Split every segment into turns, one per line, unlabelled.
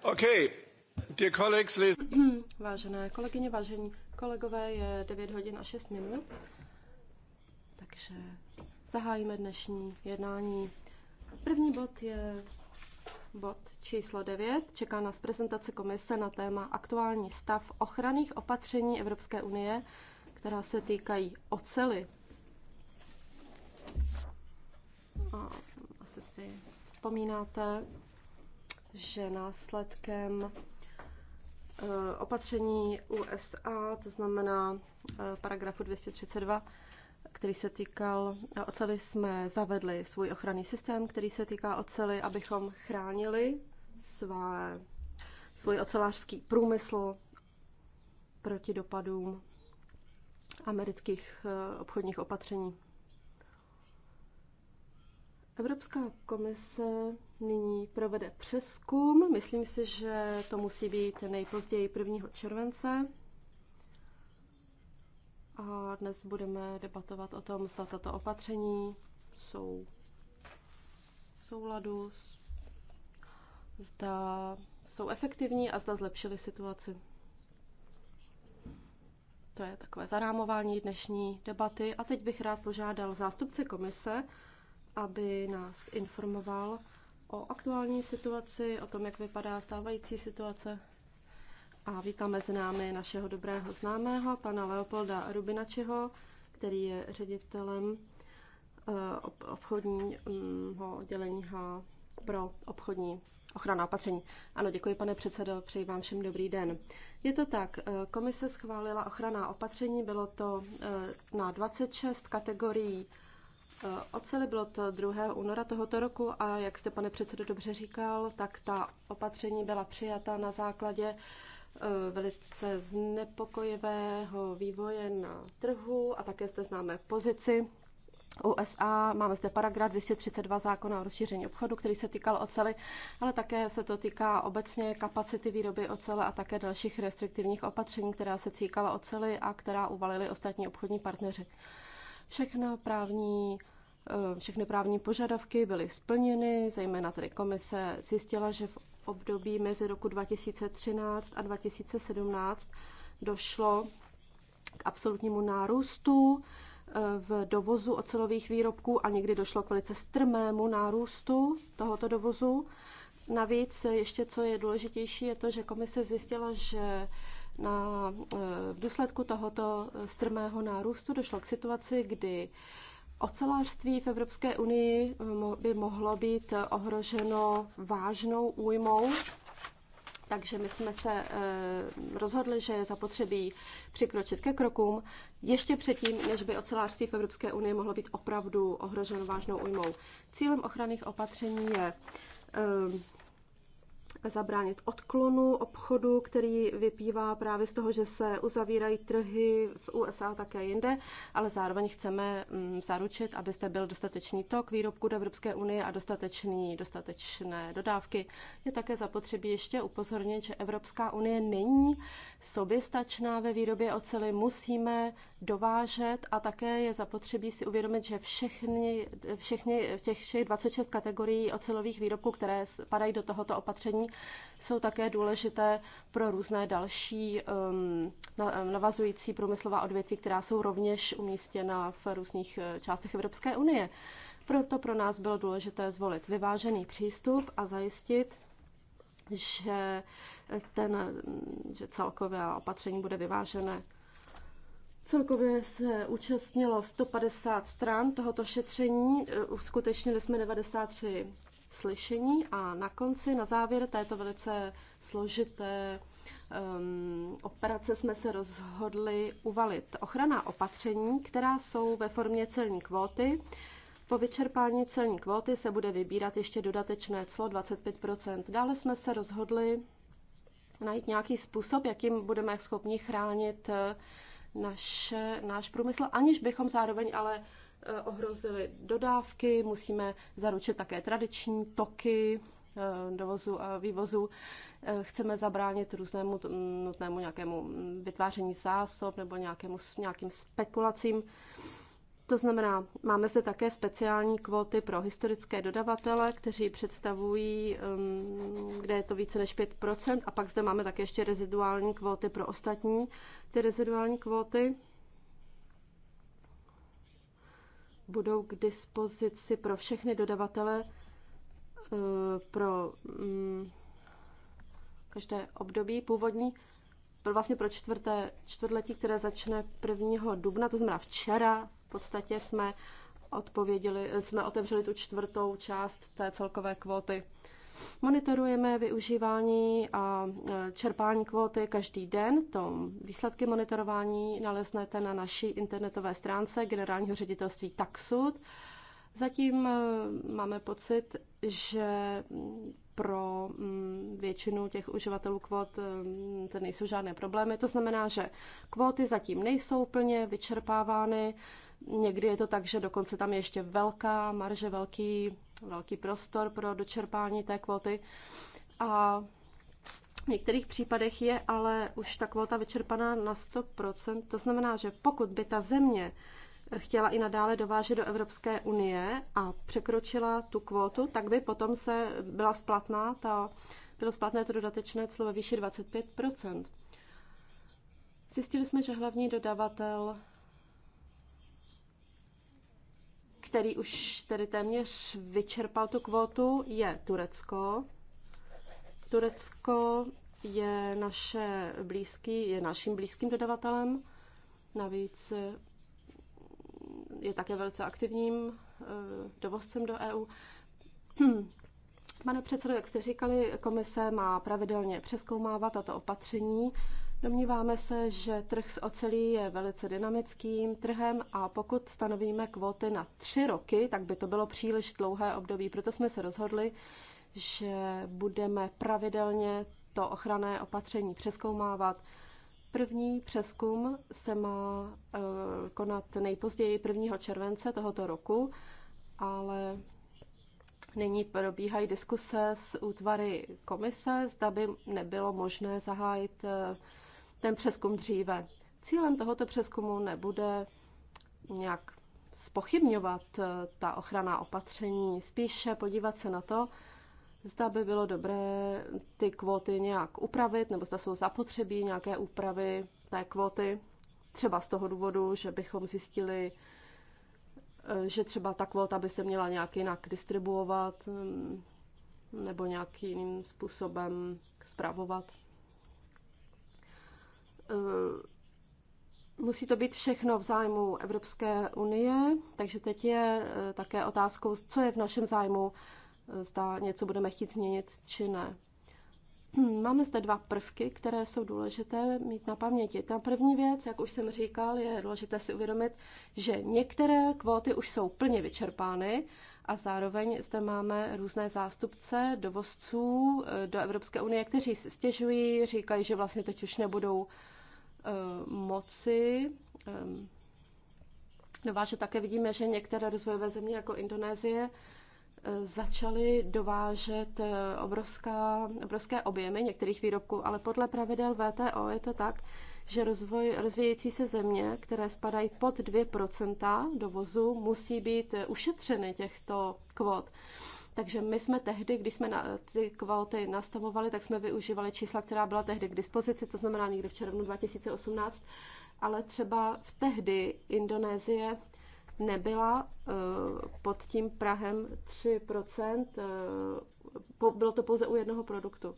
Vážené kolegyně, vážení kolegové, je 9 hodin a 6 minut, takže zahájíme dnešní jednání. První bod je bod číslo 9. Čeká nás prezentace komise na téma aktuální stav ochranných opatření Evropské unie, která se týkají ocely. A asi si vzpomínáte, že následkem eh, opatření USA, to znamená eh, paragrafu 232, který se týkal eh, oceli, jsme zavedli svůj ochranný systém, který se týká oceli, abychom chránili své, svůj ocelářský průmysl proti dopadům amerických obchodních opatření. Evropská komise nyní provede přeskum. Myslím si, že to musí být nejpozději 1. července. A dnes budeme debatovat o tom, zda tato opatření jsou v souladu, zda jsou efektivní a zda zlepšily situaci. To je takové zarámování dnešní debaty. A teď bych rád požádal zástupce komise, aby nás informoval o aktuální situaci, o tom, jak vypadá stávající situace. A vítám mezi námi našeho dobrého známého, pana Leopolda Rubinačeho, který je ředitelem eh, obchodního oddělení H pro obchodní ochrana opatření. Ano, děkuji, pane předsedo, přeji vám všem dobrý den. Je to tak, eh, komise schválila ochrana opatření, bylo to eh, na 26 kategorií Eh, oceli, bylo to 2. února tohoto roku a jak jste, pane předsedo, dobře říkal, tak ta opatření byla přijata na základě eh, velice znepokojivého vývoje na trhu a také zde známe pozici USA. Máme zde paragraf 232 zákona o rozšíření obchodu, který se týkal ocely, ale také se to týká obecně kapacity výroby ocele a také dalších restriktivních opatření, která se týkala ocely a která uvalili ostatní obchodní partneři. Všechna právní Eh, všechny právní požadavky byly splněny, zejména tedy komise zjistila, že v období mezi roku 2013 a 2017 došlo k absolutnímu nárůstu eh, v dovozu ocelových výrobků a někdy došlo k velice strmému nárůstu tohoto dovozu. Navíc ještě co je důležitější, je to, že komise zjistila, že na, eh, v důsledku tohoto strmého nárůstu došlo k situaci, kdy Ocelářství v Evropské unii eh, by mohlo být eh, ohroženo vážnou újmou, takže my jsme se eh, rozhodli, že je zapotřebí přikročit ke krokům ještě předtím, než by ocelářství v Evropské unii mohlo být opravdu ohroženo vážnou újmou. Cílem ochranných opatření je zabránit odklonu obchodu, který vypívá právě z toho, že se uzavírají trhy v USA a také jinde, ale zároveň chceme mm, zaručit, aby zde byl dostatečný tok výrobku do Evropské unie a dostatečný, dostatečné dodávky. Je také zapotřebí ještě upozornit, že Evropská unie není soběstačná ve výrobě ocely, musíme dovážet a také je zapotřebí si uvědomit, že všechny, všechny těch všech 26 kategorií ocelových výrobků, které padají do tohoto opatření, jsou také důležité pro různé další um, navazující průmyslová odvětví, která jsou rovněž umístěna v různých eh, částech Evropské unie. Proto pro nás bylo důležité zvolit vyvážený přístup a zajistit, že, eh, ten, mm, že celkové opatření bude vyvážené. Celkově se účastnilo 150 stran tohoto šetření, eh, uskutečnili jsme 93 slyšení a na konci, na závěr této velice složité um, operace jsme se rozhodli uvalit ochrana opatření, která jsou ve formě celní kvóty. Po vyčerpání celní kvóty se bude vybírat ještě dodatečné clo 25 Dále jsme se rozhodli najít nějaký způsob, jakým budeme schopni chránit eh, naše, náš průmysl, aniž bychom zároveň ale Eh, ohrozily dodávky, musíme zaručit také tradiční toky eh, dovozu a vývozu. Eh, chceme zabránit různému nutnému nějakému mm, vytváření zásob nebo nějakému, nějakým spekulacím. To znamená, máme zde také speciální kvóty pro historické dodavatele, kteří představují, mm, kde je to více než 5%, a pak zde máme také ještě reziduální kvóty pro ostatní, ty reziduální kvóty. budou k dispozici pro všechny dodavatele eh, pro mm, každé období původní, pro vlastně pro čtvrté, čtvrtletí, které začne 1. dubna, to znamená včera v podstatě jsme odpověděli, eh, jsme otevřeli tu čtvrtou část té celkové kvóty. Monitorujeme využívání a e, čerpání kvóty každý den. To výsledky monitorování naleznete na naší internetové stránce generálního ředitelství Taxud. Zatím e, máme pocit, že pro mm, většinu těch uživatelů kvot e, to nejsou žádné problémy. To znamená, že kvóty zatím nejsou plně vyčerpávány. Někdy je to tak, že dokonce tam je ještě velká marže, velký, velký prostor pro dočerpání té kvóty. A v některých případech je ale už ta kvota vyčerpaná na 100%. To znamená, že pokud by ta země chtěla i nadále dovážet do Evropské unie a překročila tu kvotu, tak by potom se byla splatná ta, bylo splatné to dodatečné clo ve výši 25 Zjistili jsme, že hlavní dodavatel který už tedy téměř vyčerpal tu kvotu, je Turecko. Turecko je naše blízký, je naším blízkým dodavatelem. Navíc eh, je také velice aktivním eh, dovozcem do EU. Pane předsedo, jak jste říkali, komise má pravidelně přeskoumávat tato opatření Domníváme se, že trh s ocelí je velice dynamickým trhem a pokud stanovíme kvóty na tři roky, tak by to bylo příliš dlouhé období. Proto jsme se rozhodli, že budeme pravidelně to ochranné opatření přeskoumávat. První přeskum se má eh, konat nejpozději 1. července tohoto roku, ale Nyní probíhají diskuse s útvary komise, zda by nebylo možné zahájit eh, ten přeskum dříve. Cílem tohoto přeskumu nebude nějak spochybňovat eh, ta ochrana opatření, spíše podívat se na to, zda by bylo dobré ty kvóty nějak upravit, nebo zda jsou zapotřebí nějaké úpravy té kvóty, třeba z toho důvodu, že bychom zjistili, eh, že třeba ta kvóta by se měla nějak jinak distribuovat mm, nebo nějakým způsobem zpravovat. Eh, musí to být všechno v zájmu Evropské unie, takže teď je eh, také otázkou, co je v našem zájmu, eh, zda něco budeme chtít změnit či ne. Hmm, máme zde dva prvky, které jsou důležité mít na paměti. Ta první věc, jak už jsem říkal, je důležité si uvědomit, že některé kvóty už jsou plně vyčerpány a zároveň zde máme různé zástupce dovozců do Evropské unie, kteří si stěžují, říkají, že vlastně teď už nebudou Eh, moci. dovážet eh, no, také vidíme, že některé rozvojové země jako Indonésie eh, začaly dovážet obrovská, obrovské objemy některých výrobků, ale podle pravidel VTO je to tak, že rozvoj, rozvíjející se země, které spadají pod 2% dovozu, musí být ušetřeny těchto kvot. Takže my jsme tehdy, když jsme na ty kvóty nastavovali, tak jsme využívali čísla, která byla tehdy k dispozici, to znamená někde v červnu 2018, ale třeba v tehdy Indonésie nebyla eh, pod tím Prahem 3%, eh, bylo to pouze u jednoho produktu.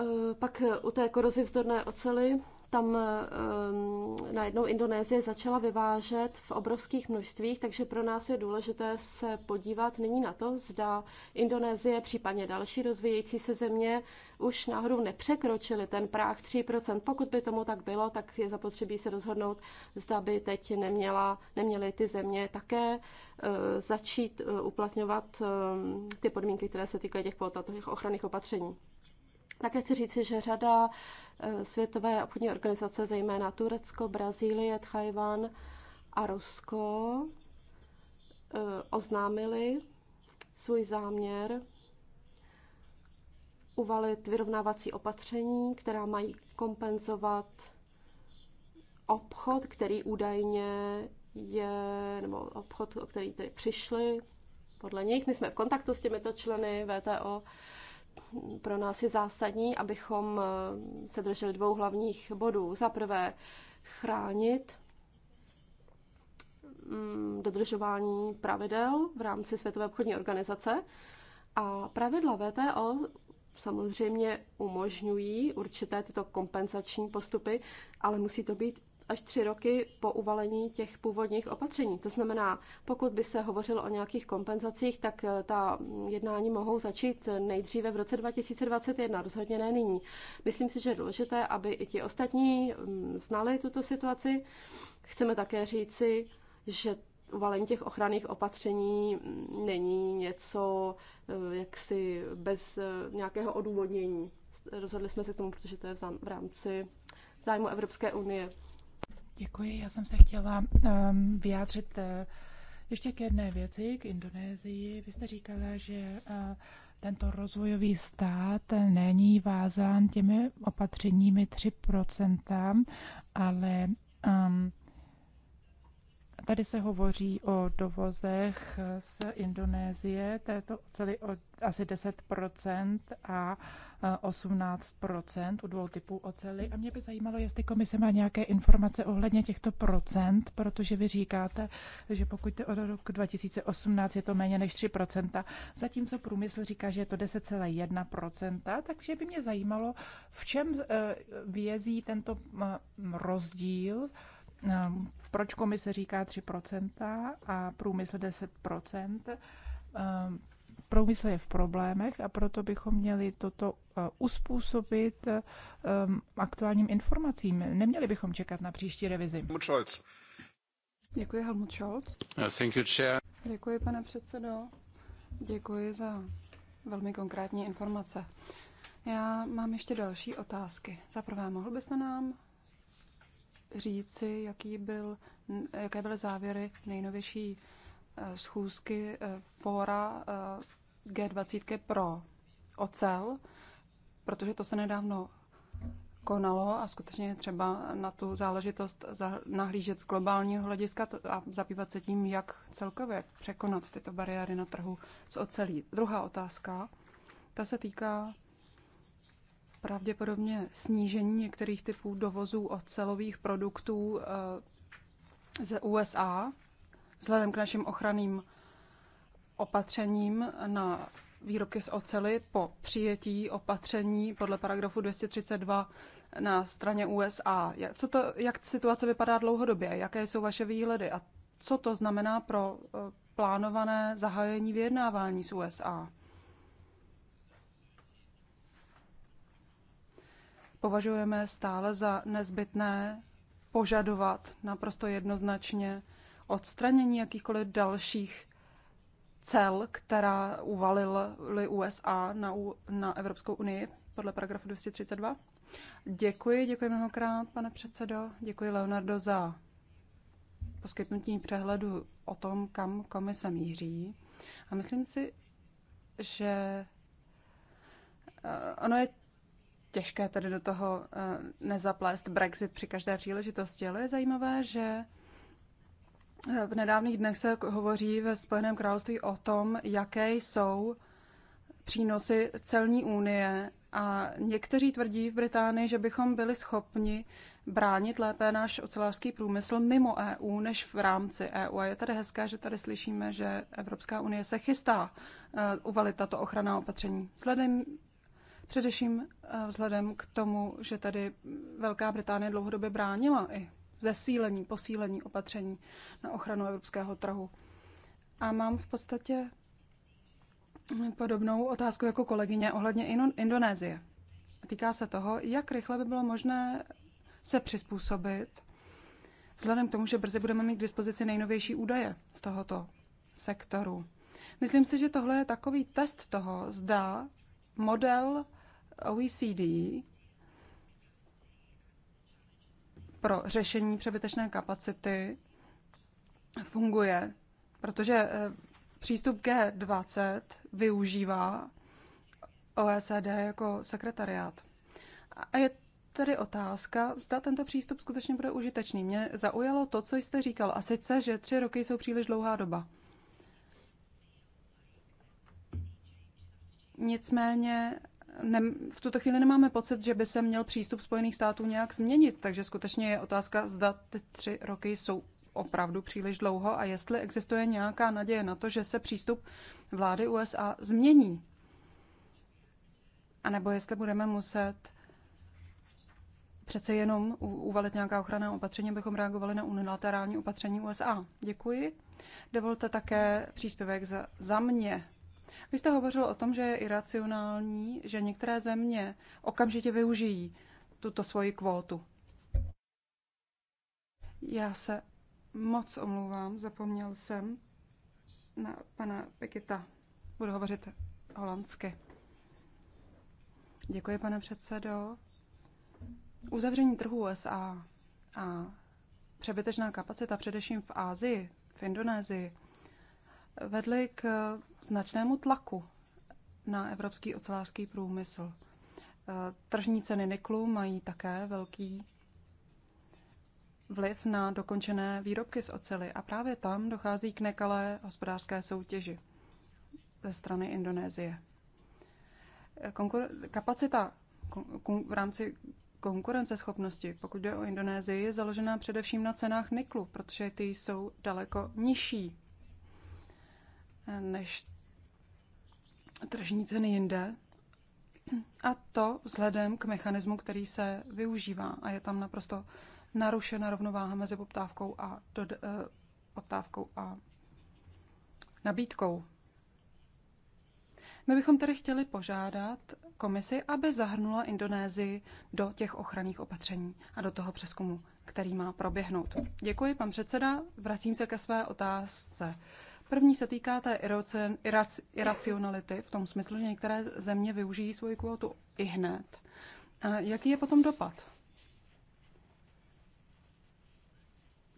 Eh, pak u té korozivzdorné ocely tam eh, ehm, najednou Indonésie začala vyvážet v obrovských množstvích, takže pro nás je důležité se podívat nyní na to, zda Indonésie, případně další rozvíjející se země, už náhodou nepřekročili ten práh 3%. Pokud by tomu tak bylo, tak je zapotřebí se rozhodnout, zda by teď neměla, neměly ty země také eh, začít eh, uplatňovat ehm, ty podmínky, které se týkají těch těch ochranných opatření. Také chci říci, že řada eh, světové obchodní organizace, zejména Turecko, Brazílie, Tchajvan a Rusko, eh, oznámili svůj záměr uvalit vyrovnávací opatření, která mají kompenzovat obchod, který údajně je, nebo obchod, o který tedy přišli, podle nich. My jsme v kontaktu s těmito členy VTO pro nás je zásadní, abychom eh, se drželi dvou hlavních bodů. Za prvé chránit mm, dodržování pravidel v rámci Světové obchodní organizace a pravidla VTO samozřejmě umožňují určité tyto kompenzační postupy, ale musí to být až tři roky po uvalení těch původních opatření. To znamená, pokud by se hovořilo o nějakých kompenzacích, tak eh, ta jednání mohou začít eh, nejdříve v roce 2021, rozhodně ne nyní. Myslím si, že je důležité, aby i ti ostatní mm, znali tuto situaci. Chceme také říci, že uvalení těch ochranných opatření mm, není něco eh, jaksi bez nějakého odůvodnění. Rozhodli jsme se k tomu, protože to je v rámci zájmu Evropské unie.
Děkuji, já jsem se chtěla um, vyjádřit uh, ještě k jedné věci, k Indonésii. Vy jste říkala, že uh, tento rozvojový stát není vázán těmi opatřeními 3%, ale um, tady se hovoří o dovozech z Indonésie, to je to celý o asi 10% a uh, 18 u dvou typů ocely. A mě by zajímalo, jestli komise má nějaké informace ohledně těchto procent, protože vy říkáte, že pokud je od roku 2018 je to méně než 3 zatímco průmysl říká, že je to 10,1 takže by mě zajímalo, v čem eh, vězí tento eh, rozdíl eh, proč komise říká 3% a průmysl 10% průmysl je v problémech a proto bychom měli toto eh, uspůsobit eh, aktuálním informacím. Neměli bychom čekat na příští revizi. Scholz. Děkuji, Helmut Scholz. Uh, thank you, chair. Děkuji, pane předsedo. Děkuji za
velmi konkrétní informace. Já mám ještě další otázky. Za prvé, mohl byste nám říci, jaký byl, jaké byly závěry nejnovější eh, schůzky fora? G20 pro ocel, protože to se nedávno konalo a skutečně je třeba na tu záležitost nahlížet z globálního hlediska a zabývat se tím, jak celkově překonat tyto bariéry na trhu s ocelí. Druhá otázka, ta se týká pravděpodobně snížení některých typů dovozů ocelových produktů eh, ze USA vzhledem k našim ochranným opatřením na výrobky z ocely po přijetí opatření podle paragrafu 232 na straně USA. co to, jak situace vypadá dlouhodobě? Jaké jsou vaše výhledy? A co to znamená pro eh, plánované zahájení vyjednávání s USA? Považujeme stále za nezbytné požadovat naprosto jednoznačně odstranění jakýchkoliv dalších cel, která uvalily USA na, na Evropskou unii podle paragrafu 232. Děkuji, děkuji mnohokrát, pane předsedo. Děkuji, Leonardo, za poskytnutí přehledu o tom, kam komise míří. A myslím si, že eh, ono je těžké tady do toho eh, nezaplést Brexit při každé příležitosti, ale je zajímavé, že v nedávných dnech se hovoří ve Spojeném království o tom, jaké jsou přínosy celní unie a někteří tvrdí v Británii, že bychom byli schopni bránit lépe náš ocelářský průmysl mimo EU než v rámci EU. A je tady hezké, že tady slyšíme, že Evropská unie se chystá eh, uvalit tato ochranná opatření. Vzhledem Především eh, vzhledem k tomu, že tady Velká Británie dlouhodobě bránila i zesílení, posílení opatření na ochranu evropského trhu. A mám v podstatě podobnou otázku jako kolegyně ohledně Indonésie. Týká se toho, jak rychle by bylo možné se přizpůsobit, vzhledem k tomu, že brzy budeme mít k dispozici nejnovější údaje z tohoto sektoru. Myslím si, že tohle je takový test toho, zda model OECD pro řešení přebytečné kapacity funguje, protože eh, přístup G20 využívá OECD jako sekretariát. A je tedy otázka, zda tento přístup skutečně bude užitečný. Mě zaujalo to, co jste říkal, a sice, že tři roky jsou příliš dlouhá doba. Nicméně ne, v tuto chvíli nemáme pocit, že by se měl přístup Spojených států nějak změnit, takže skutečně je otázka, zda ty tři roky jsou opravdu příliš dlouho a jestli existuje nějaká naděje na to, že se přístup vlády USA změní. A nebo jestli budeme muset přece jenom uvalit nějaká ochranná opatření, abychom reagovali na unilaterální opatření USA. Děkuji. Dovolte také příspěvek za, za mě. Vy jste hovořil o tom, že je iracionální, že některé země okamžitě využijí tuto svoji kvótu. Já se moc omlouvám, zapomněl jsem na pana Pekita. Budu hovořit holandsky. Děkuji, pane předsedo. Uzavření trhu USA a přebytečná kapacita, především v Ázii, v Indonésii, vedly k značnému tlaku na evropský ocelářský průmysl. E, tržní ceny niklu mají také velký vliv na dokončené výrobky z ocely a právě tam dochází k nekalé hospodářské soutěži ze strany Indonésie. E, konkur- kapacita v rámci konkurenceschopnosti, pokud jde o Indonésii, je založená především na cenách niklu, protože ty jsou daleko nižší než tržní ceny jinde. A to vzhledem k mechanismu, který se využívá a je tam naprosto narušena rovnováha mezi poptávkou a, dod, eh, poptávkou a nabídkou. My bychom tedy chtěli požádat komisi, aby zahrnula Indonésii do těch ochranných opatření a do toho přeskumu, který má proběhnout. Děkuji, pan předseda. Vracím se ke své otázce. První se týká té iracionality v tom smyslu, že některé země využijí svoji kvotu i hned. A jaký je potom dopad?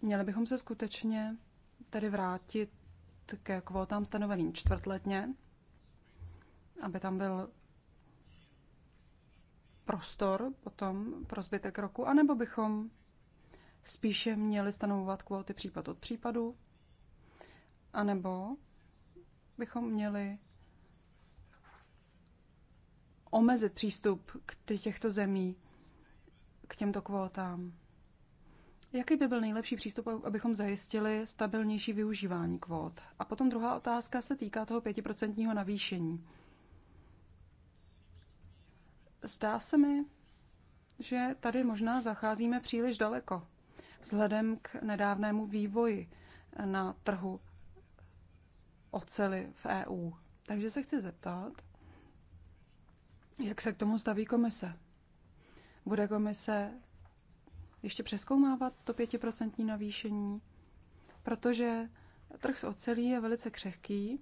Měli bychom se skutečně tedy vrátit ke kvótám stanoveným čtvrtletně, aby tam byl prostor potom pro zbytek roku, anebo bychom spíše měli stanovovat kvóty případ od případu, anebo bychom měli omezit přístup k těchto zemí k těmto kvótám. Jaký by byl nejlepší přístup, abychom zajistili stabilnější využívání kvót? A potom druhá otázka se týká toho pětiprocentního navýšení. Zdá se mi, že tady možná zacházíme příliš daleko vzhledem k nedávnému vývoji na trhu oceli v EU. Takže se chci zeptat, jak se k tomu staví komise. Bude komise ještě přeskoumávat to pětiprocentní navýšení, protože trh s ocelí je velice křehký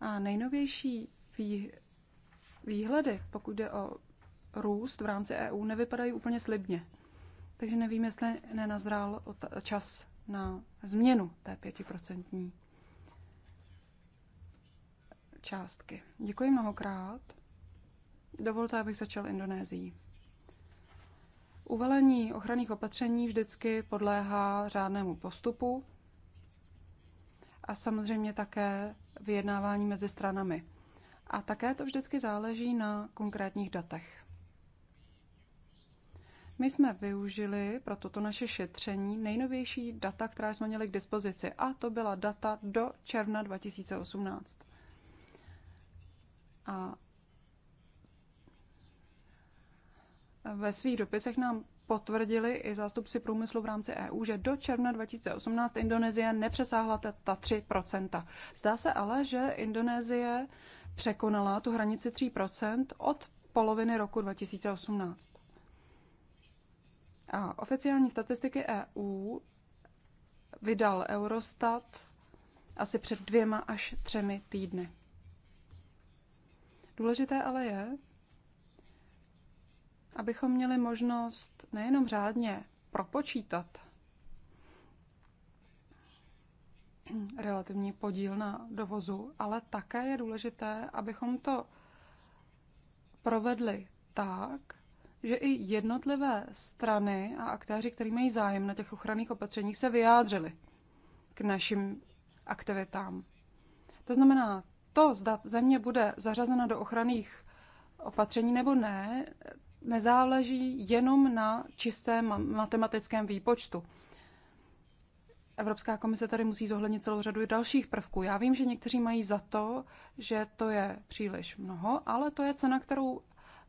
a nejnovější výhledy, pokud jde o růst v rámci EU, nevypadají úplně slibně. Takže nevím, jestli nenazrál čas na změnu té pětiprocentní částky. Děkuji mnohokrát. Dovolte, abych začal Indonésií. Uvalení ochranných opatření vždycky podléhá řádnému postupu a samozřejmě také vyjednávání mezi stranami. A také to vždycky záleží na konkrétních datech. My jsme využili pro toto naše šetření nejnovější data, která jsme měli k dispozici, a to byla data do června 2018. A ve svých dopisech nám potvrdili i zástupci průmyslu v rámci EU, že do června 2018 Indonésie nepřesáhla ta 3 Zdá se ale, že Indonésie překonala tu hranici 3 od poloviny roku 2018. A oficiální statistiky EU vydal Eurostat asi před dvěma až třemi týdny. Důležité ale je, abychom měli možnost nejenom řádně propočítat relativní podíl na dovozu, ale také je důležité, abychom to provedli tak, že i jednotlivé strany a aktéři, kteří mají zájem na těch ochranných opatřeních, se vyjádřili k našim aktivitám. To znamená, to, zda země bude zařazena do ochranných opatření nebo ne, nezáleží jenom na čistém matematickém výpočtu. Evropská komise tady musí zohlednit celou řadu dalších prvků. Já vím, že někteří mají za to, že to je příliš mnoho, ale to je cena, kterou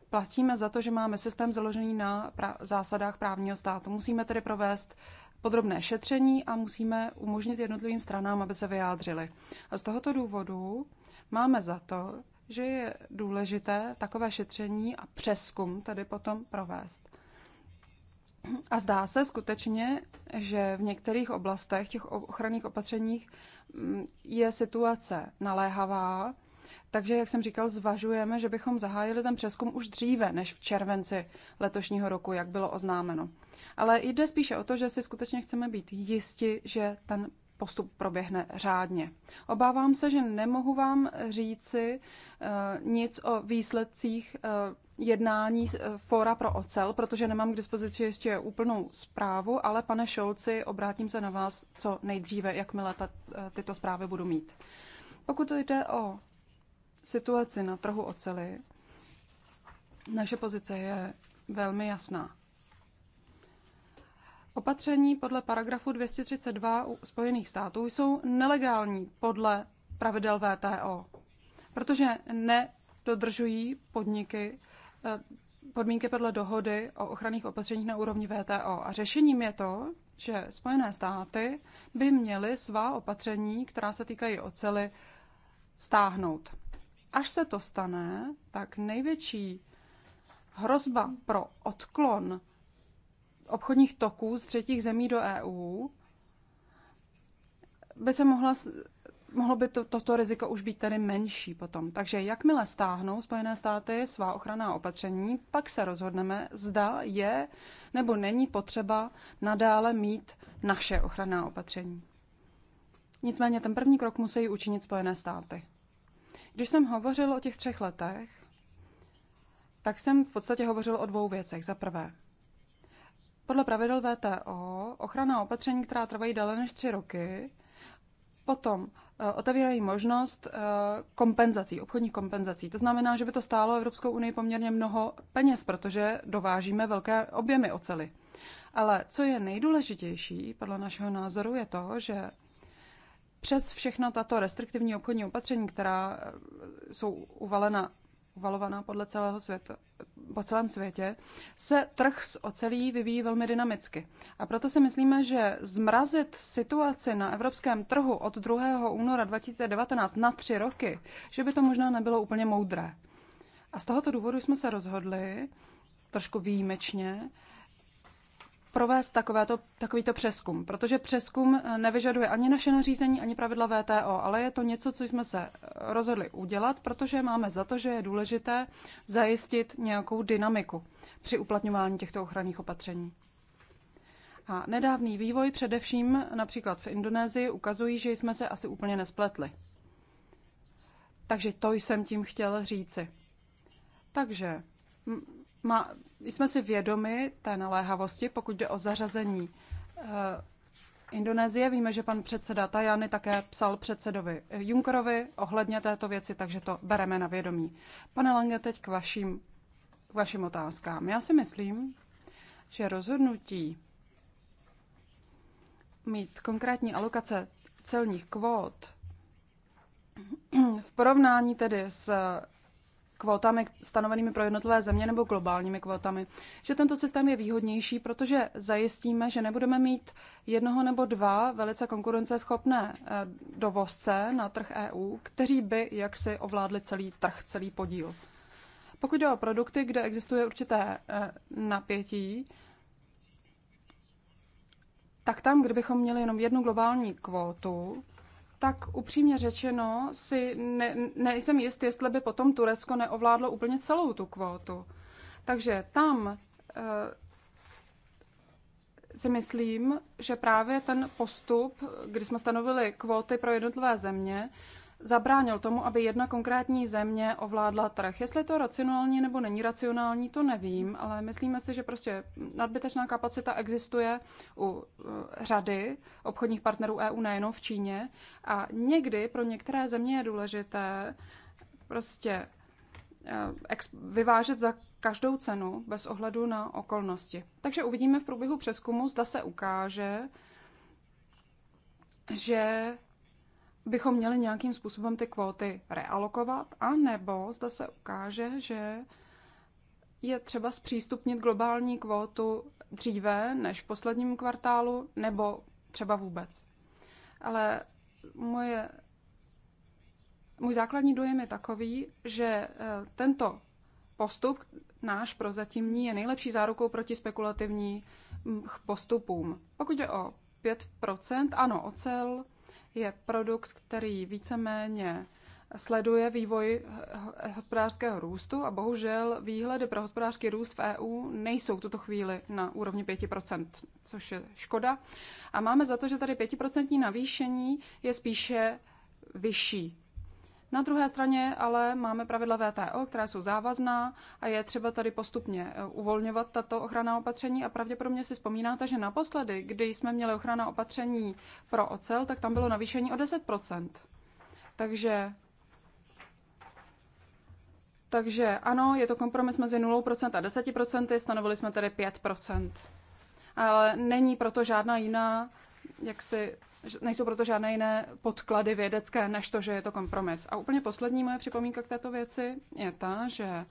platíme za to, že máme systém založený na zásadách právního státu. Musíme tedy provést podrobné šetření a musíme umožnit jednotlivým stranám, aby se vyjádřili. A z tohoto důvodu Máme za to, že je důležité takové šetření a přeskum tady potom provést. A zdá se skutečně, že v některých oblastech těch ochranných opatřeních mm, je situace naléhavá, takže, jak jsem říkal, zvažujeme, že bychom zahájili ten přeskum už dříve než v červenci letošního roku, jak bylo oznámeno. Ale jde spíše o to, že si skutečně chceme být jisti, že ten postup proběhne řádně. Obávám se, že nemohu vám říci eh, nic o výsledcích eh, jednání eh, Fóra pro ocel, protože nemám k dispozici ještě úplnou zprávu, ale pane Šolci, obrátím se na vás co nejdříve, jakmile ta, tyto zprávy budu mít. Pokud jde o situaci na trhu oceli, naše pozice je velmi jasná. Opatření podle paragrafu 232 Spojených států jsou nelegální podle pravidel VTO, protože nedodržují podniky eh, podmínky podle dohody o ochranných opatřeních na úrovni VTO. A řešením je to, že Spojené státy by měly svá opatření, která se týkají ocely, stáhnout. Až se to stane, tak největší hrozba pro odklon obchodních toků z třetích zemí do EU, by se mohla, mohlo by to, toto riziko už být tedy menší potom. Takže jakmile stáhnou Spojené státy svá ochranná opatření, pak se rozhodneme, zda je nebo není potřeba nadále mít naše ochranná opatření. Nicméně ten první krok musí učinit Spojené státy. Když jsem hovořil o těch třech letech, tak jsem v podstatě hovořil o dvou věcech. Za prvé, podle pravidel VTO ochrana opatření, která trvají déle než tři roky, potom eh, otevírají možnost eh, kompenzací, obchodních kompenzací. To znamená, že by to stálo Evropskou unii poměrně mnoho peněz, protože dovážíme velké objemy ocely. Ale co je nejdůležitější, podle našeho názoru, je to, že přes všechna tato restriktivní obchodní opatření, která eh, jsou uvalena uvalovaná podle celého světa, po celém světě, se trh s ocelí vyvíjí velmi dynamicky. A proto si myslíme, že zmrazit situaci na evropském trhu od 2. února 2019 na tři roky, že by to možná nebylo úplně moudré. A z tohoto důvodu jsme se rozhodli, trošku výjimečně, provést takovéto, takovýto přeskum, protože přeskum eh, nevyžaduje ani naše nařízení, ani pravidla VTO, ale je to něco, co jsme se eh, rozhodli udělat, protože máme za to, že je důležité zajistit nějakou dynamiku při uplatňování těchto ochranných opatření. A nedávný vývoj, především například v Indonésii, ukazují, že jsme se asi úplně nespletli. Takže to jsem tím chtěl říci. Takže má, jsme si vědomi té naléhavosti, pokud jde o zařazení eh, Indonésie. Víme, že pan předseda Tajany také psal předsedovi Junkerovi ohledně této věci, takže to bereme na vědomí. Pane Lange, teď k vašim, k vašim otázkám. Já si myslím, že rozhodnutí mít konkrétní alokace celních kvót v porovnání tedy s kvótami stanovenými pro jednotlivé země nebo globálními kvótami, že tento systém je výhodnější, protože zajistíme, že nebudeme mít jednoho nebo dva velice konkurenceschopné eh, dovozce na trh EU, kteří by jaksi ovládli celý trh, celý podíl. Pokud jde o produkty, kde existuje určité eh, napětí, tak tam, kdybychom měli jenom jednu globální kvótu, tak upřímně řečeno si ne, nejsem jist, jestli by potom Turecko neovládlo úplně celou tu kvótu. Takže tam eh, si myslím, že právě ten postup, kdy jsme stanovili kvóty pro jednotlivé země, zabránil tomu, aby jedna konkrétní země ovládla trh. Jestli to racionální nebo není racionální, to nevím, ale myslíme si, že prostě nadbytečná kapacita existuje u e, řady obchodních partnerů EU, nejenom v Číně. A někdy pro některé země je důležité prostě e, vyvážet za každou cenu bez ohledu na okolnosti. Takže uvidíme v průběhu přeskumu, zda se ukáže, že bychom měli nějakým způsobem ty kvóty realokovat, a nebo zda se ukáže, že je třeba zpřístupnit globální kvótu dříve než v posledním kvartálu, nebo třeba vůbec. Ale moje, můj základní dojem je takový, že eh, tento postup náš prozatímní je nejlepší zárukou proti spekulativním hm, postupům. Pokud jde o 5%, ano, ocel, je produkt, který víceméně sleduje vývoj hospodářského růstu a bohužel výhledy pro hospodářský růst v EU nejsou v tuto chvíli na úrovni 5%, což je škoda. A máme za to, že tady 5% navýšení je spíše vyšší na druhé straně ale máme pravidla VTO, která jsou závazná a je třeba tady postupně eh, uvolňovat tato ochranná opatření a pravděpodobně si vzpomínáte, že naposledy, kdy jsme měli ochranná opatření pro ocel, tak tam bylo navýšení o 10%. Takže takže ano, je to kompromis mezi 0% a 10%, stanovili jsme tedy 5%. Ale není proto žádná jiná jaksi nejsou proto žádné jiné podklady vědecké, než to, že je to kompromis. A úplně poslední moje připomínka k této věci je ta, že eh,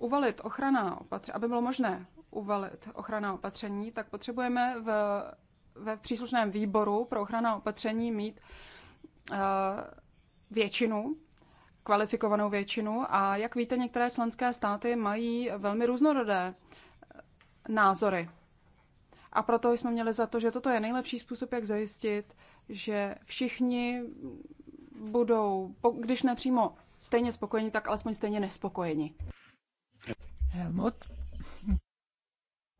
uvalit ochrana opatření, aby bylo možné uvalit ochrana opatření, tak potřebujeme v, ve příslušném výboru pro ochrana opatření mít eh, většinu, kvalifikovanou většinu. A jak víte, některé členské státy mají velmi různorodé eh, názory a proto jsme měli za to, že toto je nejlepší způsob, jak zajistit, že všichni budou, když nepřímo stejně spokojeni, tak alespoň stejně nespokojeni. Helmut.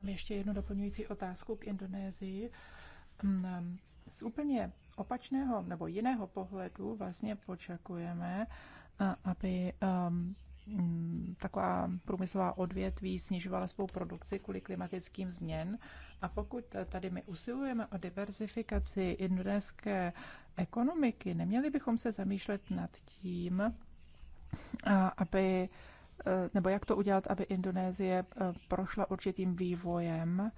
Mám ještě jednu doplňující otázku k Indonésii. Mm, z úplně opačného nebo jiného pohledu vlastně počakujeme, aby Mm, taková průmyslová odvětví snižovala svou produkci kvůli klimatickým změn. A pokud tady my usilujeme o diversifikaci indonéské ekonomiky, neměli bychom se zamýšlet nad tím, aby, e, nebo jak to udělat, aby Indonésie e, prošla určitým vývojem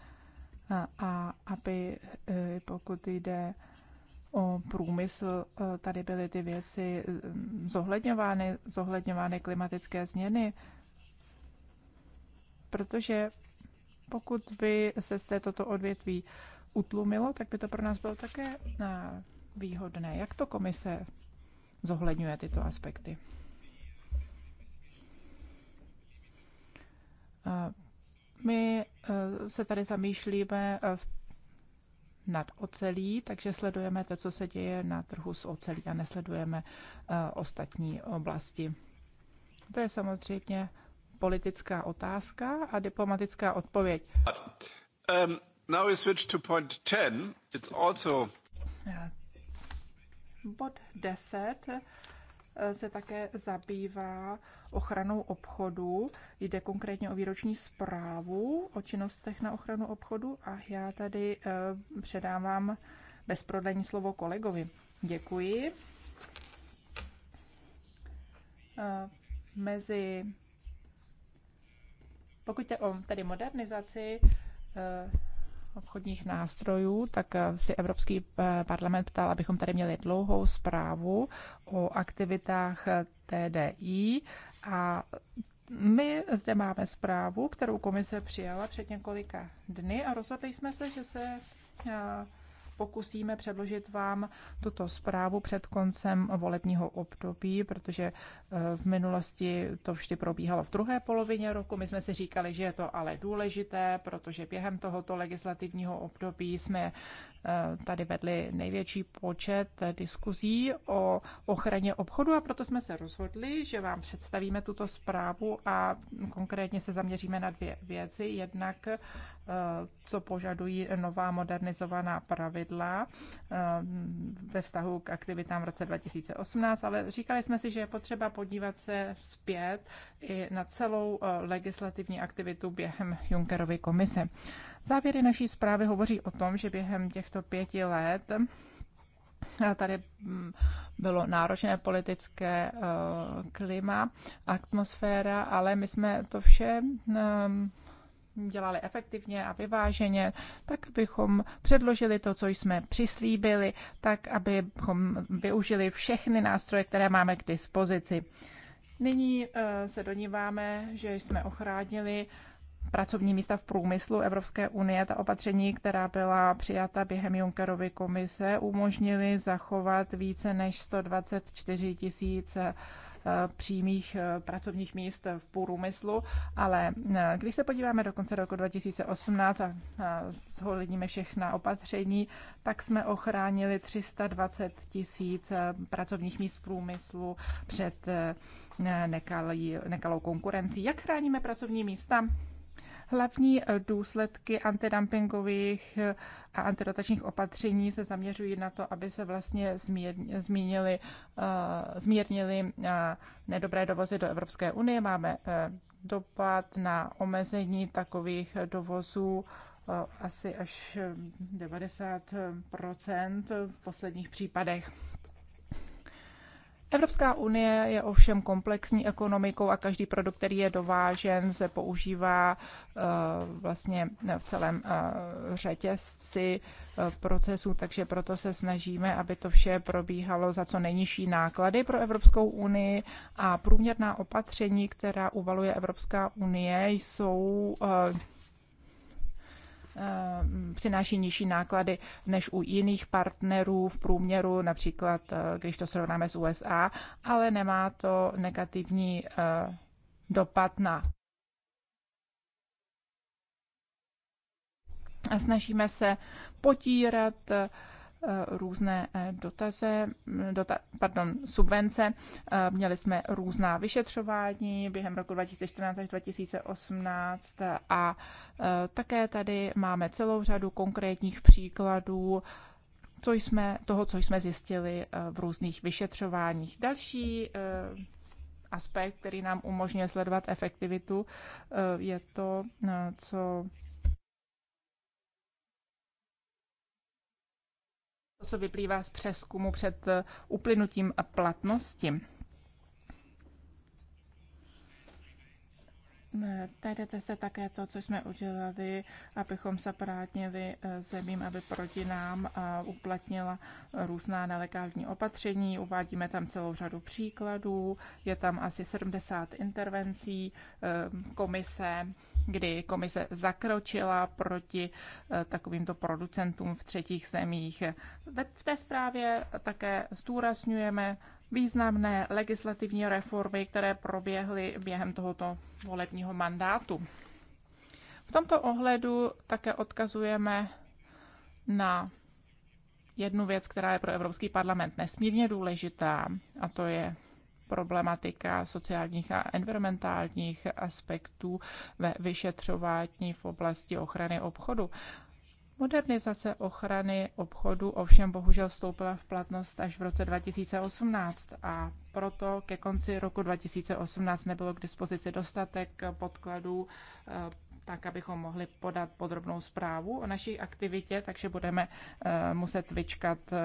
a aby, e, pokud jde o průmysl, e, tady byly ty věci e, zohledňovány, zohledňovány klimatické změny, protože pokud by se z této odvětví utlumilo, tak by to pro nás bylo také e, výhodné. Jak to komise zohledňuje tyto aspekty? My se tady zamýšlíme v nad ocelí, takže sledujeme to, co se děje na trhu s ocelí a nesledujeme uh, ostatní oblasti. To je samozřejmě politická otázka a diplomatická odpověď. Um, now we switch to point 10. It's also... Eh, bod 10 Eh, se také zabývá ochranou obchodu. Jde konkrétně o výroční zprávu o činnostech na ochranu obchodu a já tady eh, předávám bez prodlení slovo kolegovi. Děkuji. Eh, mezi pokud jde o tedy modernizaci obchodních nástrojů, tak eh, si Evropský eh, parlament ptal, abychom tady měli dlouhou zprávu o aktivitách eh, TDI a my zde máme zprávu, kterou komise přijala před několika dny a rozhodli jsme se, že se pokusíme předložit vám tuto zprávu před koncem volebního období, protože eh, v minulosti to vždy probíhalo v druhé polovině roku. My jsme si říkali, že je to ale důležité, protože během tohoto legislativního období jsme eh, tady vedli největší počet diskuzí o ochraně obchodu a proto jsme se rozhodli, že vám představíme tuto zprávu a konkrétně se zaměříme na dvě věci. Jednak Eh, co požadují nová modernizovaná pravidla eh, ve vztahu k aktivitám v roce 2018, ale říkali jsme si, že je potřeba podívat se zpět i na celou eh, legislativní aktivitu během Junckerovy komise. Závěry naší zprávy hovoří o tom, že během těchto pěti let Tady mm, bylo náročné politické klima, atmosféra, ale my jsme to vše dělali efektivně a vyváženě, tak abychom předložili to, co jsme přislíbili, tak abychom využili všechny nástroje, které máme k dispozici. Nyní eh, se doníváme, že jsme ochránili pracovní místa v průmyslu Evropské unie. Ta opatření, která byla přijata během Junckerovy komise, umožnili zachovat více než 124 tisíc Eh, přímých eh, pracovních míst v průmyslu, ale eh, když se podíváme do konce roku 2018 a zholedníme všechna opatření, tak jsme ochránili 320 tisíc pracovních míst v průmyslu před nekalou konkurencí. Jak chráníme pracovní místa? Hlavní eh, důsledky antidumpingových eh, a antidotačních opatření se zaměřují na to, aby se vlastně eh, zmírnili, zmírnili nedobré dovozy do Evropské unie. Máme dopad na omezení takových dovozů asi až 90 v posledních případech. Evropská unie je ovšem komplexní ekonomikou a každý produkt, který je dovážen, se používá eh, vlastně v celém eh, řetězci eh, procesů, takže proto se snažíme, aby to vše probíhalo za co nejnižší náklady pro Evropskou unii a průměrná opatření, která uvaluje Evropská unie, jsou Eh, přináší nižší náklady než u jiných partnerů v průměru, například eh, když to srovnáme s USA, ale nemá to negativní eh, dopad na a snažíme se potírat Eh, různé eh, dotaze, mm, dota, pardon, subvence, eh, měli jsme různá vyšetřování během roku 2014 až 2018 a také tady máme celou řadu konkrétních příkladů co jsme, toho, co jsme zjistili v různých vyšetřováních. Další aspekt, který nám umožňuje sledovat efektivitu, je to, co to, co vyplývá z přeskumu před eh, uplynutím platnosti. Eh, Tady se také to, co jsme udělali, abychom se prátnili eh, zemím, aby proti nám uplatnila různá nelegální opatření. Uvádíme tam celou řadu příkladů. Je tam asi 70 intervencí komise kdy komise zakročila proti eh, takovýmto producentům v třetích zemích. V té zprávě také zdůrazňujeme významné legislativní reformy, které proběhly během tohoto volebního mandátu. V tomto ohledu také odkazujeme na jednu věc, která je pro Evropský parlament nesmírně důležitá, a to je problematika sociálních a environmentálních aspektů ve vyšetřování v oblasti ochrany obchodu. Modernizace ochrany obchodu ovšem bohužel vstoupila v platnost až v roce 2018 a proto ke konci roku 2018 nebylo k dispozici dostatek podkladů eh, tak abychom mohli podat podrobnou zprávu o naší aktivitě, takže budeme eh, muset vyčkat eh,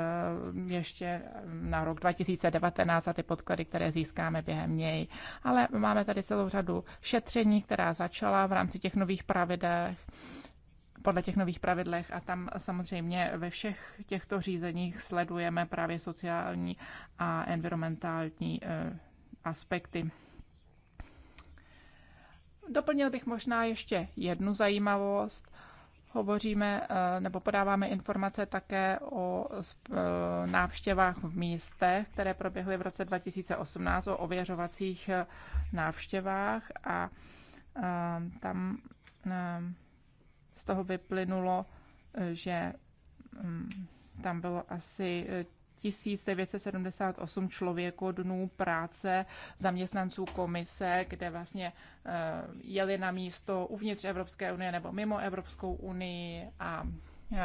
ještě na rok 2019 a ty podklady, které získáme během něj. Ale máme tady celou řadu šetření, která začala v rámci těch nových pravidel podle těch nových pravidlech a tam samozřejmě ve všech těchto řízeních sledujeme právě sociální a environmentální eh, aspekty. Doplnil bych možná ještě jednu zajímavost. Hovoříme eh, nebo podáváme informace také o eh, návštěvách v místech, které proběhly v roce 2018, o ověřovacích eh, návštěvách a tam z toho vyplynulo, že mm, tam bylo asi 1978 člověko dnů práce zaměstnanců komise, kde vlastně eh, jeli na místo uvnitř Evropské unie nebo mimo Evropskou unii a eh,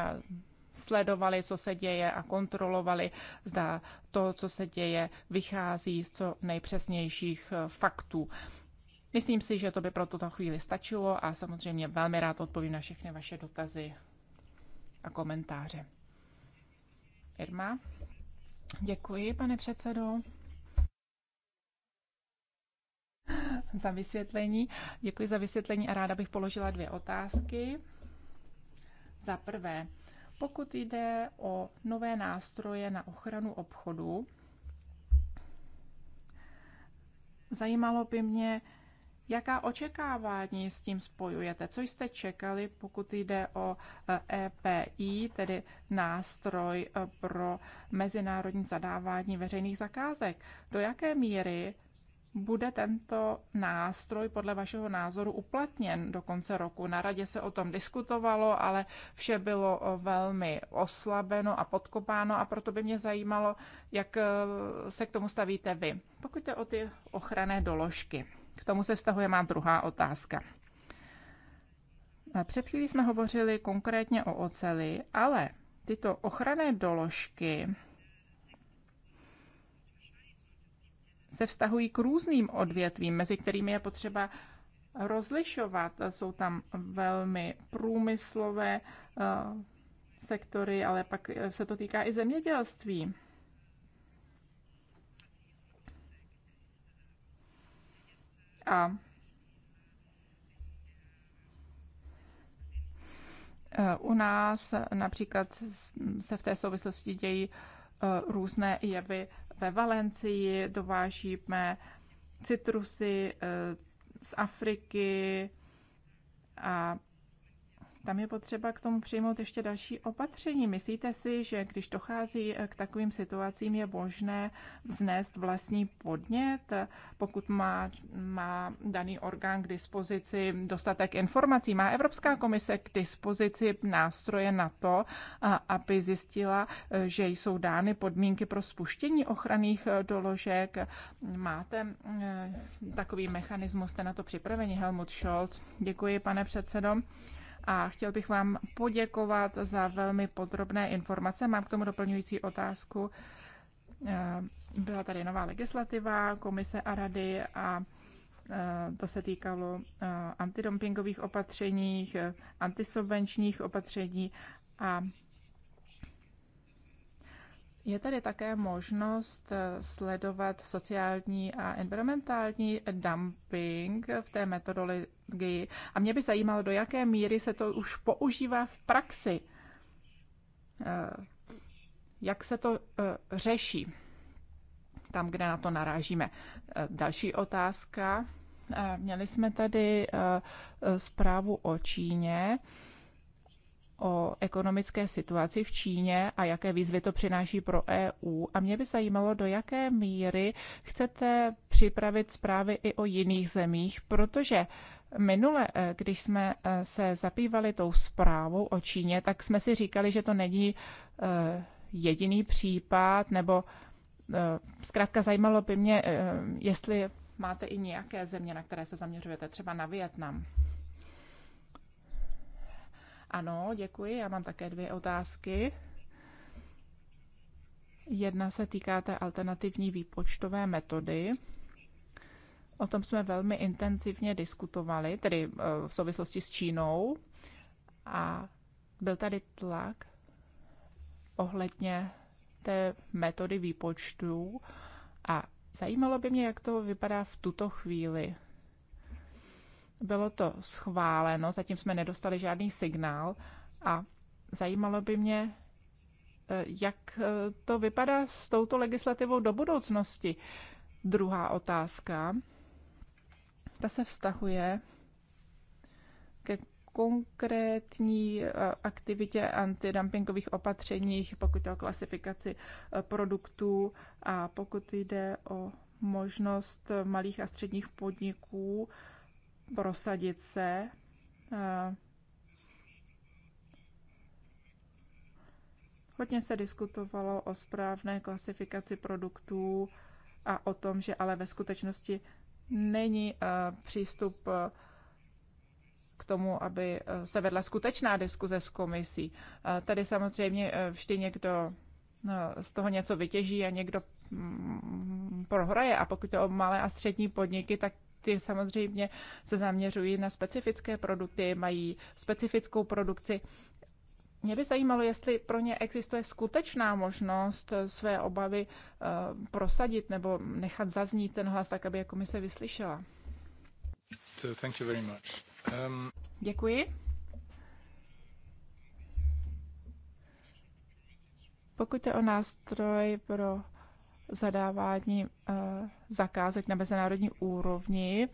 sledovali, co se děje a kontrolovali, zda to, co se děje, vychází z co nejpřesnějších eh, faktů. Myslím si, že to by pro tuto chvíli stačilo a samozřejmě velmi rád odpovím na všechny vaše dotazy a komentáře. Irma? Děkuji, pane předsedo. za vysvětlení. Děkuji za vysvětlení a ráda bych položila dvě otázky. Za prvé, pokud jde o nové nástroje na ochranu obchodu, zajímalo by mě, Jaká očekávání s tím spojujete? Co jste čekali, pokud jde o EPI, eh, e tedy nástroj eh, pro mezinárodní zadávání veřejných zakázek? Do jaké míry bude tento nástroj podle vašeho názoru uplatněn do konce roku? Na radě se o tom diskutovalo, ale vše bylo eh, velmi oslabeno a podkopáno a proto by mě zajímalo, jak se k tomu stavíte vy. Pokud jde o ty ochranné doložky. K tomu se vztahuje má druhá otázka. Před chvílí jsme hovořili konkrétně o oceli, ale tyto ochranné doložky se vztahují k různým odvětvím, mezi kterými je potřeba rozlišovat. Jsou tam velmi průmyslové eh, sektory, ale pak se to týká i zemědělství. A e, u nás například se v té souvislosti dějí e, různé jevy ve Valencii, dovážíme citrusy e, z Afriky a tam je potřeba k tomu přijmout ještě další opatření. Myslíte si, že když dochází eh, k takovým situacím, je možné vznést vlastní podnět, pokud má, má daný orgán k dispozici dostatek informací? Má Evropská komise k dispozici nástroje na to, aby zjistila, eh, že jsou dány podmínky pro spuštění ochranných eh, doložek? Máte takový mechanismus, jste na to připraveni, Helmut Scholz? Děkuji, pane předsedo a chtěl bych vám poděkovat za velmi podrobné informace. Mám k tomu doplňující otázku. Eh, byla tady nová legislativa, komise a rady a eh, to se týkalo eh, antidumpingových opatření, antisubvenčních opatření a je tady také možnost sledovat sociální a environmentální dumping v té metodoli, strategii. A mě by zajímalo, do jaké míry se to už používá v praxi. Eh, jak se to eh, řeší tam, kde na to narážíme. Eh, další otázka. Měli jsme tady zprávu o Číně o ekonomické situaci v Číně a jaké výzvy to přináší pro EU. A mě by zajímalo, do jaké míry chcete připravit zprávy i o jiných zemích, protože Minule, eh, když jsme eh, se zabývali tou zprávou o Číně, tak jsme si říkali, že to není eh, jediný případ, nebo zkrátka zajímalo by mě, jestli máte i nějaké země, na které se zaměřujete, třeba na Vietnam. Ano, děkuji. Já mám také dvě otázky. Jedna se týká té alternativní výpočtové metody. O tom jsme velmi intenzivně diskutovali, tedy eh, v souvislosti s Čínou. A byl tady tlak ohledně té metody výpočtu. A zajímalo by mě, jak to vypadá v tuto chvíli. Bylo to schváleno, zatím jsme nedostali žádný signál a zajímalo by mě, eh, jak eh, to vypadá s touto legislativou do budoucnosti. Druhá otázka, ta se vztahuje ke konkrétní eh, aktivitě antidumpingových opatřeních, pokud jde o klasifikaci produktů a pokud jde o možnost malých a středních podniků prosadit se. Eh, hodně se diskutovalo o správné klasifikaci produktů a o tom, že ale ve skutečnosti není eh, přístup eh, k tomu, aby se vedla skutečná diskuze s komisí. Tady samozřejmě vždy někdo z toho něco vytěží a někdo mm, prohraje. A pokud to o malé a střední podniky, tak ty samozřejmě se zaměřují na specifické produkty, mají specifickou produkci. Mě by zajímalo, jestli pro ně existuje skutečná možnost své obavy eh, prosadit nebo nechat zaznít ten hlas tak, aby mi se vyslyšela.
So thank you very much. Um...
Děkuji. Pokud je o nástroj pro zadávání eh, zakázek na mezinárodní úrovni,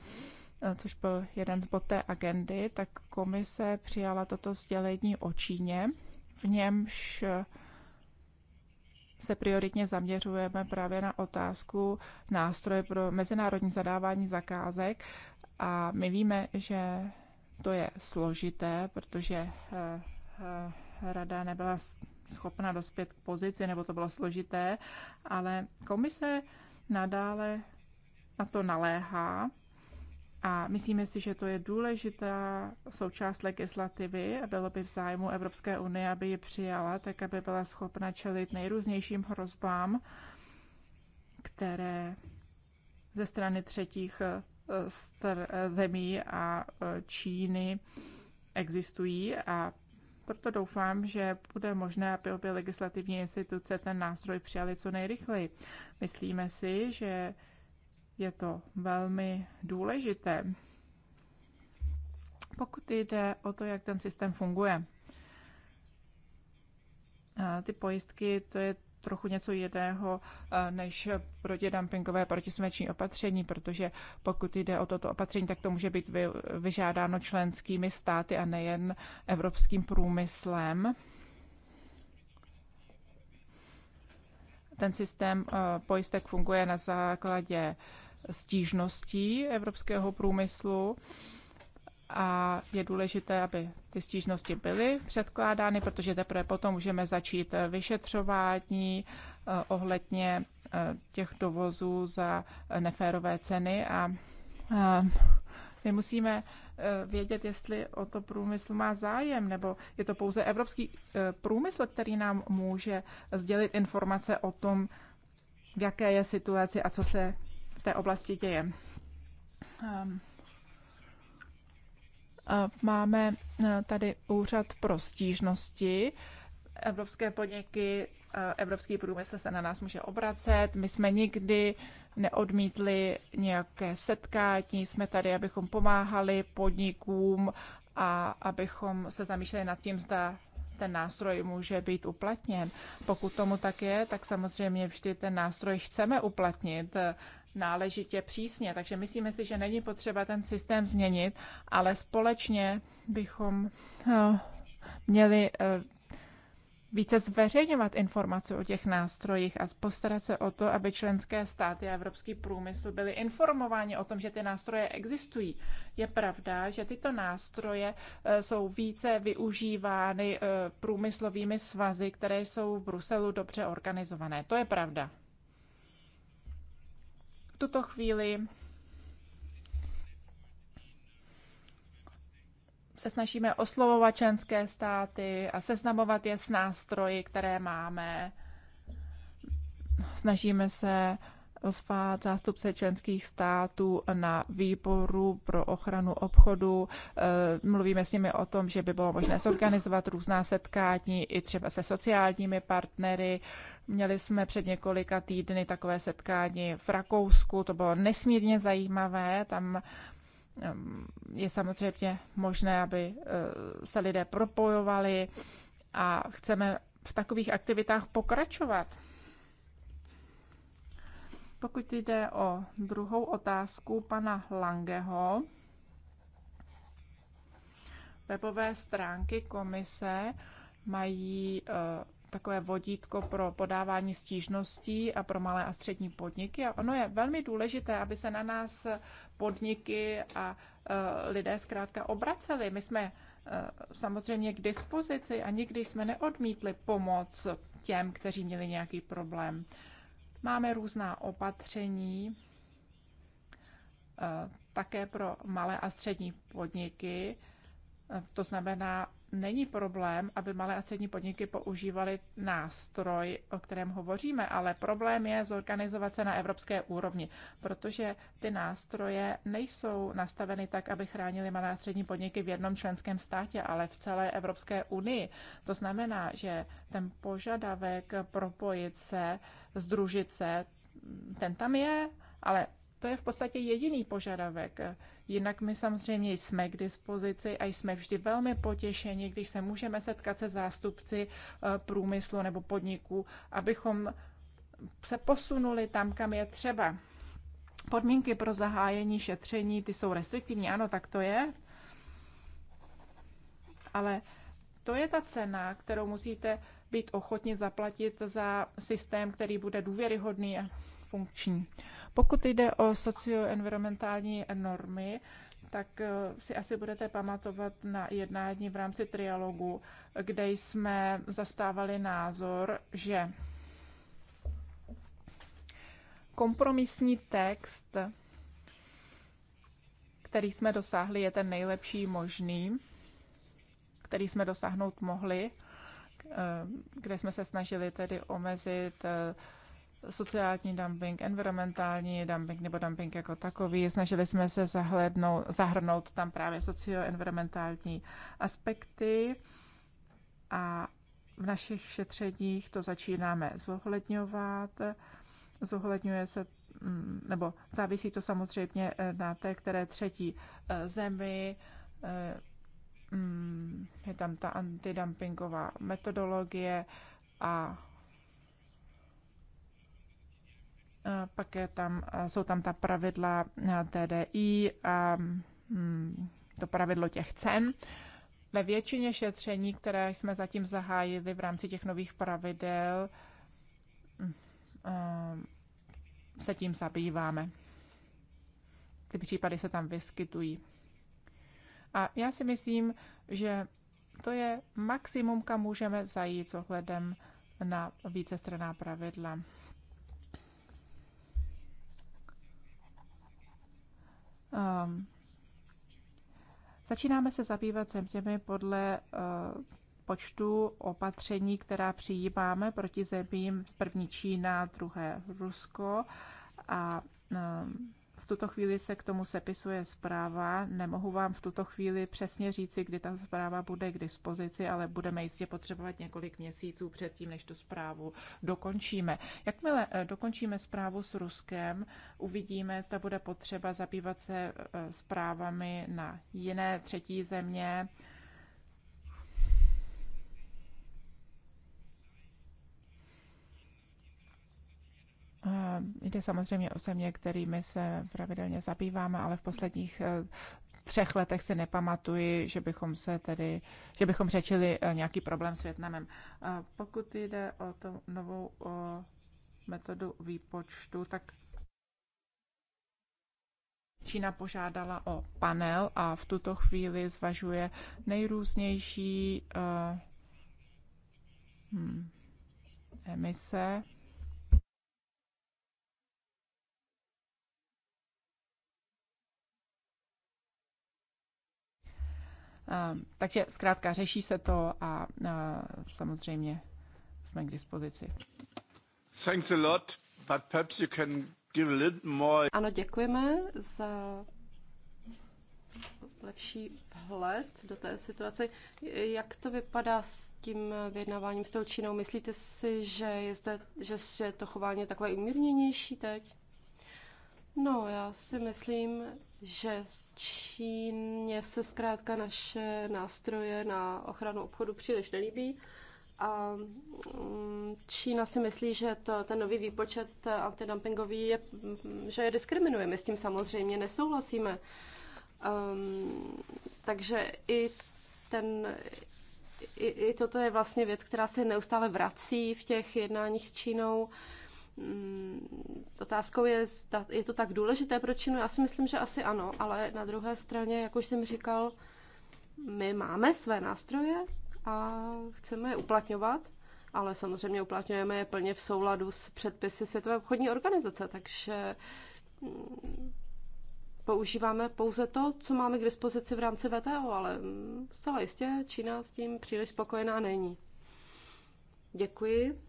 eh, což byl jeden z bod té agendy, tak komise přijala toto sdělení o Číně, v němž eh, se prioritně zaměřujeme právě na otázku nástroje pro mezinárodní zadávání zakázek a my víme, že to je složité, protože rada nebyla schopna dospět k pozici, nebo to bylo složité, ale komise nadále na to naléhá a myslíme si, že to je důležitá součást legislativy a bylo by v zájmu Evropské unie, aby ji přijala, tak aby byla schopna čelit nejrůznějším hrozbám, které ze strany třetích eh, eh, zemí a eh, Číny existují a proto doufám, že bude možné, aby obě legislativní instituce ten nástroj přijali co nejrychleji. Myslíme si, že je to velmi důležité, pokud jde o to, jak ten systém funguje. Ty pojistky, to je trochu něco jiného eh, než protidumpingové protisměční opatření, protože pokud jde o toto opatření, tak to může být vyžádáno členskými státy a nejen evropským průmyslem. Ten systém eh, pojistek funguje na základě stížností evropského průmyslu a je důležité, aby ty stížnosti byly předkládány, protože teprve potom můžeme začít vyšetřování eh, ohledně eh, těch dovozů za neférové ceny a eh, my musíme vědět, jestli o to průmysl má zájem, nebo je to pouze evropský průmysl, který nám může sdělit informace o tom, v jaké je situaci a co se v té oblasti děje. Um, máme eh, tady úřad pro stížnosti. Evropské podniky, eh, evropský průmysl se na nás může obracet. My jsme nikdy neodmítli nějaké setkání, jsme tady, abychom pomáhali podnikům a abychom se zamýšleli nad tím, zda ten nástroj může být uplatněn. Pokud tomu tak je, tak samozřejmě vždy ten nástroj chceme uplatnit náležitě přísně. Takže myslíme si, že není potřeba ten systém změnit, ale společně bychom eh, měli eh, více zveřejňovat informace o těch nástrojích a postarat se o to, aby členské státy a evropský průmysl byli informováni o tom, že ty nástroje existují. Je pravda, že tyto nástroje eh, jsou více využívány průmyslovými svazy, které jsou v Bruselu dobře organizované. To je pravda tuto chvíli se snažíme oslovovat členské státy a seznamovat je s nástroji, které máme. Snažíme se zvát zástupce členských států na výboru pro ochranu obchodu. Eh, mluvíme s nimi o tom, že by bylo možné zorganizovat různá setkání i třeba se sociálními partnery, Měli jsme před několika týdny takové setkání v Rakousku, to bylo nesmírně zajímavé, tam je samozřejmě možné, aby eh, se lidé propojovali a chceme v takových aktivitách pokračovat. Pokud jde o druhou otázku pana Langeho, webové stránky komise mají eh, takové vodítko pro podávání stížností a pro malé a střední podniky. A ono je velmi důležité, aby se na nás podniky a e, lidé zkrátka obraceli. My jsme e, samozřejmě k dispozici a nikdy jsme neodmítli pomoc těm, kteří měli nějaký problém. Máme různá opatření e, také pro malé a střední podniky. To znamená není problém, aby malé a střední podniky používaly nástroj, o kterém hovoříme, ale problém je zorganizovat se na evropské úrovni, protože ty nástroje nejsou nastaveny tak, aby chránili malé a střední podniky v jednom členském státě, ale v celé Evropské unii. To znamená, že ten požadavek propojit se, združit se, ten tam je, ale to je v podstatě jediný požadavek. Jinak my samozřejmě jsme k dispozici a jsme vždy velmi potěšeni, když se můžeme setkat se zástupci eh, průmyslu nebo podniků, abychom se posunuli tam, kam je třeba. Podmínky pro zahájení šetření, ty jsou restriktivní, ano, tak to je. Ale to je ta cena, kterou musíte být ochotni zaplatit za systém, který bude důvěryhodný funkční. Pokud jde o socioenvironmentální normy, tak eh, si asi budete pamatovat na jednání v rámci trialogu, kde jsme zastávali názor, že kompromisní text, který jsme dosáhli, je ten nejlepší možný, který jsme dosáhnout mohli, eh, kde jsme se snažili tedy omezit eh, sociální dumping, environmentální dumping nebo dumping jako takový. Snažili jsme se zahlednout, zahrnout tam právě socioenvironmentální aspekty a v našich šetřeních to začínáme zohledňovat. Zohledňuje se, mm, nebo závisí to samozřejmě eh, na té, které třetí eh, zemi, eh, mm, je tam ta antidumpingová metodologie a Eh, pak je tam, eh, jsou tam ta pravidla eh, TDI a hm, to pravidlo těch cen. Ve většině šetření, které jsme zatím zahájili v rámci těch nových pravidel, hm, se tím zabýváme. Ty případy se tam vyskytují. A já si myslím, že to je maximum, kam můžeme zajít s ohledem na vícestranná pravidla. Um, začínáme se zabývat zeměmi podle uh, počtu opatření, která přijímáme proti zemím první Čína, druhé Rusko a um, tuto chvíli se k tomu sepisuje zpráva. Nemohu vám v tuto chvíli přesně říci, kdy ta zpráva bude k dispozici, ale budeme jistě potřebovat několik měsíců předtím, než tu zprávu dokončíme. Jakmile eh, dokončíme zprávu s Ruskem, uvidíme, zda bude potřeba zabývat se eh, zprávami na jiné třetí země, Eh, jde samozřejmě o země, kterými se pravidelně zabýváme, ale v posledních eh, třech letech si nepamatuji, že bychom se tedy, že bychom řečili eh, nějaký problém s Větnamem. Pokud jde o tu novou o metodu výpočtu, tak Čína požádala o panel a v tuto chvíli zvažuje nejrůznější uh, hmm, emise Takže zkrátka řeší se to a samozřejmě jsme k dispozici.
Thanks a lot, but perhaps you can give a little more... Ano,
děkujeme za lepší vhled do té situace. Jak to vypadá s tím vyjednáváním s tou Čínou? Myslíte si, že je, zde, že, je to chování takové umírněnější teď? No, já si myslím, že z Číně se zkrátka naše nástroje na ochranu obchodu příliš nelíbí. A mm, Čína si myslí, že to, ten nový výpočet antidumpingový je, mm, že je diskriminuje. My s tím samozřejmě nesouhlasíme. Um, takže i ten, i, i toto je vlastně věc, která se neustále vrací v těch jednáních s Čínou. Uh, Mm, otázkou je, je to tak důležité pro Čínu? Já si myslím, že asi ano, ale na druhé straně, jak už jsem říkal, my máme své nástroje a chceme je uplatňovat, ale samozřejmě uplatňujeme je plně v souladu s předpisy Světové obchodní organizace, takže mm, používáme pouze to, co máme k dispozici v rámci VTO, ale mm, zcela jistě Čína s tím příliš spokojená není. Děkuji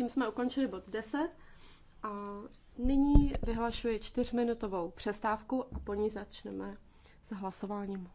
tím jsme ukončili bod 10 a nyní vyhlašuji čtyřminutovou přestávku a po ní začneme s hlasováním.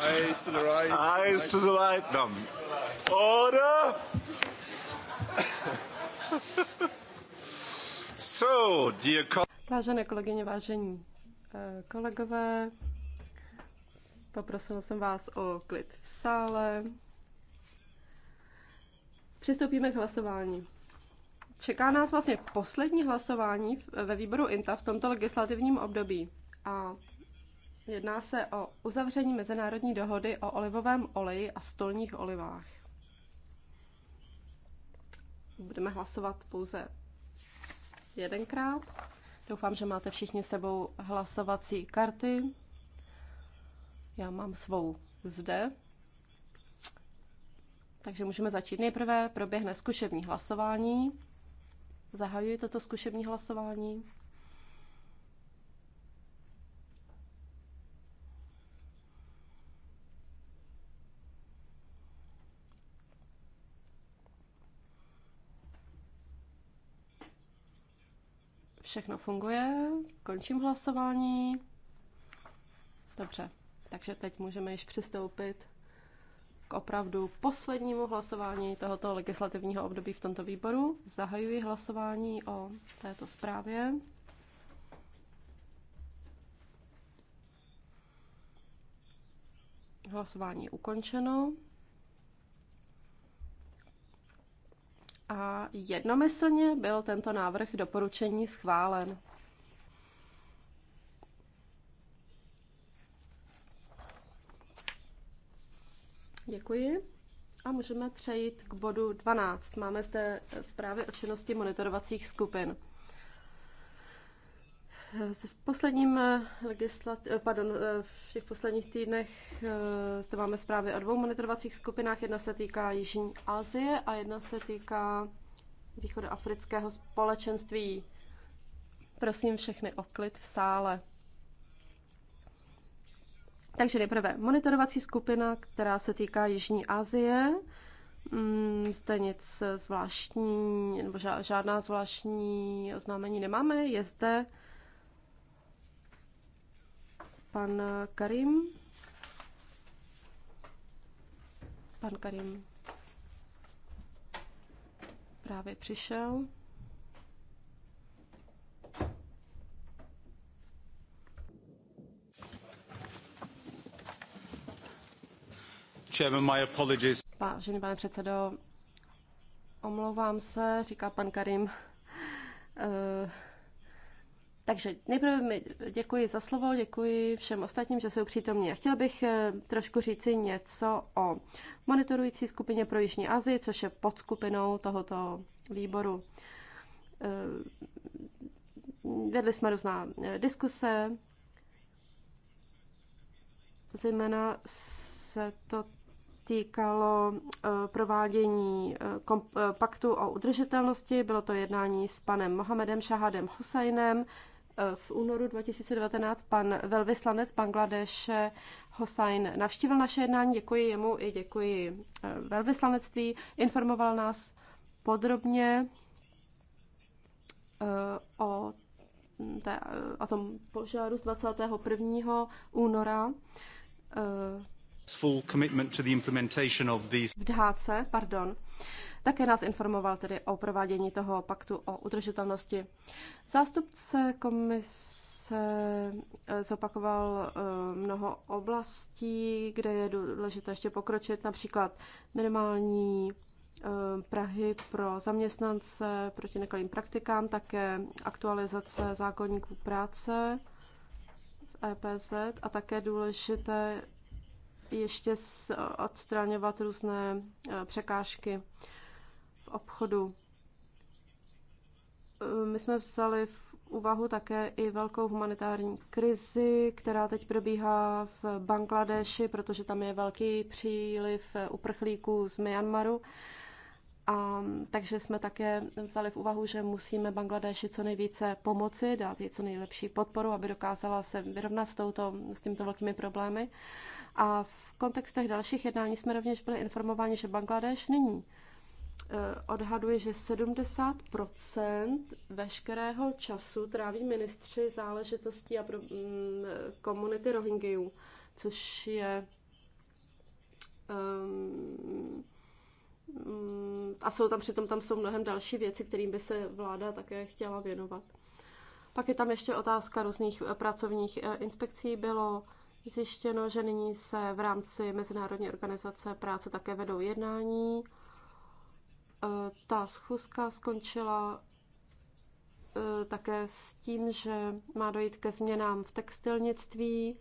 Eyes to the right. Eyes to the right. No. Order.
so, dear
Vážené kolegyně, vážení Eh, kolegové. poprosila jsem vás o klid v sále. Přistoupíme k hlasování. Čeká nás vlastně poslední hlasování ve výboru INTA v tomto legislativním období. A jedná se o uzavření mezinárodní dohody o olivovém oleji a stolních olivách. Budeme hlasovat pouze jedenkrát. Doufám, že máte všichni sebou hlasovací karty. Já mám svou zde. Takže můžeme začít. Nejprve proběhne zkušební hlasování. Zahajuji toto zkušební hlasování. Všechno funguje. Končím hlasování. Dobře, takže teď můžeme již přistoupit k opravdu poslednímu hlasování tohoto legislativního období v tomto výboru. Zahajuji hlasování o této zprávě. Hlasování ukončeno. a jednomyslně byl tento návrh doporučení schválen. Děkuji. A můžeme přejít k bodu 12. Máme zde zprávy o činnosti monitorovacích skupin. Eh, v posledním eh, legislat, eh, pardon, v těch posledních týdnech zde máme zprávy o dvou monitorovacích skupinách. Jedna se týká Jižní Asie a jedna se týká východoafrického společenství. Prosím všechny o klid v sále. Takže nejprve monitorovací skupina, která se týká Jižní Asie. Mm, zde nic zvláštní, nebo žádná zvláštní oznámení nemáme. Je zde pan Karim. Pan Karim právě přišel.
Chairman, my apologies.
Vážený pane předsedo, omlouvám se, říká pan Karim. Eh, takže nejprve mi děkuji za slovo, děkuji všem ostatním, že jsou přítomní. A chtěla bych eh, trošku říci něco o monitorující skupině pro Jižní Azii, což je pod skupinou tohoto výboru. Eh, vedli jsme různá eh, diskuse, zejména se to týkalo provádění paktu o udržitelnosti. Bylo to jednání s panem Mohamedem Šahadem Husajnem, Eh, v únoru 2019 pan velvyslanec Bangladeš Hosain navštívil naše jednání. Děkuji jemu i děkuji eh, velvyslanectví. Informoval nás podrobně eh, o, té, o tom požáru z 21. února v Dháce, pardon. Také nás informoval tedy o provádění toho paktu o udržitelnosti. Zástupce komise eh, zopakoval eh, mnoho oblastí, kde je důležité ještě pokročit, například minimální eh, Prahy pro zaměstnance proti nekalým praktikám, také aktualizace zákonníků práce v EPZ a také důležité ještě odstraňovat různé překážky obchodu. Eh, my jsme vzali v úvahu také i velkou humanitární krizi, která teď probíhá v Bangladeši, protože tam je velký příliv eh, uprchlíků z Myanmaru. A, mm, takže jsme také vzali v úvahu, že musíme Bangladeši co nejvíce pomoci, dát jí co nejlepší podporu, aby dokázala se vyrovnat s, touto, s těmito velkými problémy. A v kontextech dalších jednání jsme rovněž byli informováni, že Bangladeš nyní Eh, odhaduje, že 70 veškerého času tráví ministři záležitostí a pro, mm, komunity Rohingyů, což je. Um, a jsou tam přitom tam jsou mnohem další věci, kterým by se vláda také chtěla věnovat. Pak je tam ještě otázka různých eh, pracovních eh, inspekcí. Bylo zjištěno, že nyní se v rámci Mezinárodní organizace práce také vedou jednání Eh, ta schůzka skončila eh, také s tím, že má dojít ke změnám v textilnictví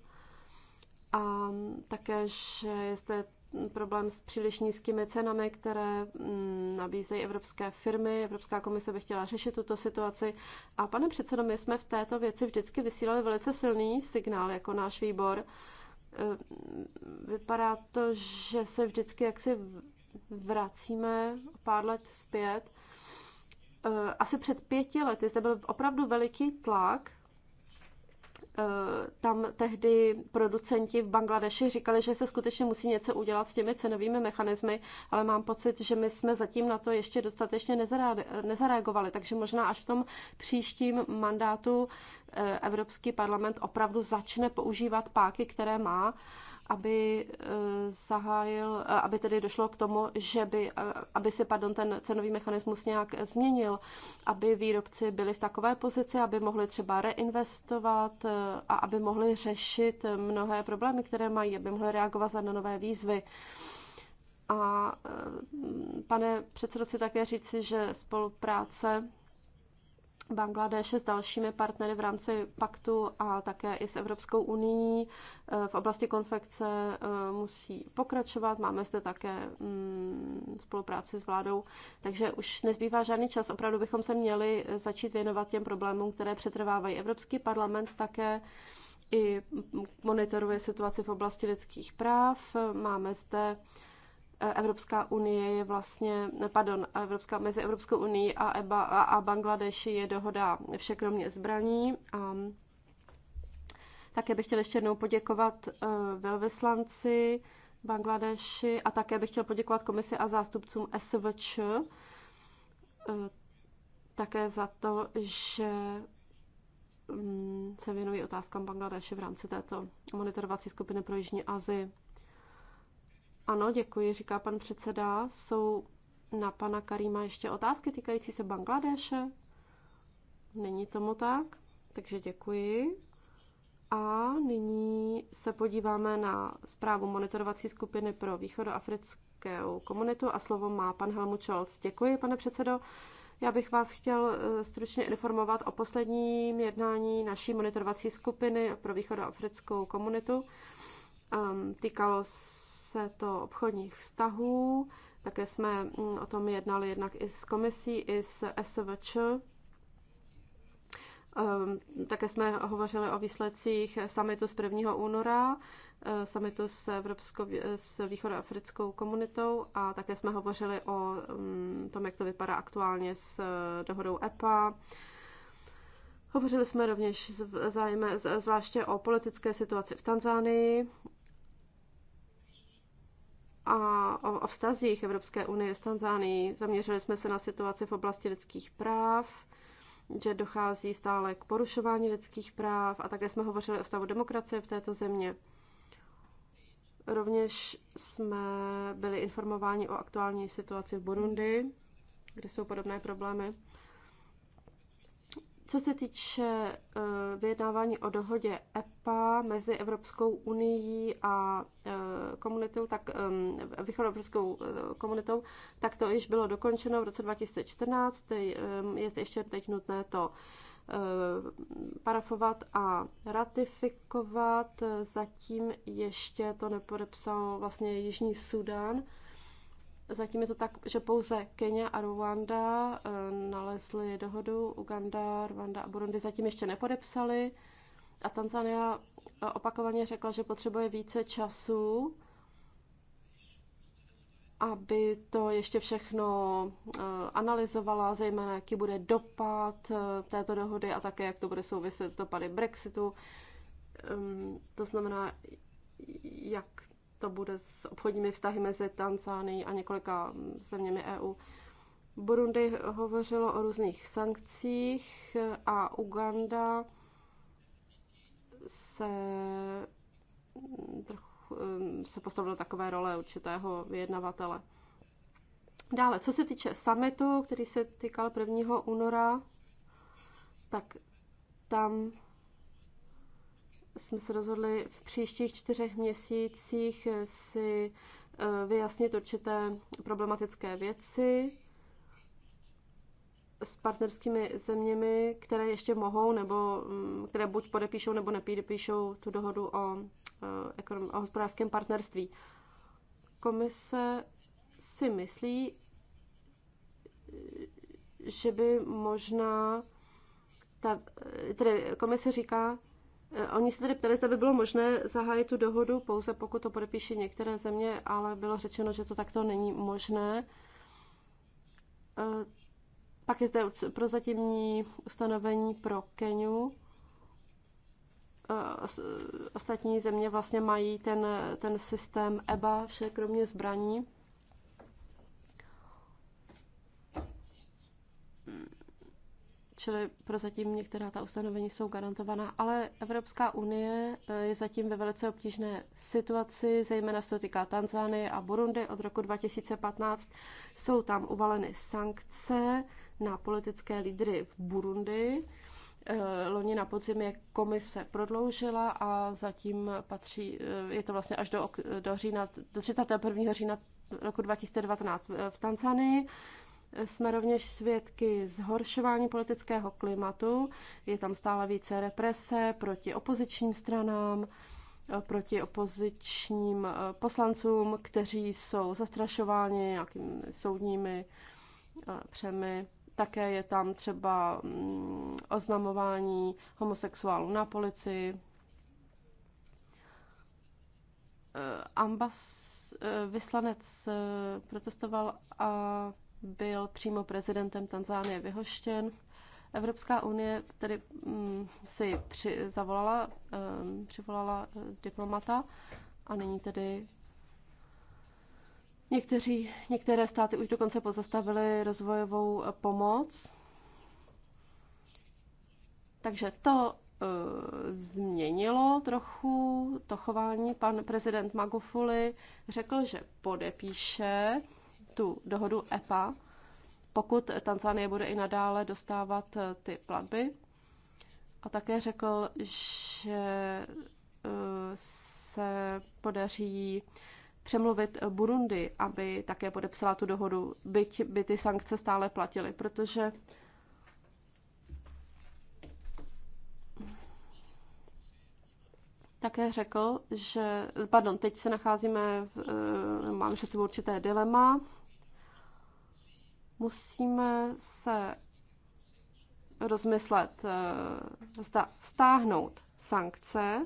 a také, že je zde problém s příliš nízkými cenami, které mm, nabízejí evropské firmy. Evropská komise by chtěla řešit tuto situaci. A pane předsedo, my jsme v této věci vždycky vysílali velice silný signál jako náš výbor. Eh, vypadá to, že se vždycky jaksi vracíme pár let zpět, eh, asi před pěti lety zde byl opravdu veliký tlak. Eh, tam tehdy producenti v Bangladeši říkali, že se skutečně musí něco udělat s těmi cenovými mechanismy, ale mám pocit, že my jsme zatím na to ještě dostatečně nezareagovali. Takže možná až v tom příštím mandátu eh, Evropský parlament opravdu začne používat páky, které má aby eh, zahájil, eh, aby tedy došlo k tomu, že by, eh, aby se pardon, ten cenový mechanismus nějak změnil, aby výrobci byli v takové pozici, aby mohli třeba reinvestovat a aby mohli řešit mnohé problémy, které mají, aby mohli reagovat na nové výzvy. A pane předsedo, chci také říci, že spolupráce Bangladéše s dalšími partnery v rámci paktu a také i s Evropskou unii. Eh, v oblasti konfekce eh, musí pokračovat, máme zde také mm, spolupráci s vládou, takže už nezbývá žádný čas. Opravdu bychom se měli začít věnovat těm problémům, které přetrvávají. Evropský parlament také i monitoruje situaci v oblasti lidských práv. Máme zde E, Evropská unie je vlastně, pardon, e, Evropská, mezi Evropskou unii a, EBA, a, a Bangladeši je dohoda vše kromě zbraní. A také bych chtěl ještě jednou poděkovat e, velvyslanci Bangladeši a také bych chtěl poděkovat komisi a zástupcům SVČ také za to, že mm, se věnují otázkám Bangladeši v rámci této monitorovací skupiny pro Jižní Azii. Ano, děkuji, říká pan předseda. Jsou na pana Karima ještě otázky týkající se Bangladeše? Není tomu tak, takže děkuji. A nyní se podíváme na zprávu monitorovací skupiny pro východoafrickou komunitu a slovo má pan Helmut Scholz. Děkuji, pane předsedo. Já bych vás chtěl eh, stručně informovat o posledním jednání naší monitorovací skupiny pro východoafrickou komunitu. Ehm, týkalo se se to obchodních vztahů. Také jsme mm, o tom jednali jednak i s komisí, i s SVČ. Ehm, také jsme hovořili o výsledcích summitu z 1. února, eh, summitu s, Evropskou, s východoafrickou komunitou a také jsme hovořili o mm, tom, jak to vypadá aktuálně s eh, dohodou EPA. Hovořili jsme rovněž zvláště o politické situaci v Tanzánii a o, o vztazích Evropské unie s Tanzánií. Zaměřili jsme se na situaci v oblasti lidských práv, že dochází stále k porušování lidských práv a také jsme hovořili o stavu demokracie v této země. Rovněž jsme byli informováni o aktuální situaci v Burundi, kde jsou podobné problémy. Co se týče eh, vyjednávání o dohodě EPA mezi Evropskou unii a eh, komunitou, tak eh, východoevropskou komunitou, tak to již bylo dokončeno v roce 2014. Je ještě teď nutné to parafovat a ratifikovat. Zatím ještě to nepodepsal vlastně Jižní Sudan. Zatím je to tak, že pouze Kenya a Rwanda eh, nalezly dohodu, Uganda, Rwanda a Burundi zatím ještě nepodepsali a Tanzania eh, opakovaně řekla, že potřebuje více času, aby to ještě všechno eh, analyzovala, zejména jaký bude dopad této dohody a také jak to bude souviset s dopady Brexitu. Ehm, to znamená, jak to bude s obchodními vztahy mezi Tanzánií a několika zeměmi EU. Burundi hovořilo o různých sankcích a Uganda se mm, trochu, mm, se postavilo takové role určitého vyjednavatele. Dále, co se týče summitu, který se týkal 1. února, tak tam jsme se rozhodli v příštích čtyřech měsících si eh, vyjasnit určité problematické věci s partnerskými zeměmi, které ještě mohou, nebo mm, které buď podepíšou, nebo nepodepíšou tu dohodu o, eh, o hospodářském partnerství. Komise si myslí, eh, že by možná ta, tedy komise říká, Eh, oni se tedy ptali, zda by bylo možné zahájit tu dohodu pouze pokud to podepíší některé země, ale bylo řečeno, že to takto není možné. Eh, pak je zde prozatímní ustanovení pro Keniu. Eh, ostatní země vlastně mají ten, ten systém EBA, vše kromě zbraní. Čili prozatím některá ta ustanovení jsou garantovaná, ale Evropská unie eh, je zatím ve velice obtížné situaci, zejména se to týká Tanzánie a Burundi. Od roku 2015 jsou tam uvaleny sankce na politické lídry v Burundi. Eh, loni na podzim je komise prodloužila a zatím patří, eh, je to vlastně až do, do, října, do 31. října roku 2019 v Tanzanii. Jsme rovněž svědky zhoršování politického klimatu, je tam stále více represe proti opozičním stranám, proti opozičním eh, poslancům, kteří jsou zastrašováni nějakými soudními přemi. Eh, Také je tam třeba mm, oznamování homosexuálů na policii. Eh, ambas, vyslanec protestoval a byl přímo prezidentem Tanzánie vyhoštěn. Evropská unie tedy mm, si při, zavolala, um, přivolala eh, diplomata a nyní tedy někteří, některé státy už dokonce pozastavily rozvojovou eh, pomoc. Takže to eh, změnilo trochu to chování. Pan prezident Magufuli řekl, že podepíše tu dohodu EPA, pokud Tanzánie bude i nadále dostávat eh, ty platby. A také řekl, že eh, se podaří přemluvit Burundi, aby také podepsala tu dohodu, byť by ty sankce stále platily, protože také řekl, že, pardon, teď se nacházíme, v, eh, máme před sebou určité dilema, Musíme se rozmyslet, eh, zda stáhnout sankce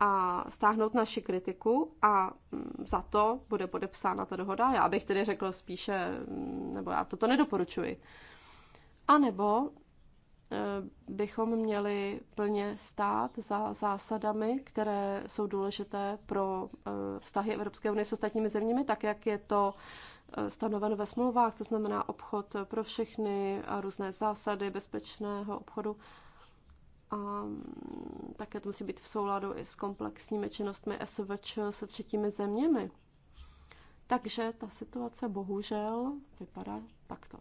a stáhnout naši kritiku a mm, za to bude podepsána ta dohoda. Já bych tedy řekl spíše, mm, nebo já toto nedoporučuji. A nebo eh, bychom měli plně stát za zásadami, které jsou důležité pro eh, vztahy Evropské unie s ostatními zeměmi, tak jak je to Eh, stanoven ve smlouvách, to znamená obchod pro všechny a různé zásady bezpečného obchodu. A mm, také to musí být v souladu i s komplexními činnostmi SVČ se třetími zeměmi. Takže ta situace bohužel vypadá takto.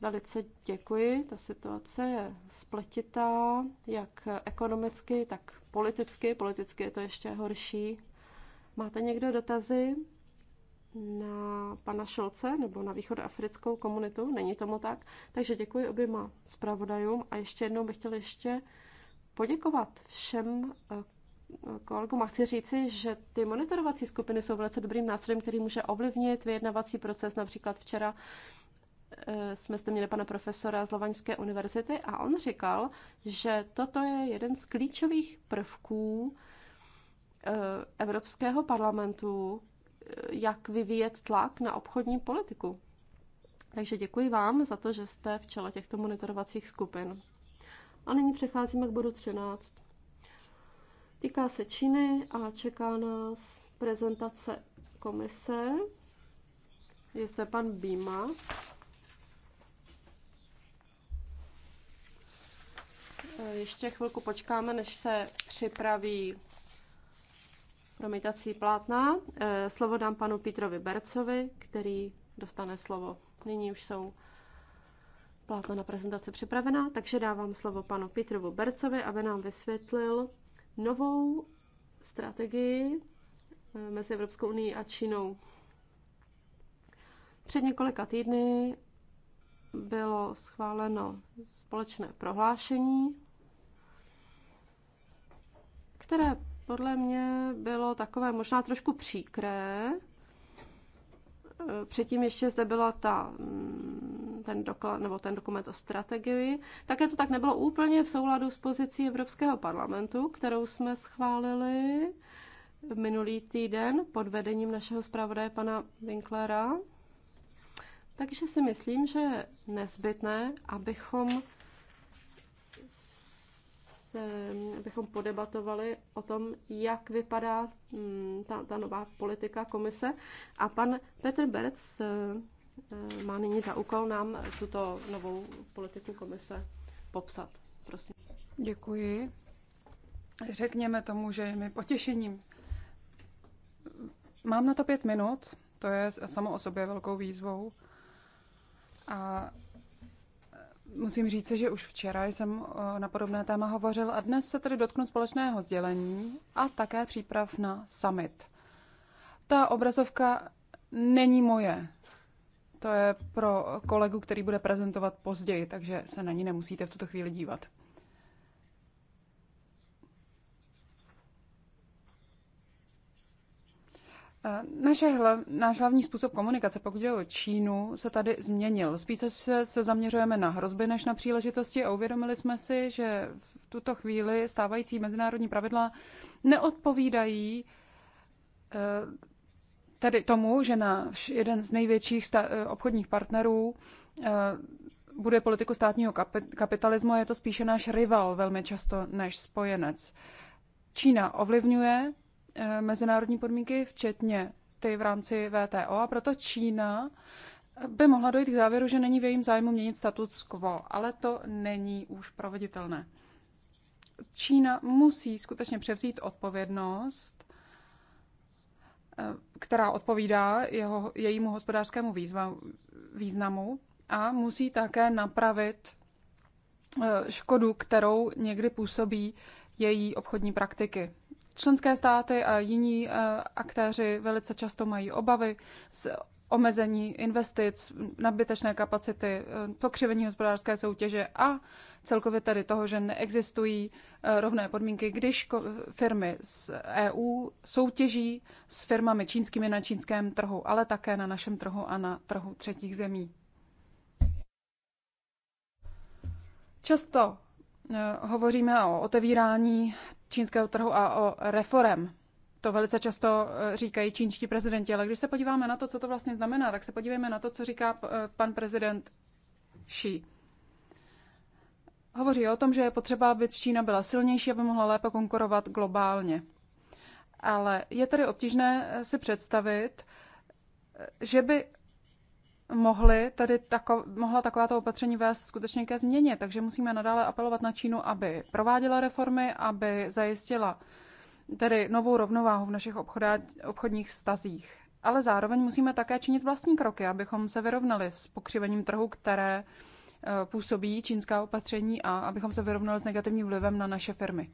Velice děkuji. Ta situace je spletitá, jak ekonomicky, tak politicky. Politicky je to ještě horší. Máte někdo dotazy? na pana Šolce nebo na východoafrickou komunitu. Není tomu tak. Takže děkuji oběma zpravodajům a ještě jednou bych chtěla ještě poděkovat všem eh, kolegům a chci říci, že ty monitorovací skupiny jsou velice dobrým nástrojem, který může ovlivnit vyjednavací proces. Například včera eh, jsme zde měli pana profesora z Lovaňské univerzity a on říkal, že toto je jeden z klíčových prvků eh, Evropského parlamentu, jak vyvíjet tlak na obchodní politiku. Takže děkuji vám za to, že jste v čele těchto monitorovacích skupin. A nyní přecházíme k bodu 13. Týká se Číny a čeká nás prezentace komise. Je zde pan Bíma. Ještě chvilku počkáme, než se připraví promítací plátna. Eh, slovo dám panu Petrovi Bercovi, který dostane slovo. Nyní už jsou plátna na prezentace připravená, takže dávám slovo panu Petrovu Bercovi, aby nám vysvětlil novou strategii eh, mezi Evropskou unii a Čínou. Před několika týdny bylo schváleno společné prohlášení, které podle mě bylo takové možná trošku příkré. Eh, předtím ještě zde byla ta, mm, ten, doklad, nebo ten dokument o strategii. Také to tak nebylo úplně v souladu s pozicí Evropského parlamentu, kterou jsme schválili minulý týden pod vedením našeho zpravodaje pana Winklera. Takže si myslím, že je nezbytné, abychom se, eh, abychom podebatovali o tom, jak vypadá mm, ta, ta nová politika komise. A pan Petr Berc eh, eh, má nyní za úkol nám tuto novou politiku komise popsat. Prosím.
Děkuji. Řekněme tomu, že je mi potěšením. Mám na to pět minut, to je samo o sobě velkou výzvou. A Musím říct, že už včera jsem eh, na podobné téma hovořil a dnes se tedy dotknu společného sdělení a také příprav na summit. Ta obrazovka není moje. To je pro kolegu, který bude prezentovat později, takže se na ní nemusíte v tuto chvíli dívat. Naše hlav, náš hlavní způsob komunikace, pokud jde o Čínu, se tady změnil. Spíše se, se zaměřujeme na hrozby než na příležitosti a uvědomili jsme si, že v tuto chvíli stávající mezinárodní pravidla neodpovídají eh, tedy tomu, že náš jeden z největších eh, obchodních partnerů eh, bude politiku státního kapitalismu a je to spíše náš rival velmi často než spojenec. Čína ovlivňuje Eh, mezinárodní podmínky, včetně ty v rámci VTO, a proto Čína by mohla dojít k závěru, že není v jejím zájmu měnit status quo, ale to není už proveditelné. Čína musí skutečně převzít odpovědnost, eh, která odpovídá jeho, jejímu hospodářskému výzva, významu a musí také napravit eh, škodu, kterou někdy působí její obchodní praktiky. Členské státy a jiní eh, aktéři velice často mají obavy z omezení investic, nadbytečné kapacity, eh, pokřivení hospodářské soutěže a celkově tedy toho, že neexistují eh, rovné podmínky, když firmy z EU soutěží s firmami čínskými na čínském trhu, ale také na našem trhu a na trhu třetích zemí. Často Eh, hovoříme o otevírání čínského trhu a o reform. To velice často eh, říkají čínští prezidenti, ale když se podíváme na to, co to vlastně znamená, tak se podívejme na to, co říká eh, pan prezident Xi. Hovoří o tom, že je potřeba, aby Čína byla silnější, aby mohla lépe konkurovat globálně. Ale je tedy obtížné si představit, že by mohly tady tako, mohla takováto opatření vést skutečně ke změně. Takže musíme nadále apelovat na Čínu, aby prováděla reformy, aby zajistila tedy novou rovnováhu v našich obchodá, obchodních stazích. Ale zároveň musíme také činit vlastní kroky, abychom se vyrovnali s pokřivením trhu, které eh, působí čínská opatření a abychom se vyrovnali s negativním vlivem na naše firmy.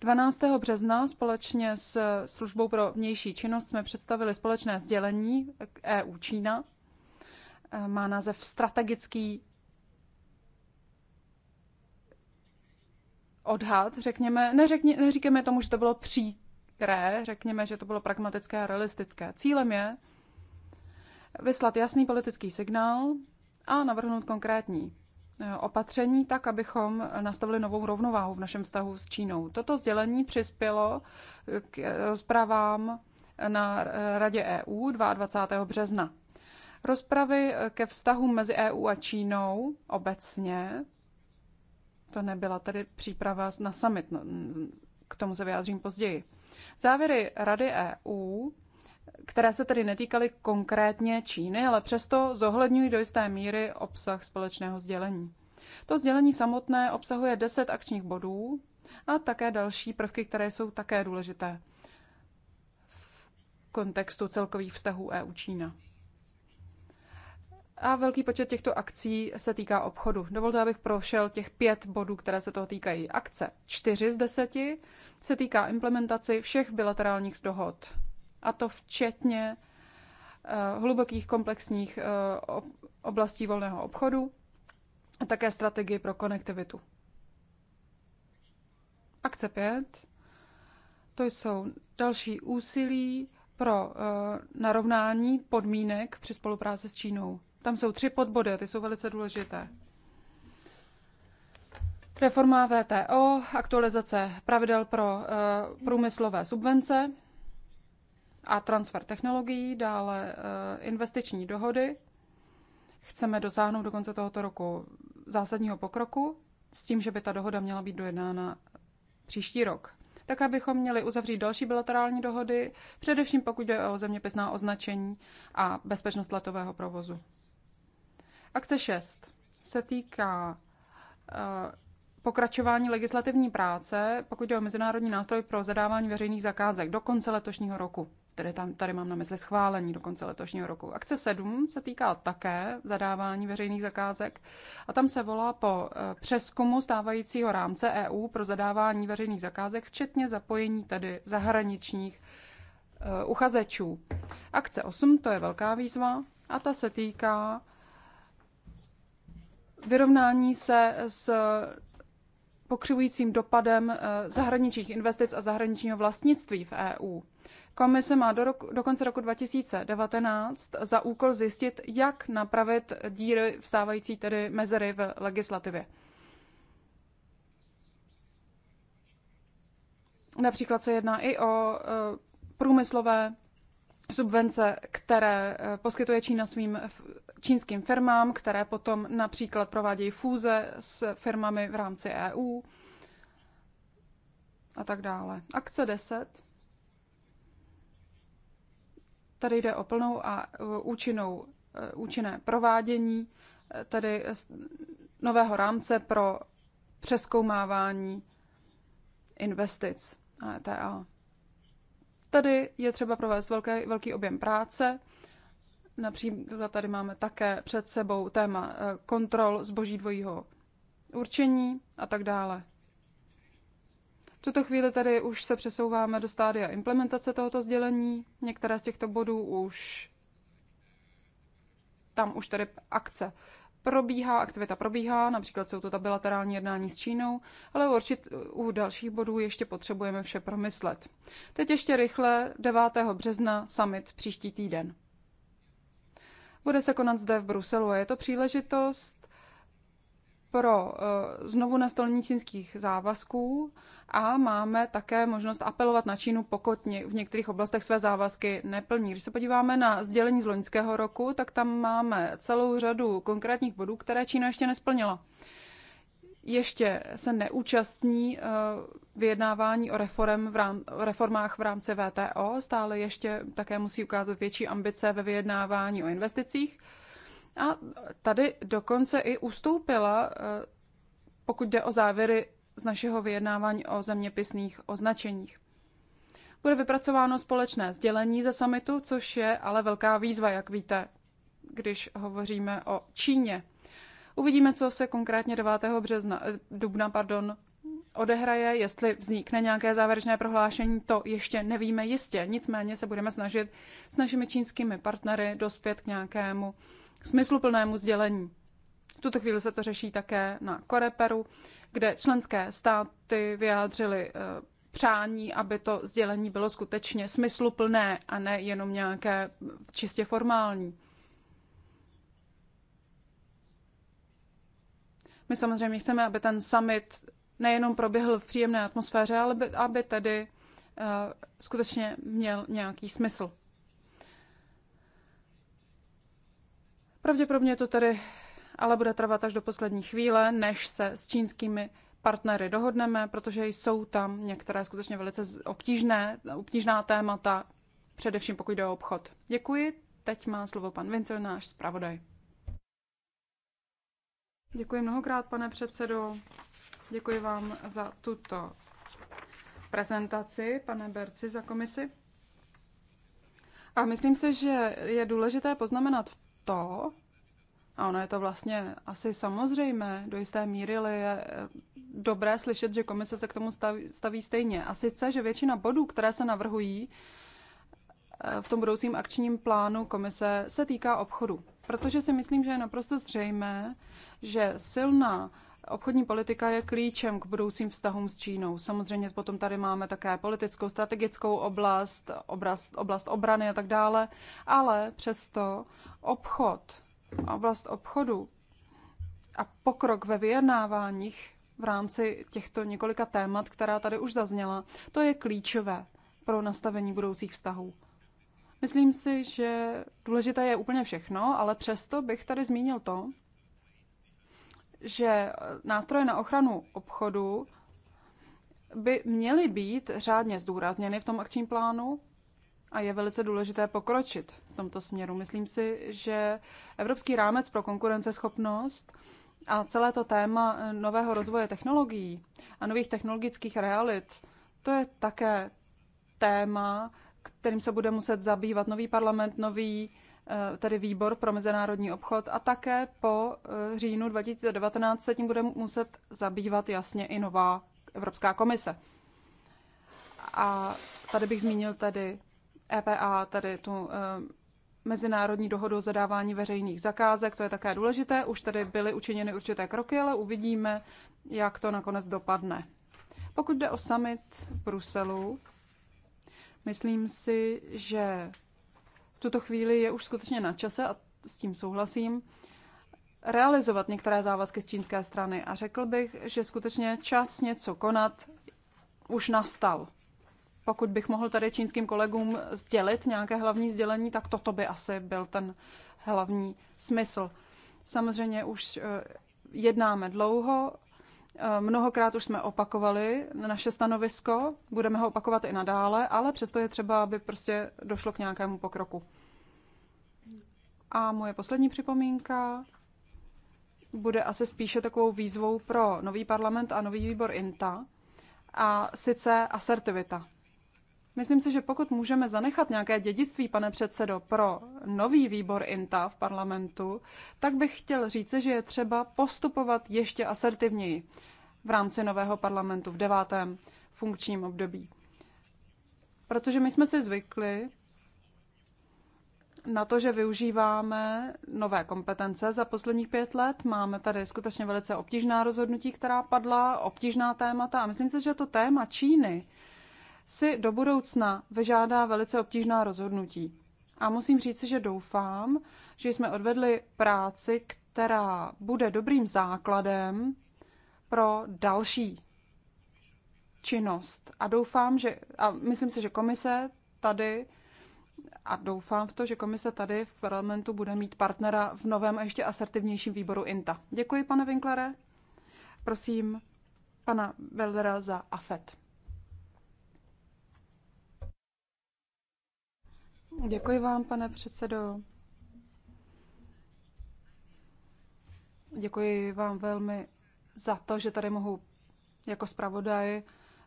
12. března společně s službou pro vnější činnost jsme představili společné sdělení EU Čína, Eh, má název strategický odhad, řekněme, neřekni, neříkeme tomu, že to bylo příkré, řekněme, že to bylo pragmatické a realistické. Cílem je vyslat jasný politický signál a navrhnout konkrétní eh, opatření tak, abychom nastavili novou rovnováhu v našem vztahu s Čínou. Toto sdělení přispělo k eh, rozpravám na Radě EU 22. března. Rozpravy eh, ke vztahu mezi EU a Čínou obecně, to nebyla tady příprava na summit, k tomu se vyjádřím později. Závěry Rady EU, které se tedy netýkaly konkrétně Číny, ale přesto zohledňují do jisté míry obsah společného sdělení. To sdělení samotné obsahuje 10 akčních bodů a také další prvky, které jsou také důležité v kontextu celkových vztahů EU-Čína a velký počet těchto akcí se týká obchodu. Dovolte, abych prošel těch pět bodů, které se toho týkají. Akce čtyři z deseti se týká implementaci všech bilaterálních dohod, a to včetně eh, hlubokých komplexních eh, oblastí volného obchodu a také strategii pro konektivitu. Akce 5. To jsou další úsilí pro eh, narovnání podmínek při spolupráci s Čínou. Tam jsou tři podbody a ty jsou velice důležité. Reforma VTO, aktualizace pravidel pro eh, průmyslové subvence a transfer technologií, dále eh, investiční dohody. Chceme dosáhnout do konce tohoto roku zásadního pokroku s tím, že by ta dohoda měla být dojednána příští rok. Tak, abychom měli uzavřít další bilaterální dohody, především pokud jde o zeměpisná označení a bezpečnost letového provozu. Akce 6 se týká eh, pokračování legislativní práce, pokud jde o mezinárodní nástroj pro zadávání veřejných zakázek do konce letošního roku. Tedy tam, tady mám na mysli schválení do konce letošního roku. Akce 7 se týká také zadávání veřejných zakázek a tam se volá po eh, přeskumu stávajícího rámce EU pro zadávání veřejných zakázek, včetně zapojení tedy zahraničních eh, uchazečů. Akce 8 to je velká výzva a ta se týká vyrovnání se s pokřivujícím dopadem eh, zahraničních investic a zahraničního vlastnictví v EU. Komise má do, roku, do konce roku 2019 za úkol zjistit, jak napravit díry vstávající tedy mezery v legislativě. Například se jedná i o eh, průmyslové subvence, které eh, poskytuje Čína svým čínským firmám, které potom například provádějí fúze s firmami v rámci EU a tak dále. Akce 10. Tady jde o plnou a e, účinnou, e, účinné provádění e, tedy nového rámce pro přeskoumávání investic ETA. Tady je třeba provést velký, velký objem práce, Například tady máme také před sebou téma eh, kontrol zboží dvojího určení a tak dále. V tuto chvíli tady už se přesouváme do stádia implementace tohoto sdělení. Některé z těchto bodů už tam už tady akce probíhá, aktivita probíhá, například jsou to ta bilaterální jednání s Čínou, ale určit u dalších bodů ještě potřebujeme vše promyslet. Teď ještě rychle 9. března summit příští týden. Bude se konat zde v Bruselu a je to příležitost pro eh, znovu nastolení čínských závazků a máme také možnost apelovat na Čínu, pokud v některých oblastech své závazky neplní. Když se podíváme na sdělení z loňského roku, tak tam máme celou řadu konkrétních bodů, které Čína ještě nesplnila. Ještě se neúčastní eh, vyjednávání o, reform v rám, o reformách v rámci VTO stále ještě také musí ukázat větší ambice ve vyjednávání o investicích. A tady dokonce i ustoupila, eh, pokud jde o závěry z našeho vyjednávání o zeměpisných označeních. Bude vypracováno společné sdělení ze samitu, což je ale velká výzva, jak víte, když hovoříme o Číně. Uvidíme, co se konkrétně 9. března, eh, dubna pardon, odehraje, jestli vznikne nějaké závěrečné prohlášení, to ještě nevíme jistě. Nicméně se budeme snažit s našimi čínskými partnery dospět k nějakému smysluplnému sdělení. V tuto chvíli se to řeší také na Koreperu, kde členské státy vyjádřily eh, přání, aby to sdělení bylo skutečně smysluplné a ne jenom nějaké čistě formální. My samozřejmě chceme, aby ten summit nejenom proběhl v příjemné atmosféře, ale by, aby tedy uh, skutečně měl nějaký smysl. Pravděpodobně to tedy ale bude trvat až do poslední chvíle, než se s čínskými partnery dohodneme, protože jsou tam některé skutečně velice obtížné, obtížná témata, především pokud jde o obchod. Děkuji. Teď má slovo pan Vintel, náš zpravodaj. Děkuji mnohokrát, pane předsedo. Děkuji vám za tuto prezentaci, pane Berci, za komisi. A myslím si, že je důležité poznamenat to, a ono je to vlastně asi samozřejmé, do jisté míry ale je eh, dobré slyšet, že komise se k tomu staví, staví stejně. A sice, že většina bodů, které se navrhují eh, v tom budoucím akčním plánu komise, se týká obchodu. Protože si myslím, že je naprosto zřejmé, že silná Obchodní politika je klíčem k budoucím vztahům s Čínou. Samozřejmě potom tady máme také politickou, strategickou oblast, oblast, oblast obrany a tak dále, ale přesto obchod, oblast obchodu a pokrok ve vyjednáváních v rámci těchto několika témat, která tady už zazněla, to je klíčové pro nastavení budoucích vztahů. Myslím si, že důležité je úplně všechno, ale přesto bych tady zmínil to, že nástroje na ochranu obchodu by měly být řádně zdůrazněny v tom akčním plánu a je velice důležité pokročit v tomto směru. Myslím si, že Evropský rámec pro konkurenceschopnost a celé to téma nového rozvoje technologií a nových technologických realit, to je také téma, kterým se bude muset zabývat nový parlament, nový Eh, tedy výbor pro mezinárodní obchod a také po eh, říjnu 2019 se tím bude muset zabývat jasně i nová Evropská komise. A tady bych zmínil tedy EPA, tedy tu eh, mezinárodní dohodu o zadávání veřejných zakázek, to je také důležité. Už tady byly učiněny určité kroky, ale uvidíme, jak to nakonec dopadne. Pokud jde o summit v Bruselu, myslím si, že v tuto chvíli je už skutečně na čase, a s tím souhlasím, realizovat některé závazky z čínské strany. A řekl bych, že skutečně čas něco konat už nastal. Pokud bych mohl tady čínským kolegům sdělit nějaké hlavní sdělení, tak toto by asi byl ten hlavní smysl. Samozřejmě už eh, jednáme dlouho, Eh, mnohokrát už jsme opakovali naše stanovisko, budeme ho opakovat i nadále, ale přesto je třeba, aby prostě došlo k nějakému pokroku. A moje poslední připomínka bude asi spíše takovou výzvou pro nový parlament a nový výbor INTA, a sice asertivita. Myslím si, že pokud můžeme zanechat nějaké dědictví, pane předsedo, pro nový výbor INTA v parlamentu, tak bych chtěl říci, že je třeba postupovat ještě asertivněji v rámci nového parlamentu v devátém funkčním období. Protože my jsme si zvykli na to, že využíváme nové kompetence za posledních pět let. Máme tady skutečně velice obtížná rozhodnutí, která padla, obtížná témata a myslím si, že to téma Číny si do budoucna vyžádá velice obtížná rozhodnutí. A musím říci, že doufám, že jsme odvedli práci, která bude dobrým základem pro další činnost. A doufám, že, a myslím si, že komise tady, a doufám v to, že komise tady v parlamentu bude mít partnera v novém a ještě asertivnějším výboru INTA. Děkuji, pane Winklere. Prosím pana Beldera za AFET. Děkuji vám, pane předsedo. Děkuji vám velmi za to, že tady mohu jako zpravodaj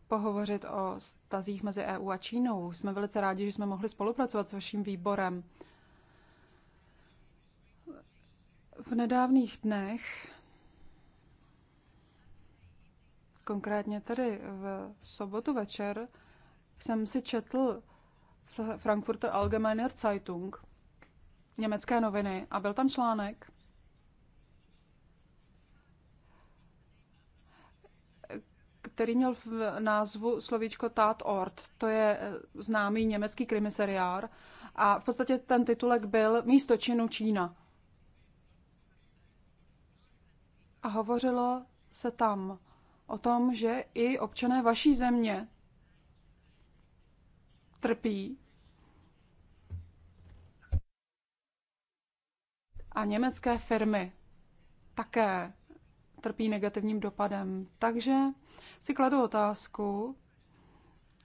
pohovořit o stazích mezi EU a Čínou. Jsme velice rádi, že jsme mohli spolupracovat s vaším výborem. V nedávných dnech, konkrétně tedy v sobotu večer, jsem si četl Frankfurter Allgemeine Zeitung, německé noviny, a byl tam článek, který měl v názvu slovíčko Tatort. To je eh, známý německý krimiseriár. A v podstatě ten titulek byl Místo činu Čína. A hovořilo se tam o tom, že i občané vaší země trpí a německé firmy také trpí negativním dopadem. Takže si kladu otázku,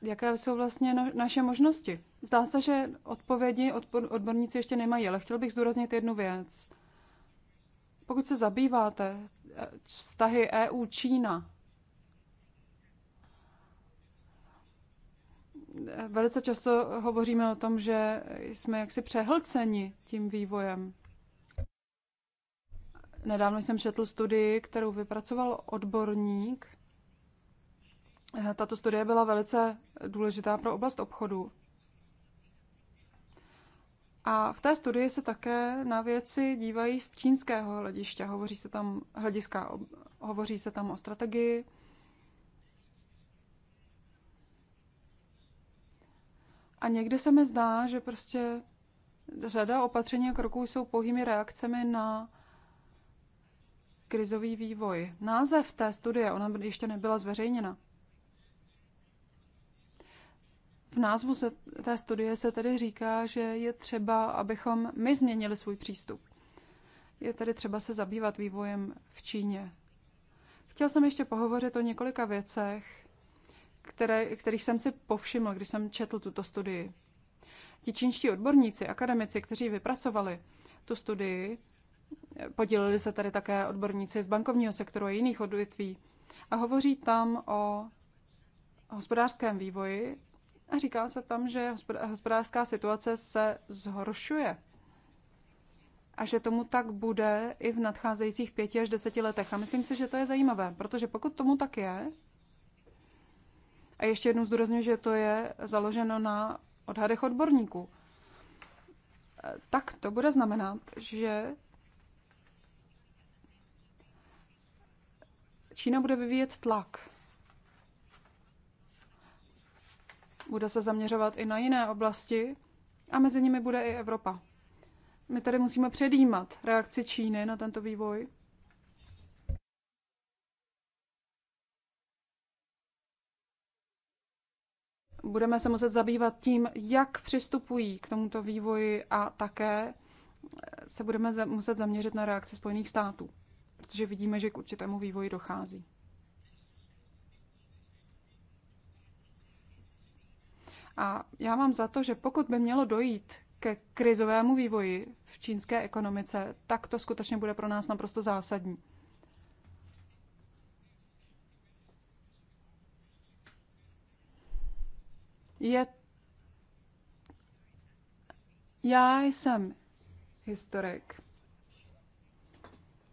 jaké jsou vlastně no, naše možnosti. Zdá se, že odpovědi odborníci ještě nemají, ale chtěl bych zdůraznit jednu věc. Pokud se zabýváte eh, vztahy EU-Čína, eh, velice často hovoříme o tom, že jsme jaksi přehlceni tím vývojem. Nedávno jsem četl studii, kterou vypracoval odborník. Tato studie byla velice důležitá pro oblast obchodu. A v té studii se také na věci dívají z čínského hlediště. Hovoří se tam, hlediska, hovoří se tam o strategii. A někdy se mi zdá, že prostě řada opatření a kroků jsou pouhými reakcemi na krizový vývoj. Název té studie, ona ještě nebyla zveřejněna. V názvu se, té studie se tedy říká, že je třeba, abychom my změnili svůj přístup. Je tedy třeba se zabývat vývojem v Číně. Chtěl jsem ještě pohovořit o několika věcech, které, kterých jsem si povšiml, když jsem četl tuto studii. Ti čínští odborníci, akademici, kteří vypracovali tu studii, Podělili se tady také odborníci z bankovního sektoru a jiných odvětví. A hovoří tam o hospodářském vývoji a říká se tam, že hospodářská situace se zhoršuje a že tomu tak bude i v nadcházejících pěti až deseti letech. A myslím si, že to je zajímavé, protože pokud tomu tak je, a ještě jednou zdůrazňuji, že to je založeno na odhadech odborníků, tak to bude znamenat, že Čína bude vyvíjet tlak. Bude se zaměřovat i na jiné oblasti a mezi nimi bude i Evropa. My tady musíme předjímat reakci Číny na tento vývoj. Budeme se muset zabývat tím, jak přistupují k tomuto vývoji a také se budeme muset zaměřit na reakci Spojených států protože vidíme, že k určitému vývoji dochází. A já mám za to, že pokud by mělo dojít ke krizovému vývoji v čínské ekonomice, tak to skutečně bude pro nás naprosto zásadní. Je... Já jsem historik.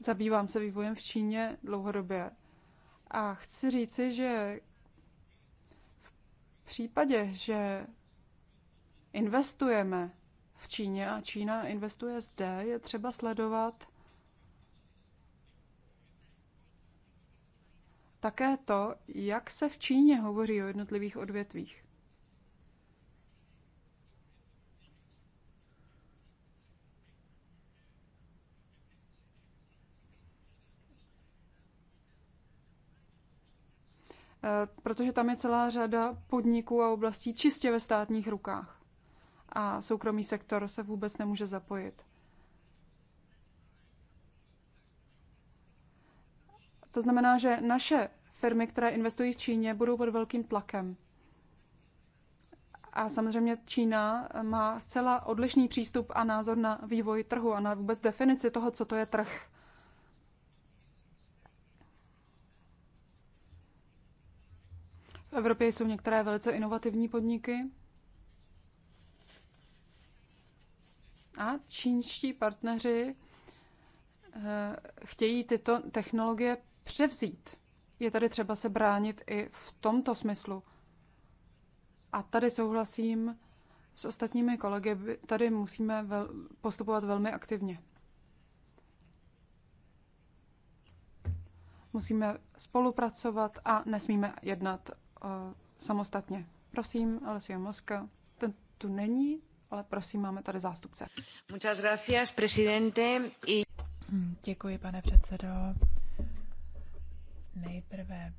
Zabývám se vývojem v Číně dlouhodobě. A chci říci, že v případě, že investujeme v Číně a Čína investuje zde, je třeba sledovat také to, jak se v Číně hovoří o jednotlivých odvětvích. Eh, protože tam je celá řada podniků a oblastí čistě ve státních rukách. A soukromý sektor se vůbec nemůže zapojit. To znamená, že naše firmy, které investují v Číně, budou pod velkým tlakem. A samozřejmě Čína eh, má zcela odlišný přístup a názor na vývoj trhu a na vůbec definici toho, co to je trh. V Evropě jsou některé velice inovativní podniky. A čínští partneři eh, chtějí tyto technologie převzít. Je tady třeba se bránit i v tomto smyslu. A tady souhlasím s ostatními kolegy, tady musíme vel, postupovat velmi aktivně. Musíme spolupracovat a nesmíme jednat samostatně. Prosím, Alessio Mosca, ten tu není, ale prosím, máme tady zástupce.
Muchas gracias,
presidente. Y...
Hmm, děkuji, pane předsedo. Nejprve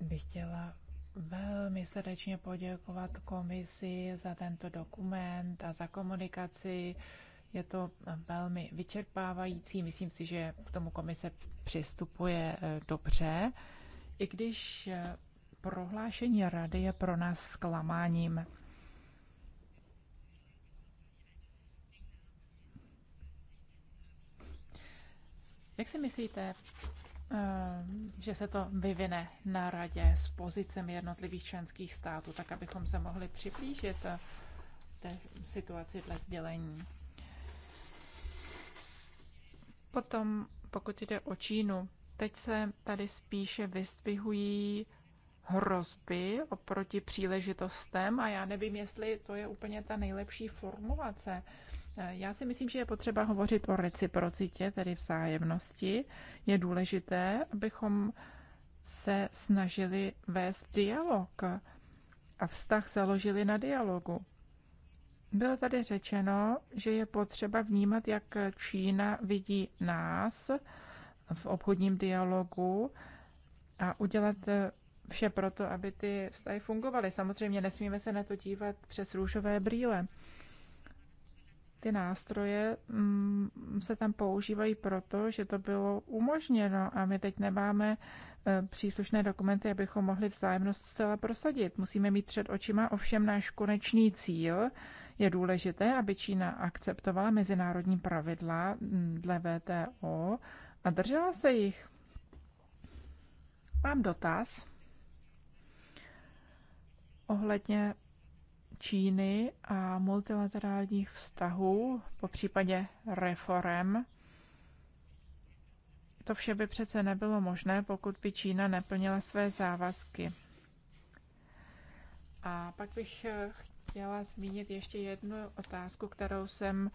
bych chtěla velmi srdečně poděkovat komisi za tento dokument a za komunikaci. Je to velmi vyčerpávající. Myslím si, že k tomu komise přistupuje eh, dobře. I když eh, prohlášení rady je pro nás zklamáním. Jak si myslíte, eh, že se to vyvine na radě s pozicemi jednotlivých členských států, tak abychom se mohli připlížit eh, té situaci dle sdělení? Potom, pokud jde o Čínu, teď se tady spíše vystvihují hrozby oproti příležitostem a já nevím, jestli to je úplně ta nejlepší formulace. Eh, já si myslím, že je potřeba hovořit o reciprocitě, tedy vzájemnosti. Je důležité, abychom se snažili vést dialog a vztah založili na dialogu. Bylo tady řečeno, že je potřeba vnímat, jak Čína vidí nás v obchodním dialogu a udělat vše proto, aby ty vztahy fungovaly. Samozřejmě nesmíme se na to dívat přes růžové brýle. Ty nástroje mm, se tam používají proto, že to bylo umožněno a my teď nemáme e, příslušné dokumenty, abychom mohli vzájemnost zcela prosadit. Musíme mít před očima ovšem náš konečný cíl. Je důležité, aby Čína akceptovala mezinárodní pravidla mm, dle VTO a držela se jich. Mám dotaz ohledně Číny a multilaterálních vztahů, po případě reform. To vše by přece nebylo možné, pokud by Čína neplnila své závazky. A pak bych eh, chtěla zmínit ještě jednu otázku, kterou jsem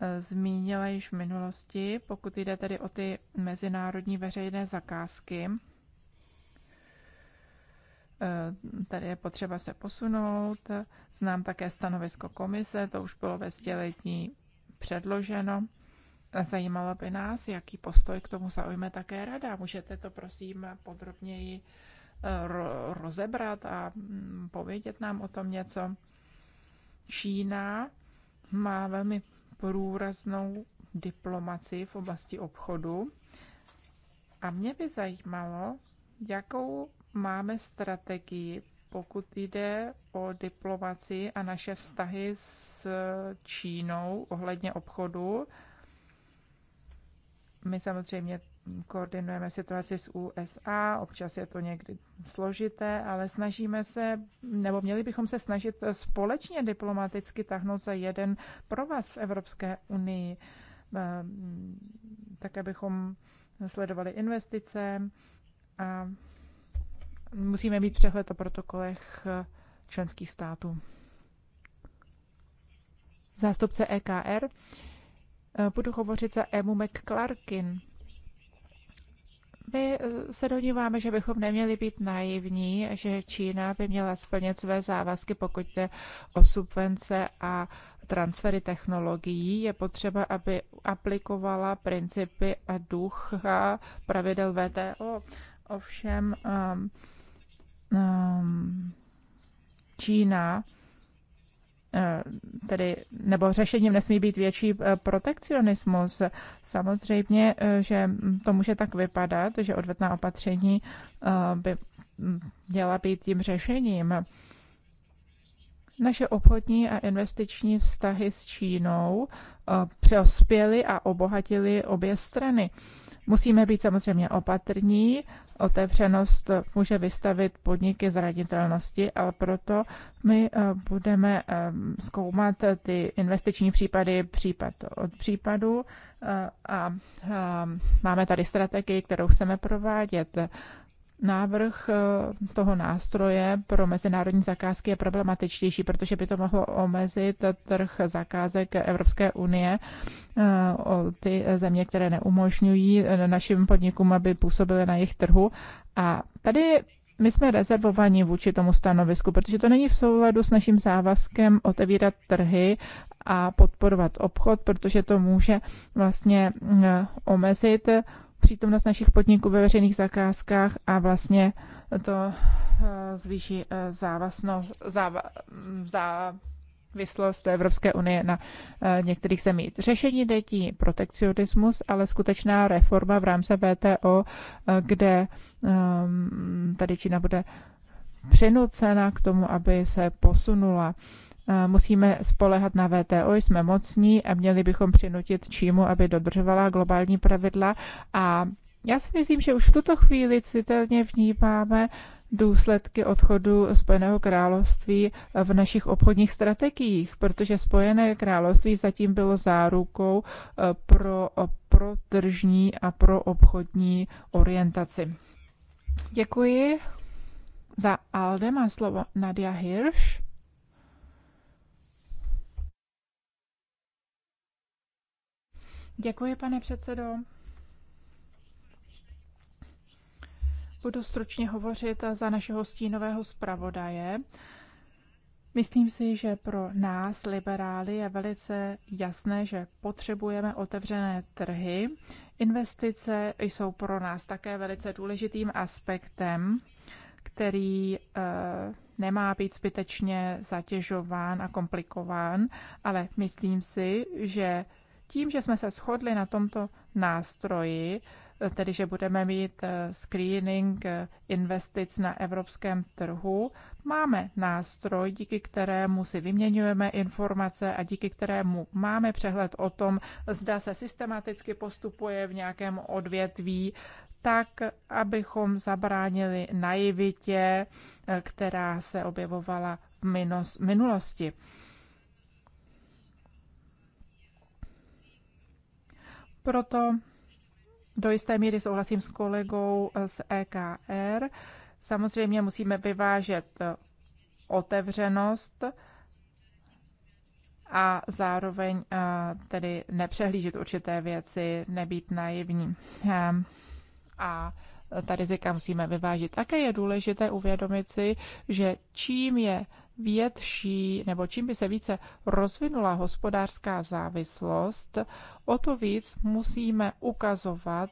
eh, zmínila již v minulosti, pokud jde tedy o ty mezinárodní veřejné zakázky. Eh, tady je potřeba se posunout. Znám také stanovisko komise, to už bylo ve sdělení předloženo. Zajímalo by nás, jaký postoj k tomu zaujme také rada. Můžete to prosím podrobněji eh, rozebrat a mm, povědět nám o tom něco. Čína má velmi průraznou diplomaci v oblasti obchodu a mě by zajímalo, jakou máme strategii, pokud jde o diplomaci a naše vztahy s Čínou ohledně obchodu. My samozřejmě koordinujeme situaci s USA, občas je to někdy složité, ale snažíme se, nebo měli bychom se snažit společně diplomaticky tahnout za jeden pro vás v Evropské unii, ehm, tak abychom sledovali investice a musíme mít přehled o protokolech eh, členských států. Zástupce EKR. Eh, budu hovořit za Emu McClarkin. My eh, se doníváme, že bychom neměli být naivní, že Čína by měla splnit své závazky, pokud jde o subvence a transfery technologií. Je potřeba, aby aplikovala principy a ducha pravidel VTO. Ovšem, um, Ehm, Čína eh, tedy, nebo řešením nesmí být větší eh, protekcionismus. Samozřejmě, eh, že to může tak vypadat, že odvetná opatření by měla být tím řešením. Naše obchodní a investiční vztahy s Čínou přespěly a obohatily obě strany. Musíme být samozřejmě opatrní. Otevřenost může vystavit podniky zranitelnosti, ale proto my eh, budeme eh, zkoumat ty investiční případy případ od případu eh, a máme tady strategii, kterou chceme provádět návrh eh, toho nástroje pro mezinárodní zakázky je problematičtější, protože by to mohlo omezit trh zakázek Evropské unie eh, o ty země, které neumožňují eh, našim podnikům, aby působily na jejich trhu. A tady my jsme rezervovaní vůči tomu stanovisku, protože to není v souladu s naším závazkem otevírat trhy a podporovat obchod, protože to může vlastně omezit přítomnost našich podniků ve veřejných zakázkách a vlastně to eh, zvýší eh, závaznost, záva, závislost Evropské unie na eh, některých zemích. Řešení dětí protekcionismus, ale skutečná reforma v rámci VTO, kde ehm, tady Čína bude přinucena k tomu, aby se posunula musíme spolehat na VTO, jsme mocní a měli bychom přinutit Čímu, aby dodržovala globální pravidla a já si myslím, že už v tuto chvíli citelně vnímáme důsledky odchodu Spojeného království v našich obchodních strategiích, protože Spojené království zatím bylo zárukou eh, pro, pro tržní a pro obchodní orientaci. Děkuji. Za Alde má slovo Nadia Hirsch. Děkuji, pane předsedo. Budu stručně hovořit za našeho stínového zpravodaje. Myslím si, že pro nás, liberály, je velice jasné, že potřebujeme otevřené trhy. Investice jsou pro nás také velice důležitým aspektem, který eh, nemá být zbytečně zatěžován a komplikován, ale myslím si, že tím, že jsme se shodli na tomto nástroji, tedy že budeme mít eh, screening eh, investic na evropském trhu. Máme nástroj, díky kterému si vyměňujeme informace a díky kterému máme přehled o tom, zda se systematicky postupuje v nějakém odvětví, tak, abychom zabránili naivitě, eh, která se objevovala v minulosti. Proto do jisté míry souhlasím s kolegou z EKR. Samozřejmě musíme vyvážet e, otevřenost a zároveň e, tedy nepřehlížet určité věci, nebýt naivní. E, a ta rizika musíme vyvážit. Také je důležité uvědomit si, že čím je větší nebo čím by se více rozvinula hospodářská závislost, o to víc musíme ukazovat,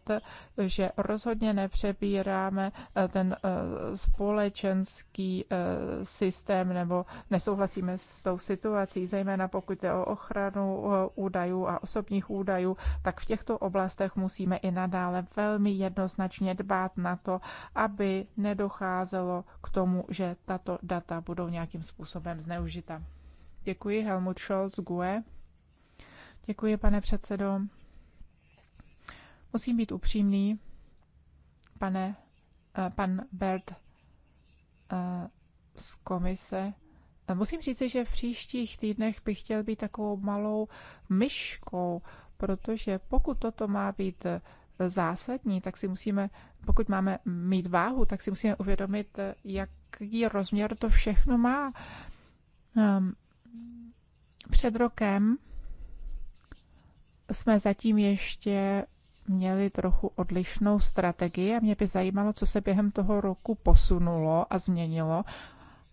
že rozhodně nepřebíráme eh, ten eh, společenský eh, systém nebo nesouhlasíme s tou situací, zejména pokud je o ochranu údajů a osobních údajů, tak v těchto oblastech musíme i nadále velmi jednoznačně dbát na to, aby nedocházelo k tomu, že tato data budou nějakým způsobem způsobem zneužita. Děkuji Helmut Scholz, GUE. Děkuji, pane předsedo. Musím být upřímný, pane, eh, pan Bert eh, z komise. Musím říct, že v příštích týdnech bych chtěl být takovou malou myškou, protože pokud toto má být zásadní, tak si musíme, pokud máme mít váhu, tak si musíme uvědomit, eh, jaký rozměr to všechno má. Ehm, před rokem jsme zatím ještě měli trochu odlišnou strategii a mě by zajímalo, co se během toho roku posunulo a změnilo,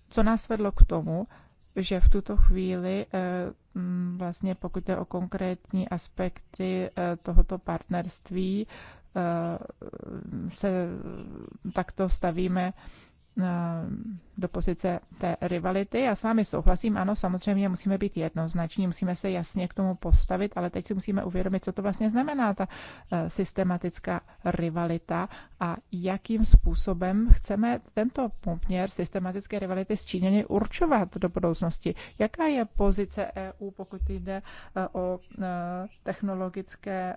co nás vedlo k tomu, že v tuto chvíli eh, mm, vlastně pokud jde o konkrétní aspekty eh, tohoto partnerství, eh, se takto stavíme Eh, do pozice té rivality. Já s vámi souhlasím, ano, samozřejmě musíme být jednoznační, musíme se jasně k tomu postavit, ale teď si musíme uvědomit, co to vlastně znamená ta eh, systematická rivalita a jakým způsobem chceme tento poměr systematické rivality s Číněny určovat do budoucnosti. Jaká je pozice EU, pokud jde eh, o technologické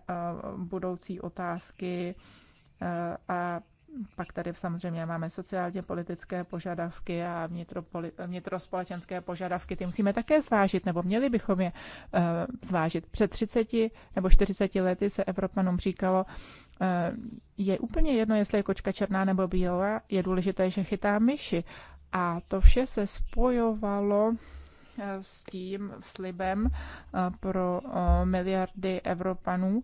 budoucí otázky a pak tady samozřejmě máme sociálně politické požadavky a vnitropoli, vnitrospolečenské požadavky. Ty musíme také zvážit, nebo měli bychom je uh, zvážit. Před 30 nebo 40 lety se Evropanům říkalo, uh, je úplně jedno, jestli je kočka černá nebo bílá, je důležité, že chytá myši. A to vše se spojovalo eh, s tím slibem pro miliardy Evropanů,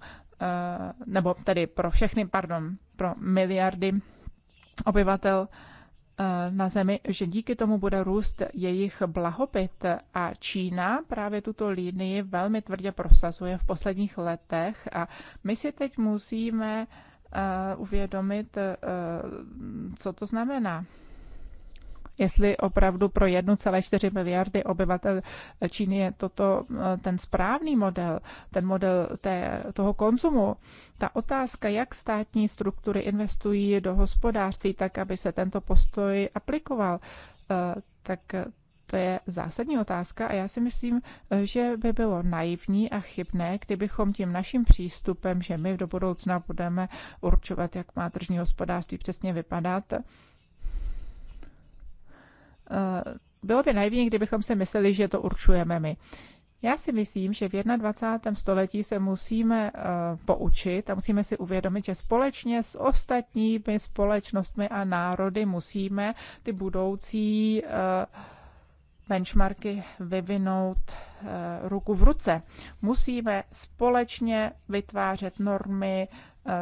nebo tedy pro všechny, pardon, pro miliardy obyvatel eh, na zemi, že díky tomu bude růst jejich blahobyt. A Čína právě tuto línii velmi tvrdě prosazuje v posledních letech a my si teď musíme eh, uvědomit, eh, co to znamená jestli opravdu pro 1,4 miliardy obyvatel Číny je toto eh, ten správný model, ten model té, toho konzumu. Ta otázka, jak státní struktury investují do hospodářství, tak aby se tento postoj aplikoval, eh, tak to je zásadní otázka a já si myslím, eh, že by bylo naivní a chybné, kdybychom tím naším přístupem, že my do budoucna budeme určovat, jak má tržní hospodářství přesně vypadat, Eh, bylo by naivní, kdybychom si mysleli, že to určujeme my. Já si myslím, že v 21. století se musíme eh, poučit a musíme si uvědomit, že společně s ostatními společnostmi a národy musíme ty budoucí eh, benchmarky vyvinout ruku v ruce. Musíme společně vytvářet normy,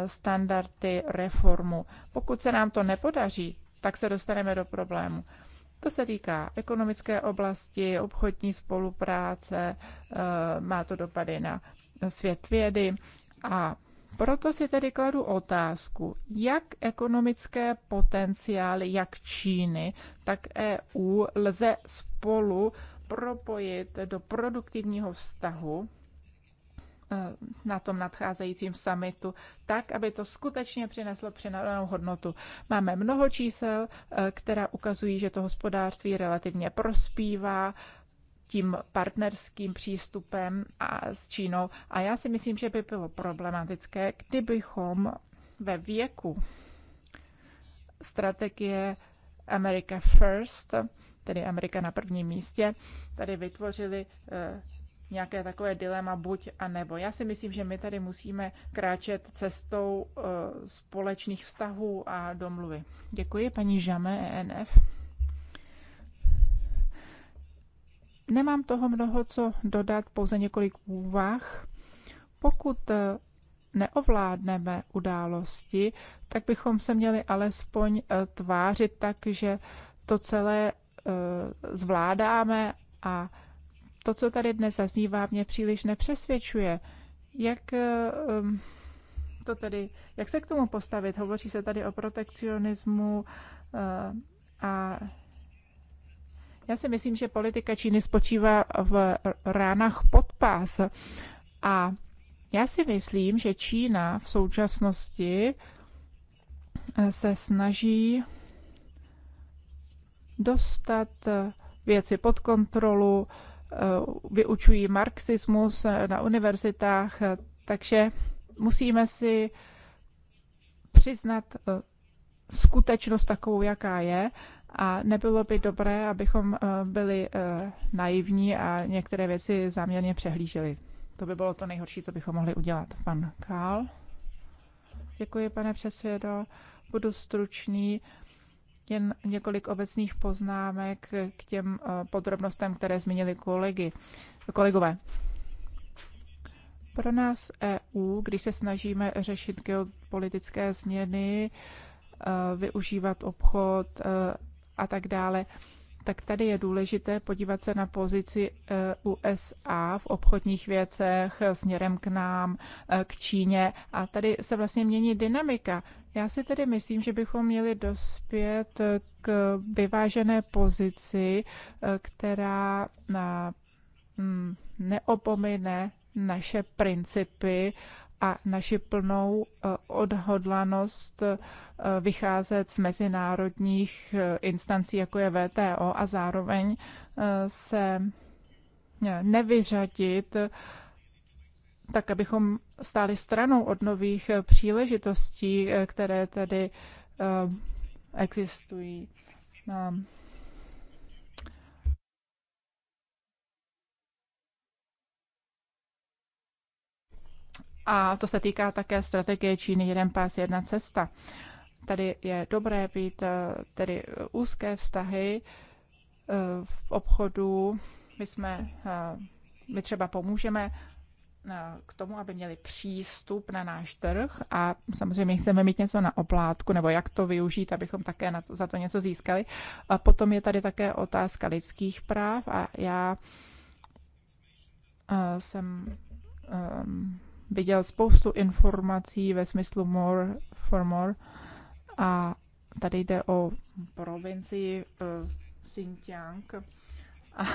standardy, reformu. Pokud se nám to nepodaří, tak se dostaneme do problému. To se týká ekonomické oblasti, obchodní spolupráce, eh, má to dopady na svět vědy a proto si tedy kladu otázku, jak ekonomické potenciály jak Číny, tak EU lze spolu propojit do produktivního vztahu Eh, na tom nadcházejícím summitu, tak, aby to skutečně přineslo přinadanou hodnotu. Máme mnoho čísel, eh, která ukazují, že to hospodářství relativně prospívá tím partnerským přístupem a s Čínou. A já si myslím, že by bylo problematické, kdybychom ve věku strategie America First, tedy Amerika na prvním místě, tady vytvořili eh, nějaké takové dilema buď a nebo. Já si myslím, že my tady musíme kráčet cestou eh, společných vztahů a domluvy. Děkuji, paní Žame, ENF. Nemám toho mnoho co dodat, pouze několik úvah. Pokud eh, neovládneme události, tak bychom se měli alespoň eh, tvářit tak, že to celé zvládáme a to, co tady dnes zaznívá, mě příliš nepřesvědčuje. Jak eh, to tedy, jak se k tomu postavit? Hovoří se tady o protekcionismu eh, a já si myslím, že politika Číny spočívá v ránách pod pás. A já si myslím, že Čína v současnosti eh, se snaží dostat věci pod kontrolu, Eh, vyučují marxismus eh, na univerzitách, eh, takže musíme si přiznat skutečnost takovou, jaká je a nebylo by dobré, abychom byli naivní a některé věci záměrně přehlíželi. To by bylo to nejhorší, co bychom mohli udělat. Pan Kál. Děkuji, pane předsedo. Budu stručný. Jen několik obecných poznámek k těm eh, podrobnostem, které zmínili kolegy, kolegové. Pro nás EU, když se snažíme řešit geopolitické změny, eh, využívat obchod eh, a tak dále, tak tady je důležité podívat se na pozici eh, USA v obchodních věcech eh, směrem k nám, eh, k Číně. A tady se vlastně mění dynamika. Já si tedy myslím, že bychom měli dospět k vyvážené pozici, která mm, neopomine naše principy a naši plnou eh, odhodlanost eh, vycházet z mezinárodních eh, instancí, jako je VTO, a zároveň se nevyřadit tak, abychom stáli stranou od nových příležitostí, které tady existují. A to se týká také strategie Číny jeden pás, jedna cesta. Tady je dobré být eh, tedy eh, úzké vztahy eh, v obchodu. My jsme, my třeba pomůžeme k tomu, aby měli přístup na náš trh a samozřejmě chceme mít něco na oplátku, nebo jak to využít, abychom také na to, za to něco získali. A potom je tady také otázka lidských práv a já jsem um, viděl spoustu informací ve smyslu more for more a tady jde o provincii uh, eh, Xinjiang. A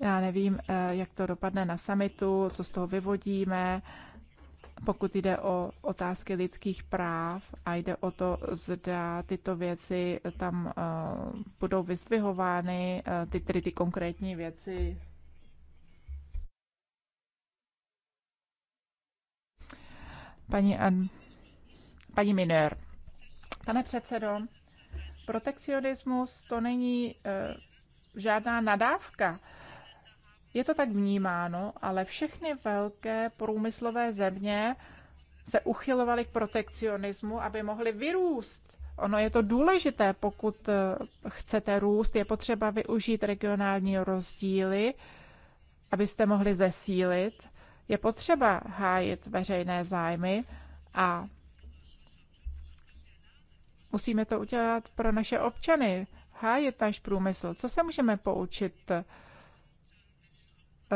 já nevím, eh, jak to dopadne na summitu, co z toho vyvodíme, pokud jde o otázky lidských práv a jde o to, zda tyto věci tam eh, budou vyzdvihovány, ty, tedy ty konkrétní věci Paní, An... Paní Minér. Pane předsedo, protekcionismus to není uh, žádná nadávka. Je to tak vnímáno, ale všechny velké průmyslové země se uchylovaly k protekcionismu, aby mohly vyrůst. Ono je to důležité, pokud eh, chcete růst, je potřeba využít regionální rozdíly, abyste mohli zesílit. Je potřeba hájit veřejné zájmy a musíme to udělat pro naše občany, hájit náš průmysl. Co se můžeme poučit?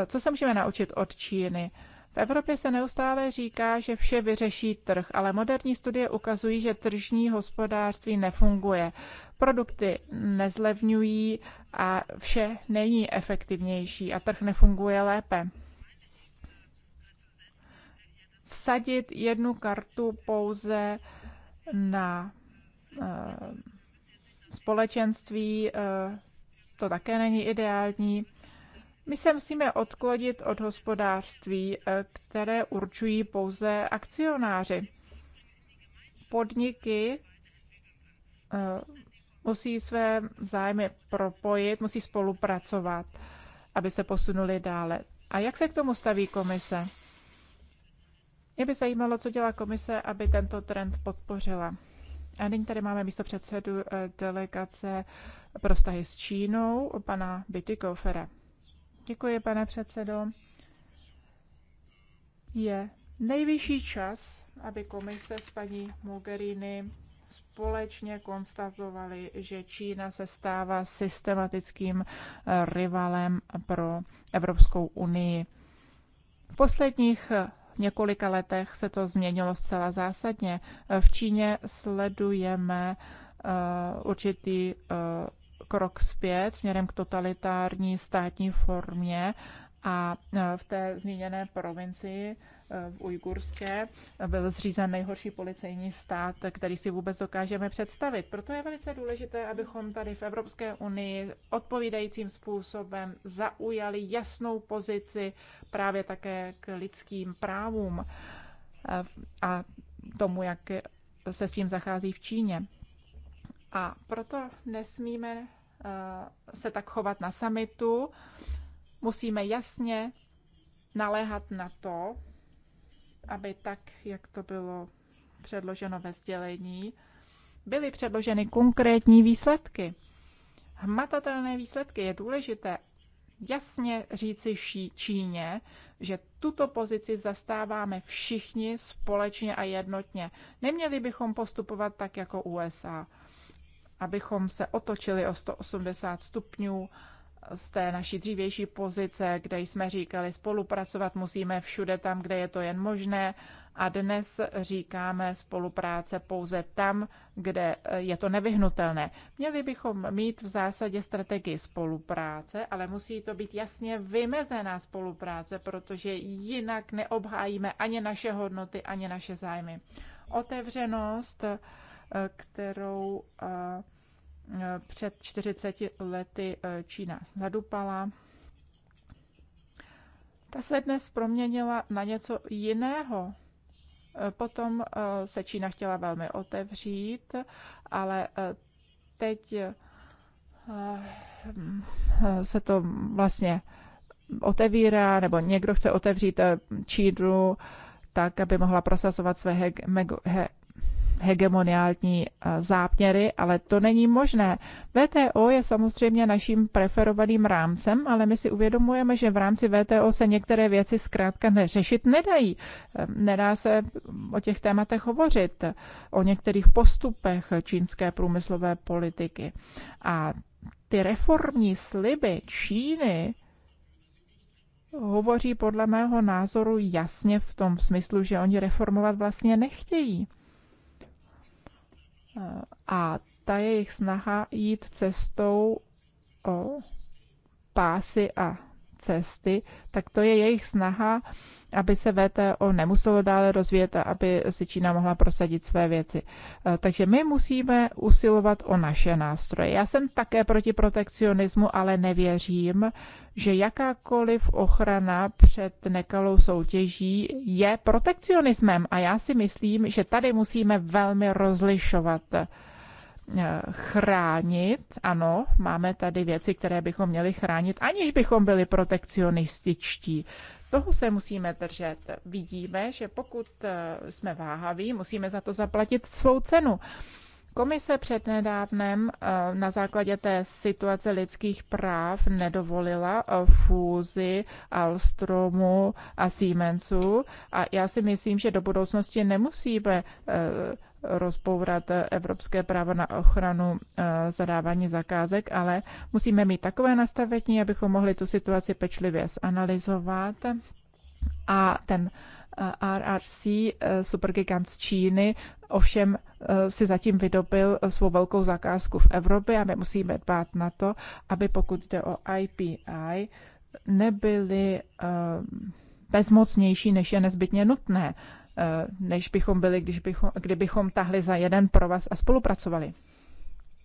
Co se můžeme naučit od Číny? V Evropě se neustále říká, že vše vyřeší trh, ale moderní studie ukazují, že tržní hospodářství nefunguje. Produkty nezlevňují a vše není efektivnější a trh nefunguje lépe vsadit jednu kartu pouze na eh, společenství, eh, to také není ideální. My se musíme odklodit od hospodářství, eh, které určují pouze akcionáři. Podniky musí své zájmy propojit, musí spolupracovat, aby se posunuli dále. A jak se k tomu staví komise? Mě by zajímalo, co dělá komise, aby tento trend podpořila. A nyní tady máme místo předsedu eh, delegace pro vztahy s Čínou, pana Bitykofera. Děkuji, pane předsedo. Je nejvyšší čas, aby komise s paní Mogherini společně konstatovali, že Čína se stává systematickým eh, rivalem pro Evropskou unii. V posledních několika letech se to změnilo zcela zásadně. Eh, v Číně sledujeme eh, určitý eh, krok zpět směrem k totalitární státní formě a v té zmíněné provincii v Ujgurské byl zřízen nejhorší policejní stát, který si vůbec dokážeme představit. Proto je velice důležité, abychom tady v Evropské unii odpovídajícím způsobem zaujali jasnou pozici právě také k lidským právům a tomu, jak se s tím zachází v Číně. A proto nesmíme eh, se tak chovat na samitu. Musíme jasně naléhat na to, aby tak, jak to bylo předloženo ve sdělení, byly předloženy konkrétní výsledky. Hmatatelné výsledky je důležité jasně říci ší, Číně, že tuto pozici zastáváme všichni společně a jednotně. Neměli bychom postupovat tak jako USA, abychom se otočili o 180 stupňů z té naší dřívější pozice, kde jsme říkali, spolupracovat musíme všude tam, kde je to jen možné. A dnes říkáme spolupráce pouze tam, kde eh, je to nevyhnutelné. Měli bychom mít v zásadě strategii spolupráce, ale musí to být jasně vymezená spolupráce, protože jinak neobhájíme ani naše hodnoty, ani naše zájmy. Otevřenost, eh, kterou eh, Eh, před 40 lety eh, Čína zadupala. Ta se dnes proměnila na něco jiného. Eh, potom se Čína chtěla velmi otevřít, ale teď se to vlastně otevírá, nebo někdo chce otevřít Čínu tak, aby mohla prosazovat své hegemoniální eh, záměry, ale to není možné. VTO je samozřejmě naším preferovaným rámcem, ale my si uvědomujeme, že v rámci VTO se některé věci zkrátka neřešit nedají. Ehm, nedá se o těch tématech hovořit, o některých postupech čínské průmyslové politiky. A ty reformní sliby Číny hovoří podle mého názoru jasně v tom smyslu, že oni reformovat vlastně nechtějí a ta jejich snaha jít cestou o pásy a cesty, tak to je jejich snaha, aby se VTO nemuselo dále rozvíjet a aby si Čína mohla prosadit své věci. Eh, takže my musíme usilovat o naše nástroje. Já jsem také proti protekcionismu, ale nevěřím, že jakákoliv ochrana před nekalou soutěží je protekcionismem. A já si myslím, že tady musíme velmi rozlišovat. Eh, chránit. Ano, máme tady věci, které bychom měli chránit, aniž bychom byli protekcionističtí. Toho se musíme držet. Vidíme, že pokud eh, jsme váhaví, musíme za to zaplatit svou cenu. Komise přednedávnem eh, na základě té situace lidských práv nedovolila fúzi Alstromu a Siemensu a já si myslím, že do budoucnosti nemusíme rozbourat eh, evropské právo na ochranu eh, zadávání zakázek, ale musíme mít takové nastavení, abychom mohli tu situaci pečlivě zanalizovat a ten eh, RRC, supergigant z Číny, ovšem si zatím vydobil svou velkou zakázku v Evropě a my musíme dbát na to, aby pokud jde o IPI, nebyly bezmocnější, než je nezbytně nutné. Eh, než bychom byli, když bychom, kdybychom tahli za jeden pro vás a spolupracovali.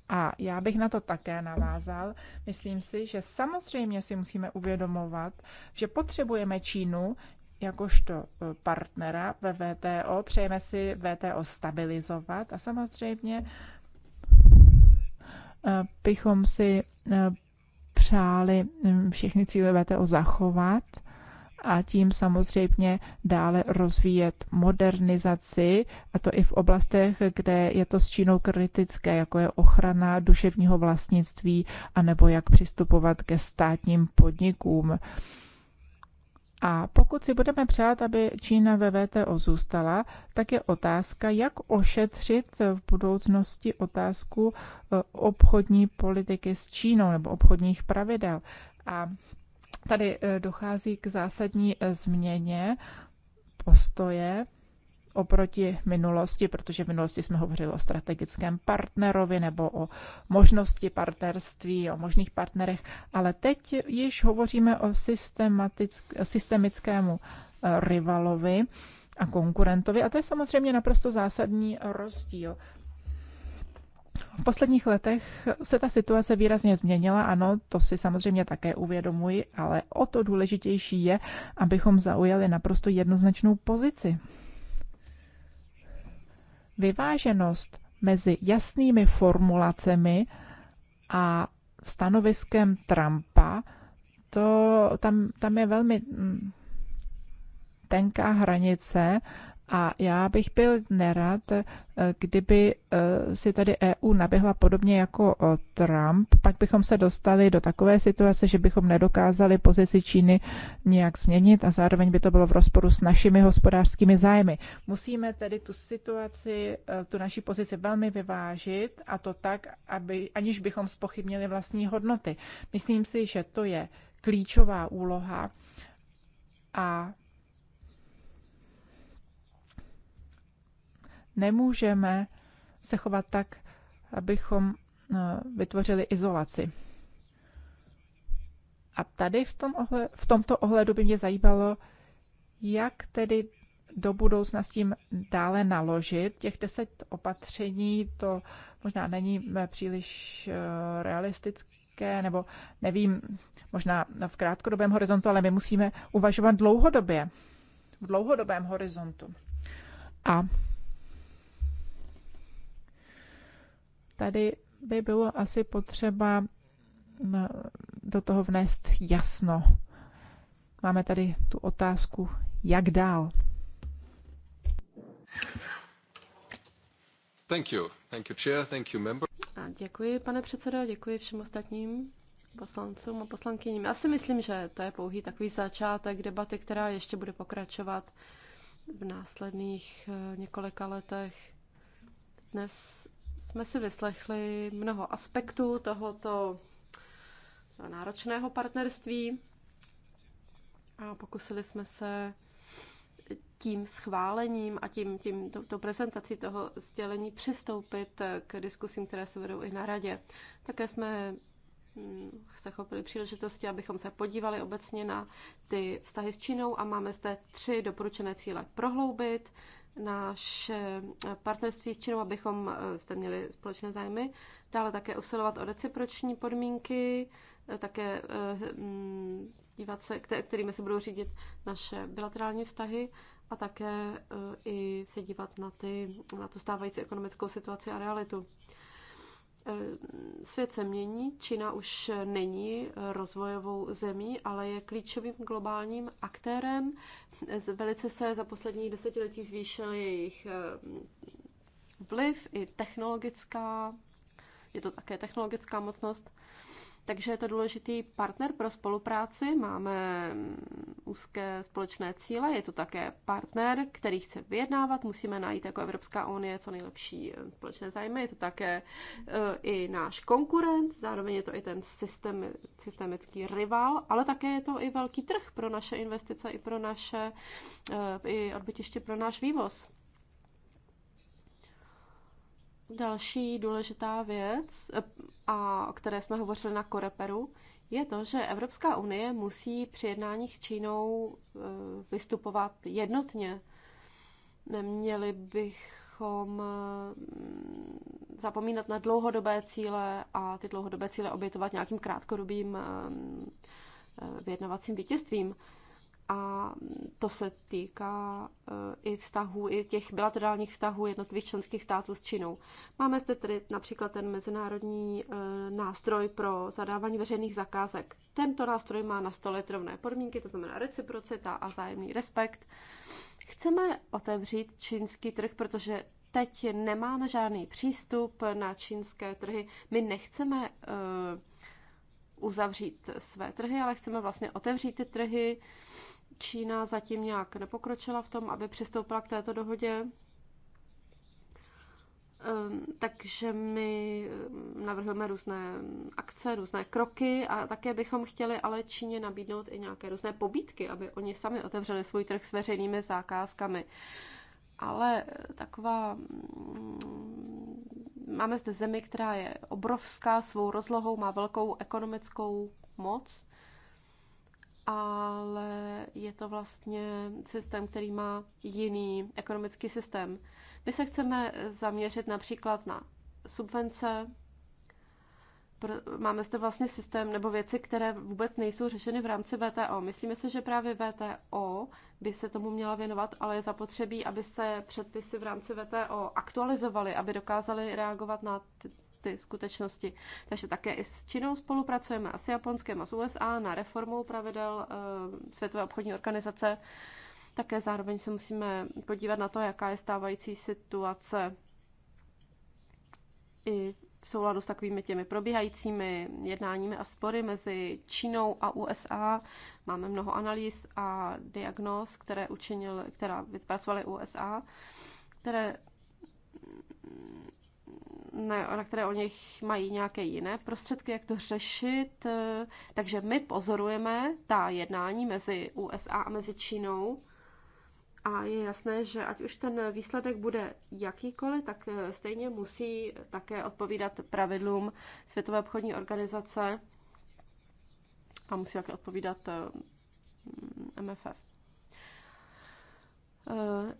A já bych na to také navázal. Myslím si, že samozřejmě si musíme uvědomovat, že potřebujeme Čínu jakožto eh, partnera ve VTO. Přejeme si VTO stabilizovat a samozřejmě eh, bychom si přáli mm, všechny cíle VTO zachovat a tím samozřejmě dále rozvíjet modernizaci, a to i v oblastech, kde je to s Čínou kritické, jako je ochrana duševního vlastnictví, anebo jak přistupovat ke státním podnikům. A pokud si budeme přát, aby Čína ve VTO zůstala, tak je otázka, jak ošetřit v budoucnosti otázku e, obchodní politiky s Čínou nebo obchodních pravidel. A Tady e, dochází k zásadní e, změně postoje oproti minulosti, protože v minulosti jsme hovořili o strategickém partnerovi nebo o možnosti partnerství, o možných partnerech, ale teď již hovoříme o systemickému e, rivalovi a konkurentovi. A to je samozřejmě naprosto zásadní rozdíl. V posledních letech se ta situace výrazně změnila, ano, to si samozřejmě také uvědomuji, ale o to důležitější je, abychom zaujali naprosto jednoznačnou pozici. Vyváženost mezi jasnými formulacemi a stanoviskem Trumpa, to tam, tam je velmi mm, tenká hranice a já bych byl nerad, eh, kdyby eh, si tady EU naběhla podobně jako eh, Trump, pak bychom se dostali do takové situace, že bychom nedokázali pozici Číny nějak změnit a zároveň by to bylo v rozporu s našimi hospodářskými zájmy. Musíme tedy tu situaci, tu naši pozici velmi vyvážit a to tak, aby, aniž bychom spochybnili vlastní hodnoty. Myslím si, že to je klíčová úloha a nemůžeme se chovat tak, abychom eh, vytvořili izolaci. A tady v, tom ohled, v tomto ohledu by mě zajímalo, jak tedy do budoucna s tím dále naložit. Těch deset opatření to možná není eh, příliš eh, realistické, nebo nevím, možná v krátkodobém horizontu, ale my musíme uvažovat dlouhodobě, v dlouhodobém horizontu. A tady by bylo asi potřeba eh, do toho vnést jasno. Máme tady tu otázku, jak dál.
Thank you. Thank you, chair. Thank you, member.
A děkuji, pane předsedo, děkuji všem ostatním poslancům a poslankyním. Já si myslím, že to je pouhý takový začátek debaty, která ještě bude pokračovat v následných eh, několika letech. Dnes jsme si vyslechli mnoho aspektů tohoto náročného partnerství a pokusili jsme se tím schválením a tím, tím to, to prezentací toho sdělení přistoupit k diskusím, které se vedou i na radě. Také jsme mm, se chopili příležitosti, abychom se podívali obecně na ty vztahy s Čínou a máme zde tři doporučené cíle prohloubit, náš partnerství s Čínou, abychom eh, zde měli společné zájmy. Dále také usilovat o reciproční podmínky, eh, také eh, hm, dívat se, kterými se budou řídit naše bilaterální vztahy a také i se dívat na, ty, na tu stávající ekonomickou situaci a realitu. Eh, svět se mění, Čína už není rozvojovou zemí, ale je klíčovým globálním aktérem. Velice se za poslední desetiletí zvýšil jejich eh, vliv i technologická, je to také technologická mocnost. Takže je to důležitý partner pro spolupráci, máme mm, úzké společné cíle, je to také partner, který chce vyjednávat, musíme najít jako Evropská unie co nejlepší eh, společné zájmy, je to také eh, i náš konkurent, zároveň je to i ten systém, systemický rival, ale také je to i velký trh pro naše investice, i pro naše eh, i odbytiště pro náš vývoz. Další důležitá věc, eh, a o které jsme hovořili na Koreperu, je to, že Evropská unie musí při jednáních s Čínou eh, vystupovat jednotně. Neměli bychom eh, zapomínat na dlouhodobé cíle a ty dlouhodobé cíle obětovat nějakým krátkodobým vyjednavacím vítězstvím a to se týká eh, i vztahů, i těch bilaterálních vztahů jednotlivých členských států s Čínou. Máme zde tedy například ten mezinárodní eh, nástroj pro zadávání veřejných zakázek. Tento nástroj má na stole rovné podmínky, to znamená reciprocita a zájemný respekt. Chceme otevřít čínský trh, protože teď nemáme žádný přístup na čínské trhy. My nechceme eh, uzavřít své trhy, ale chceme vlastně otevřít ty trhy Čína zatím nějak nepokročila v tom, aby přistoupila k této dohodě. Ehm, takže my ehm, navrhujeme různé akce, různé kroky a také bychom chtěli ale Číně nabídnout i nějaké různé pobídky, aby oni sami otevřeli svůj trh s veřejnými zakázkami. Ale eh, taková. Mm, máme zde zemi, která je obrovská svou rozlohou, má velkou ekonomickou moc ale je to vlastně systém, který má jiný ekonomický systém. My se chceme zaměřit například na subvence, máme zde vlastně systém nebo věci, které vůbec nejsou řešeny v rámci VTO. Myslíme si, že právě VTO by se tomu měla věnovat, ale je zapotřebí, aby se předpisy v rámci VTO aktualizovaly, aby dokázaly reagovat na ty skutečnosti. Takže také i s Čínou spolupracujeme a s Japonskem a s USA na reformu pravidel eh, Světové obchodní organizace. Také zároveň se musíme podívat na to, jaká je stávající situace i v souladu s takovými těmi probíhajícími jednáními a spory mezi Čínou a USA. Máme mnoho analýz a diagnóz, které učinil, která vypracovaly USA, které na, na které o nich mají nějaké jiné prostředky, jak to řešit. Eh, takže my pozorujeme ta jednání mezi USA a mezi Čínou. A je jasné, že ať už ten výsledek bude jakýkoliv, tak eh, stejně musí také odpovídat pravidlům Světové obchodní organizace a musí také odpovídat eh, MFF.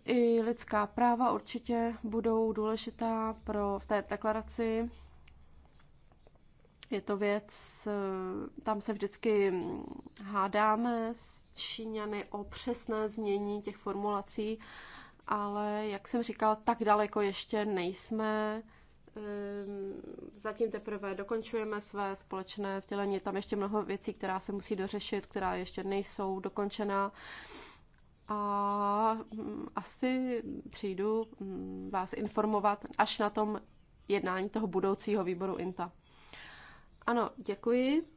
I lidská práva určitě budou důležitá pro v té deklaraci. Je to věc, eh, tam se vždycky hádáme s Číňany o přesné znění těch formulací, ale jak jsem říkala, tak daleko ještě nejsme. Ehm, zatím teprve dokončujeme své společné sdělení. Tam ještě mnoho věcí, která se musí dořešit, která ještě nejsou dokončena a mm, asi přijdu mm, vás informovat až na tom jednání toho budoucího výboru INTA. Ano, děkuji.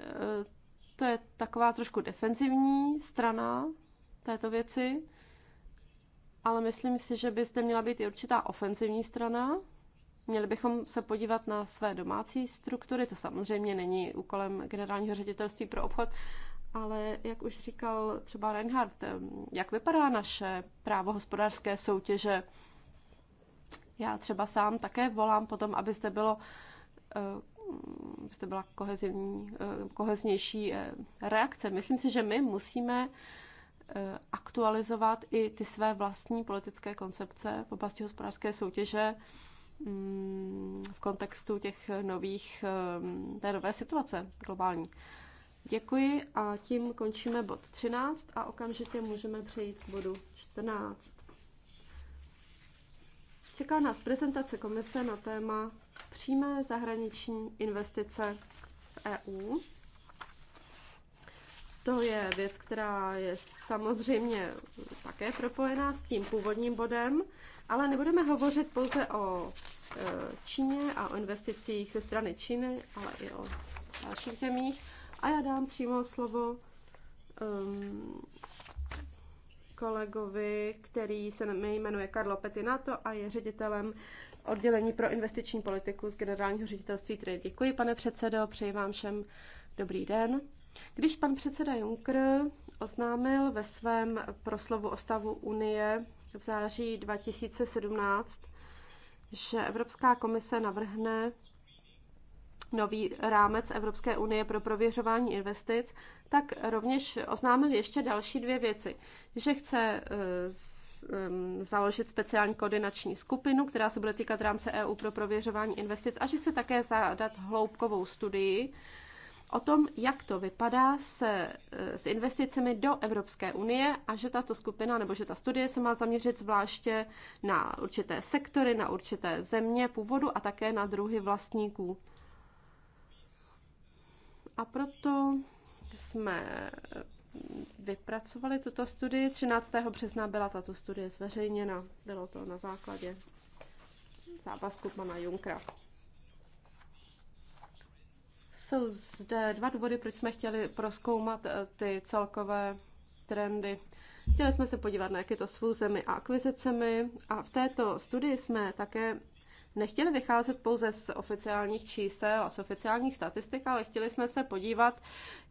E, to je taková trošku defenzivní strana této věci, ale myslím si, že byste měla být i určitá ofenzivní strana. Měli bychom se podívat na své domácí struktury, to samozřejmě není úkolem generálního ředitelství pro obchod, ale jak už říkal třeba Reinhardt, jak vypadá naše právo hospodářské soutěže? Já třeba sám také volám potom, aby bylo eh, abyste byla kohezivní, eh, koheznější eh, reakce. Myslím si, že my musíme aktualizovat i ty své vlastní politické koncepce v oblasti hospodářské soutěže mm, v kontextu těch nových, té nové situace globální. Děkuji a tím končíme bod 13 a okamžitě můžeme přejít k bodu 14. Čeká nás prezentace komise na téma přímé zahraniční investice v EU. To je věc, která je samozřejmě také propojená s tím původním bodem, ale nebudeme hovořit pouze o e, Číně a o investicích ze strany Číny, ale i o dalších zemích. A já dám přímo slovo um, kolegovi, který se jmenuje Karlo Petinato a je ředitelem oddělení pro investiční politiku z generálního ředitelství Trade. Děkuji, pane předsedo, přeji vám všem dobrý den. Když pan předseda Juncker oznámil ve svém proslovu o stavu Unie v září 2017, že Evropská komise navrhne nový rámec Evropské unie pro prověřování investic, tak rovněž oznámil ještě další dvě věci. Že chce eh, založit speciální koordinační skupinu, která se bude týkat rámce EU pro prověřování investic a že chce také zadat hloubkovou studii o tom, jak to vypadá se, eh, s investicemi do Evropské unie a že tato skupina nebo že ta studie se má zaměřit zvláště na určité sektory, na určité země původu a také na druhy vlastníků. A proto jsme vypracovali tuto studii. 13. března byla tato studie zveřejněna. Bylo to na základě závazku pana Junkra. Jsou zde dva důvody, proč jsme chtěli proskoumat eh, ty celkové trendy. Chtěli jsme se podívat na jak je to s fúzemi a akvizicemi a v této studii jsme také nechtěli vycházet pouze z oficiálních čísel a z oficiálních statistik, ale chtěli jsme se podívat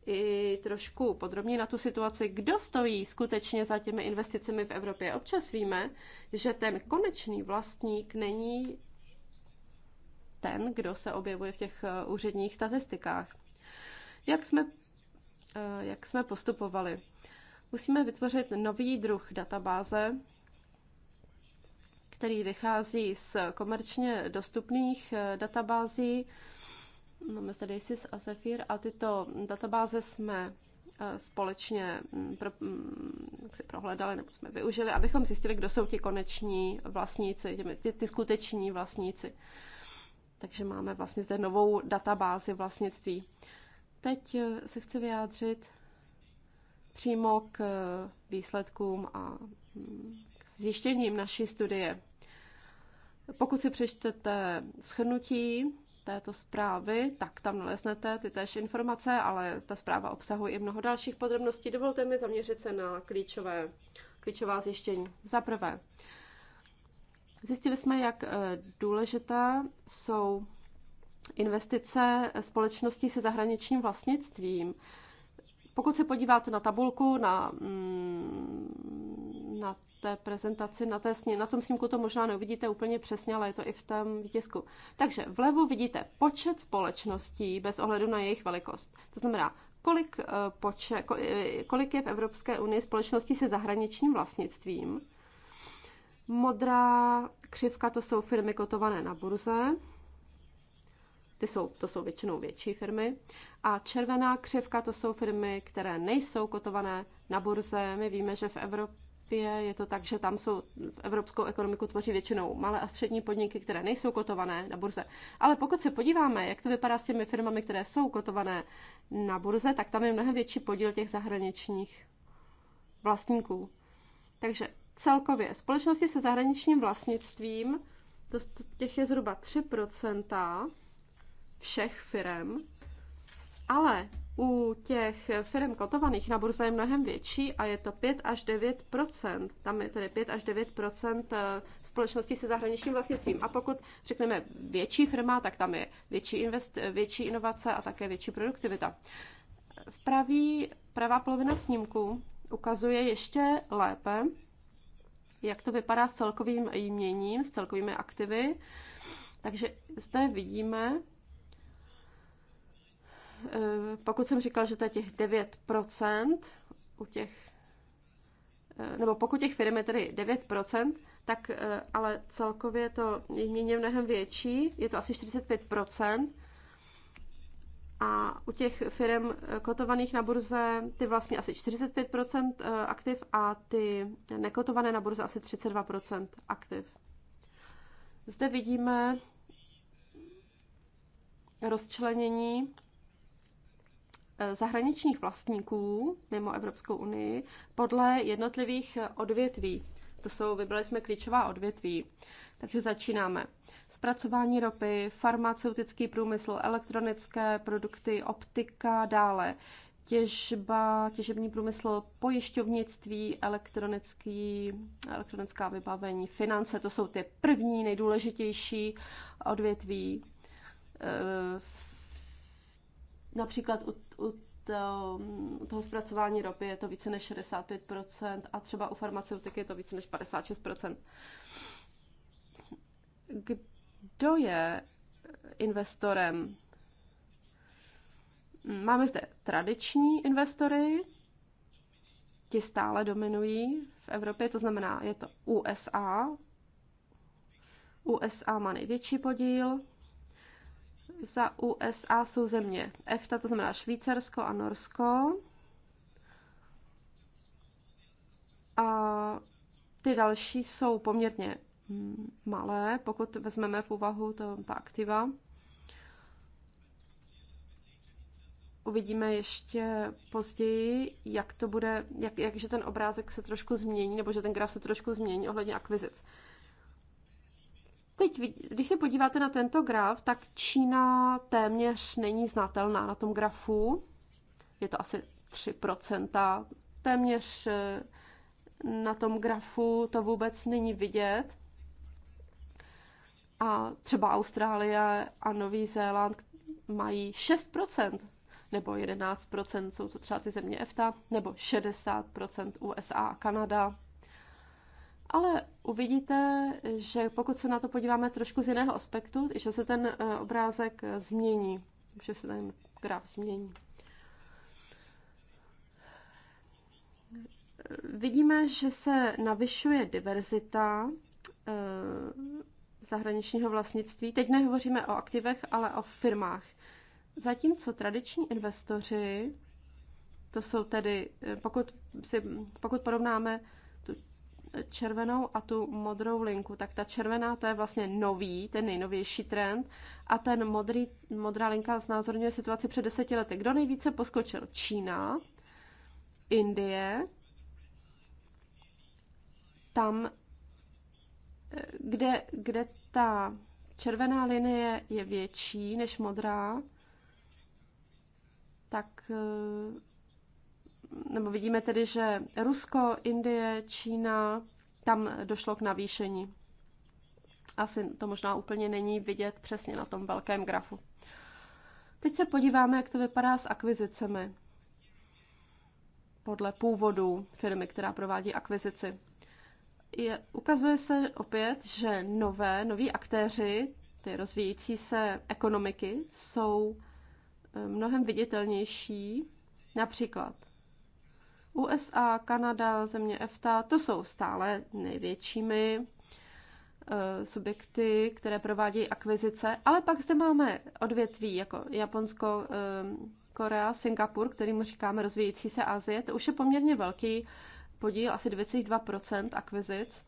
i trošku podrobně na tu situaci, kdo stojí skutečně za těmi investicemi v Evropě. Občas víme, že ten konečný vlastník není ten, kdo se objevuje v těch eh, úředních statistikách. Jak jsme, eh, jak jsme postupovali? Musíme vytvořit nový druh databáze, který vychází z komerčně dostupných eh, databází. Máme tady SIS a Zephyr a tyto databáze jsme eh, společně mm, pro, mm, si prohledali nebo jsme využili, abychom zjistili, kdo jsou ti koneční vlastníci, ty, ty skuteční vlastníci. Takže máme vlastně zde novou databázi vlastnictví. Teď eh, se chci vyjádřit přímo k výsledkům a mm, k zjištěním naší studie. Pokud si přečtete shrnutí této zprávy, tak tam naleznete ty též informace, ale ta zpráva obsahuje i mnoho dalších podrobností. Dovolte mi zaměřit se na klíčové, klíčová zjištění. Za prvé, zjistili jsme, jak eh, důležité jsou investice společností se zahraničním vlastnictvím. Pokud se podíváte na tabulku, na, mm, na té prezentaci, na, té sně, na tom snímku to možná neuvidíte úplně přesně, ale je to i v tom výtisku. Takže vlevo vidíte počet společností bez ohledu na jejich velikost. To znamená, kolik, eh, poče, eh, kolik je v Evropské unii společností se zahraničním vlastnictvím. Modrá křivka to jsou firmy kotované na burze. Ty jsou, to jsou většinou větší firmy. A červená křivka to jsou firmy, které nejsou kotované na burze. My víme, že v Evropě Evropě je to tak, že tam jsou evropskou ekonomiku tvoří většinou malé a střední podniky, které nejsou kotované na burze. Ale pokud se podíváme, jak to vypadá s těmi firmami, které jsou kotované na burze, tak tam je mnohem větší podíl těch zahraničních vlastníků. Takže celkově společnosti se zahraničním vlastnictvím, to, těch je zhruba 3 všech firm, ale u těch firm kotovaných na burze je mnohem větší a je to 5 až 9 Tam je tedy 5 až 9 eh, společností se zahraničním vlastnictvím. A pokud řekneme větší firma, tak tam je větší, invest, větší inovace a také větší produktivita. V pravý, pravá polovina snímku ukazuje ještě lépe, jak to vypadá s celkovým jměním, s celkovými aktivy. Takže zde vidíme, Eh, pokud jsem říkal, že to je těch 9% u těch, eh, nebo pokud těch firm je tedy 9%, tak eh, ale celkově to je mnohem větší, je to asi 45%. A u těch firm kotovaných na burze ty vlastně asi 45% aktiv a ty nekotované na burze asi 32% aktiv. Zde vidíme rozčlenění Eh, zahraničních vlastníků mimo Evropskou unii podle jednotlivých eh, odvětví. To jsou, vybrali jsme klíčová odvětví. Takže začínáme. Zpracování ropy, farmaceutický průmysl, elektronické produkty, optika, dále těžba, těžební průmysl, pojišťovnictví, elektronický, elektronická vybavení, finance, to jsou ty první nejdůležitější odvětví. Eh, Například u, u, to, u toho zpracování ropy je to více než 65% a třeba u farmaceutiky je to více než 56%. Kdo je investorem? Máme zde tradiční investory, ti stále dominují v Evropě, to znamená, je to USA. USA má největší podíl, za USA jsou země EFTA, to znamená Švýcarsko a Norsko. A ty další jsou poměrně mm, malé, pokud vezmeme v úvahu to, ta aktiva. Uvidíme ještě později, jak to bude, jak, jak, že ten obrázek se trošku změní, nebo že ten graf se trošku změní ohledně akvizic. Teď, když se podíváte na tento graf, tak Čína téměř není znatelná na tom grafu. Je to asi 3%. Téměř eh, na tom grafu to vůbec není vidět. A třeba Austrálie a Nový Zéland mají 6% nebo 11%, jsou to třeba ty země EFTA, nebo 60% USA a Kanada. Ale uvidíte, že pokud se na to podíváme trošku z jiného aspektu, že se ten eh, obrázek eh, změní, že se ten graf změní. Eh, vidíme, že se navyšuje diverzita zahraničního vlastnictví. Teď nehovoříme o aktivech, ale o firmách. Zatímco tradiční investoři, to jsou tedy, pokud, si, pokud porovnáme červenou a tu modrou linku, tak ta červená to je vlastně nový, ten nejnovější trend a ten modrý, modrá linka znázorňuje situaci před deseti lety. Kdo nejvíce poskočil? Čína, Indie, tam, eh, kde, kde ta červená linie je větší než modrá, tak eh, nebo vidíme tedy, že Rusko, Indie, Čína, tam došlo k navýšení. Asi to možná úplně není vidět přesně na tom velkém grafu. Teď se podíváme, jak to vypadá s akvizicemi podle původu firmy, která provádí akvizici. Je, ukazuje se opět, že nové, noví aktéři, ty rozvíjící se ekonomiky, jsou eh, mnohem viditelnější. Například USA, Kanada, země EFTA, to jsou stále největšími eh, subjekty, které provádějí akvizice, ale pak zde máme odvětví jako Japonsko, eh, Korea, Singapur, kterým říkáme rozvíjící se Asie, to už je poměrně velký podíl, asi 2,2% akvizic.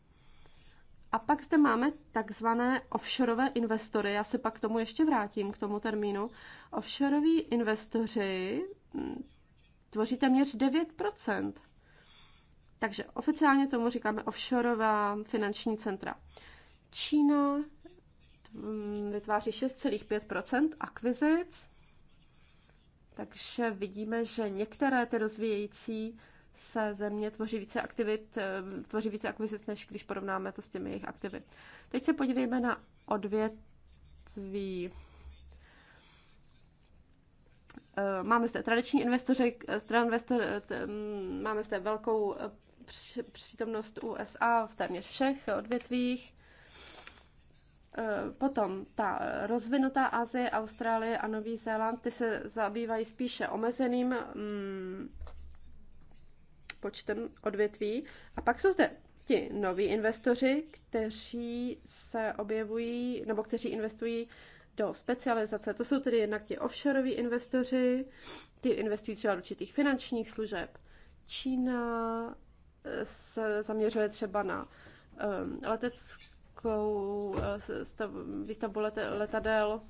A pak zde máme takzvané offshoreové investory, já se pak k tomu ještě vrátím, k tomu termínu. Offshoreoví investoři, hm, tvoří téměř 9 Takže oficiálně tomu říkáme offshoreová finanční centra. Čína mm, vytváří 6,5 akvizic, takže vidíme, že některé ty rozvíjející se země tvoří více aktivit, eh, tvoří více akvizic, než když porovnáme to s těmi jejich aktivit. Teď se podívejme na odvětví Eh, máme zde tradiční eh, stran investor, eh, mm, máme zde velkou přítomnost USA v téměř všech odvětvích. Potom ta rozvinutá Asie, Austrálie a Nový Zéland, ty se zabývají spíše omezeným mm, počtem odvětví. A pak jsou zde ti noví investoři, kteří se objevují, nebo kteří investují do specializace. To jsou tedy jednak ti offshoreoví investoři, ty investují třeba do určitých finančních služeb. Čína eh, se zaměřuje třeba na ehm, leteckou eh, výstavbu letadel,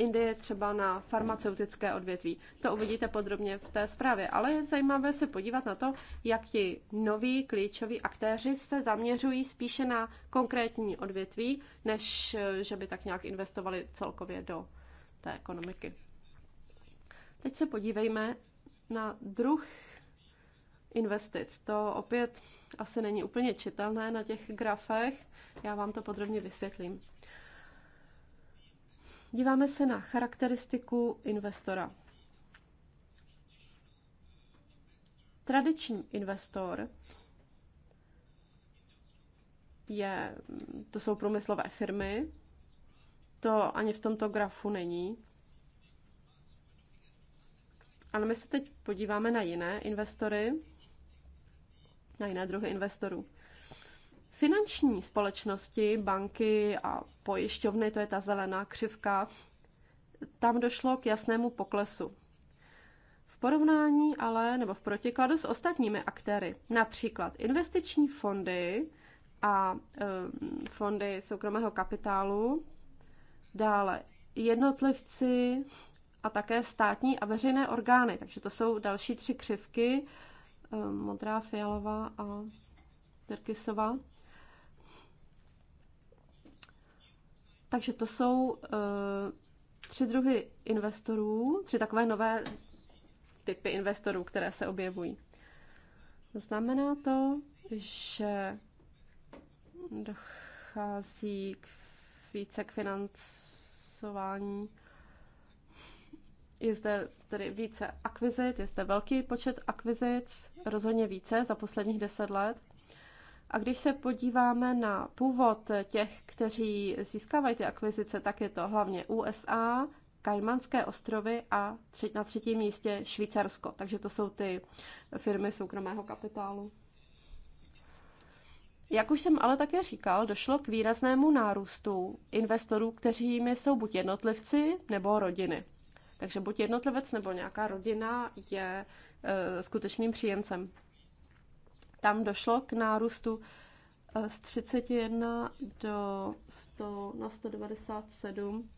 Indie třeba na farmaceutické odvětví. To uvidíte podrobně v té zprávě, ale je zajímavé se podívat na to, jak ti noví klíčoví aktéři se zaměřují spíše na konkrétní odvětví, než eh, že by tak nějak investovali celkově do té ekonomiky. Teď se podívejme na druh investic. To opět asi není úplně čitelné na těch grafech, já vám to podrobně vysvětlím. Díváme se na charakteristiku investora. Tradiční investor je, to jsou průmyslové firmy, to ani v tomto grafu není. Ale my se teď podíváme na jiné investory, na jiné druhy investorů. Finanční společnosti, banky a pojišťovny, to je ta zelená křivka, tam došlo k jasnému poklesu. V porovnání ale, nebo v protikladu s ostatními aktéry, například investiční fondy a eh, fondy soukromého kapitálu, dále jednotlivci a také státní a veřejné orgány. Takže to jsou další tři křivky, eh, modrá, fialová a Terkisová. Takže to jsou eh, tři druhy investorů, tři takové nové typy investorů, které se objevují. Znamená to, že dochází k více k financování. Je zde tedy více akvizit, je zde velký počet akvizic, rozhodně více za posledních deset let. A když se podíváme na původ těch, kteří získávají ty akvizice, tak je to hlavně USA, Kajmanské ostrovy a na třetím místě Švýcarsko. Takže to jsou ty firmy soukromého kapitálu. Jak už jsem ale také říkal, došlo k výraznému nárůstu investorů, kteřími jsou buď jednotlivci nebo rodiny. Takže buď jednotlivec nebo nějaká rodina je e, skutečným příjemcem. Tam došlo k nárůstu eh, z 31 do 100, na 197.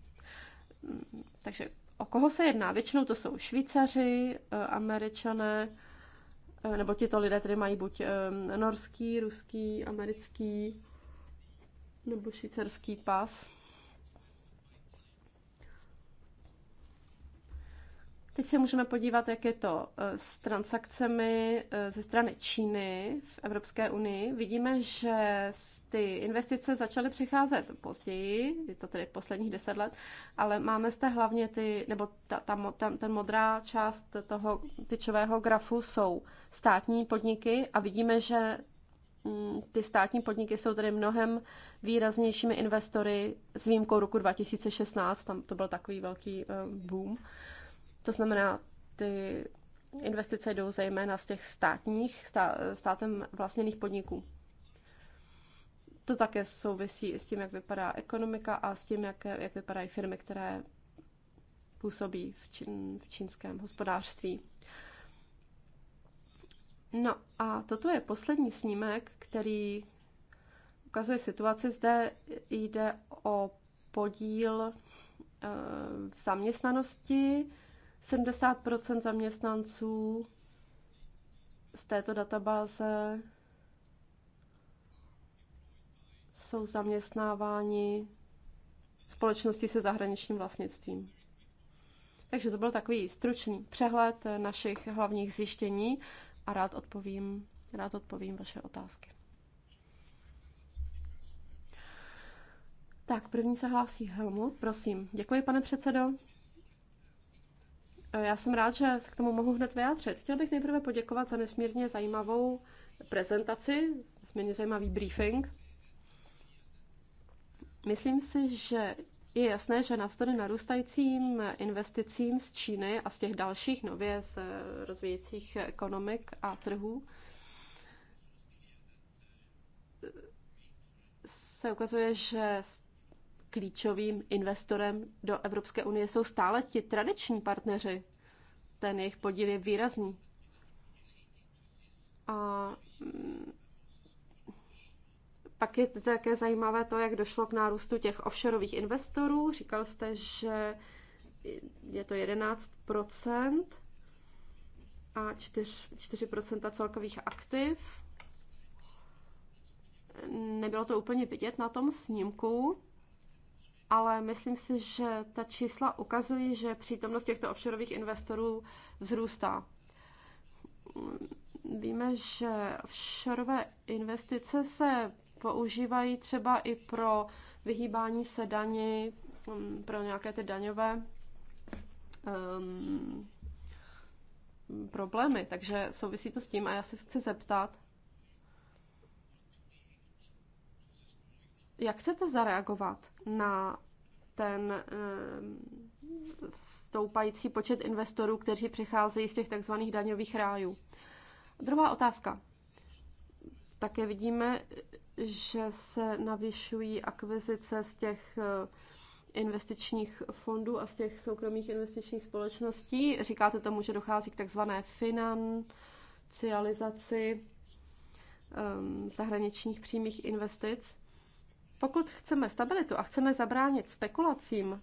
Mm, takže o koho se jedná? Většinou to jsou Švýcaři, eh, Američané, eh, nebo tito lidé tedy mají buď norský, ruský, americký nebo švýcarský pas. Teď se můžeme podívat, jak je to eh, s transakcemi eh, ze strany Číny v Evropské unii. Vidíme, že ty investice začaly přicházet později, je to tedy posledních deset let, ale máme zde hlavně ty, nebo ta, ta, ta, ten modrá část toho tyčového grafu jsou státní podniky a vidíme, že mm, ty státní podniky jsou tedy mnohem výraznějšími investory s výjimkou roku 2016, tam to byl takový velký eh, boom. To znamená, ty investice jdou zejména z těch státních, státem vlastněných podniků. To také souvisí i s tím, jak vypadá ekonomika a s tím, jak, jak vypadají firmy, které působí v, čín, v čínském hospodářství. No a toto je poslední snímek, který ukazuje situaci. Zde jde o podíl eh, v zaměstnanosti 70 zaměstnanců z této databáze jsou zaměstnáváni společnosti se zahraničním vlastnictvím. Takže to byl takový stručný přehled našich hlavních zjištění a rád odpovím, rád odpovím vaše otázky. Tak, první se hlásí Helmut, prosím. Děkuji, pane předsedo. Eh, já jsem rád, že se k tomu mohu hned vyjádřit. Chtěl bych nejprve poděkovat za nesmírně zajímavou prezentaci, nesmírně zajímavý briefing. Myslím si, že je jasné, že navzdory narůstajícím investicím z Číny a z těch dalších nově z eh, rozvíjejících ekonomik a trhů se ukazuje, že klíčovým investorem do Evropské unie jsou stále ti tradiční partneři. Ten jejich podíl je výrazný. A mm, pak je také zajímavé to, jak došlo k nárůstu těch offshoreových investorů. Říkal jste, že je to 11 a 4, 4 celkových aktiv. Nebylo to úplně vidět na tom snímku, ale myslím si, že ta čísla ukazují, že přítomnost těchto offshoreových investorů vzrůstá. Víme, že offshoreové investice se používají třeba i pro vyhýbání se daní, mm, pro nějaké ty daňové um, problémy, takže souvisí to s tím a já se chci zeptat, Jak chcete zareagovat na ten eh, stoupající počet investorů, kteří přicházejí z těch tzv. daňových rájů? Druhá otázka. Také vidíme, že se navyšují akvizice z těch eh, investičních fondů a z těch soukromých investičních společností. Říkáte tomu, že dochází k takzvané financializaci um, zahraničních přímých investic. Pokud chceme stabilitu a chceme zabránit spekulacím,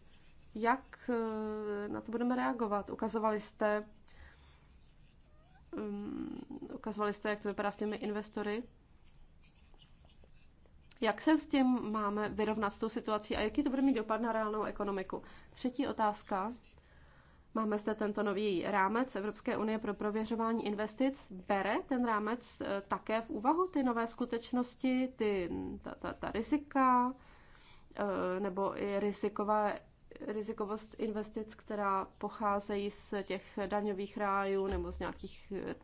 jak eh, na to budeme reagovat? Ukazovali jste, um, ukazovali jste, jak to vypadá s těmi investory. Jak se s tím máme vyrovnat s tou situací a jaký to bude mít dopad na reálnou ekonomiku? Třetí otázka. Máme zde tento nový rámec Evropské unie pro prověřování investic. Bere ten rámec eh, také v úvahu ty nové skutečnosti, ty, ta, ta, ta rizika, eh, nebo i riziková, rizikovost investic, která pocházejí z těch daňových rájů nebo z nějakých eh,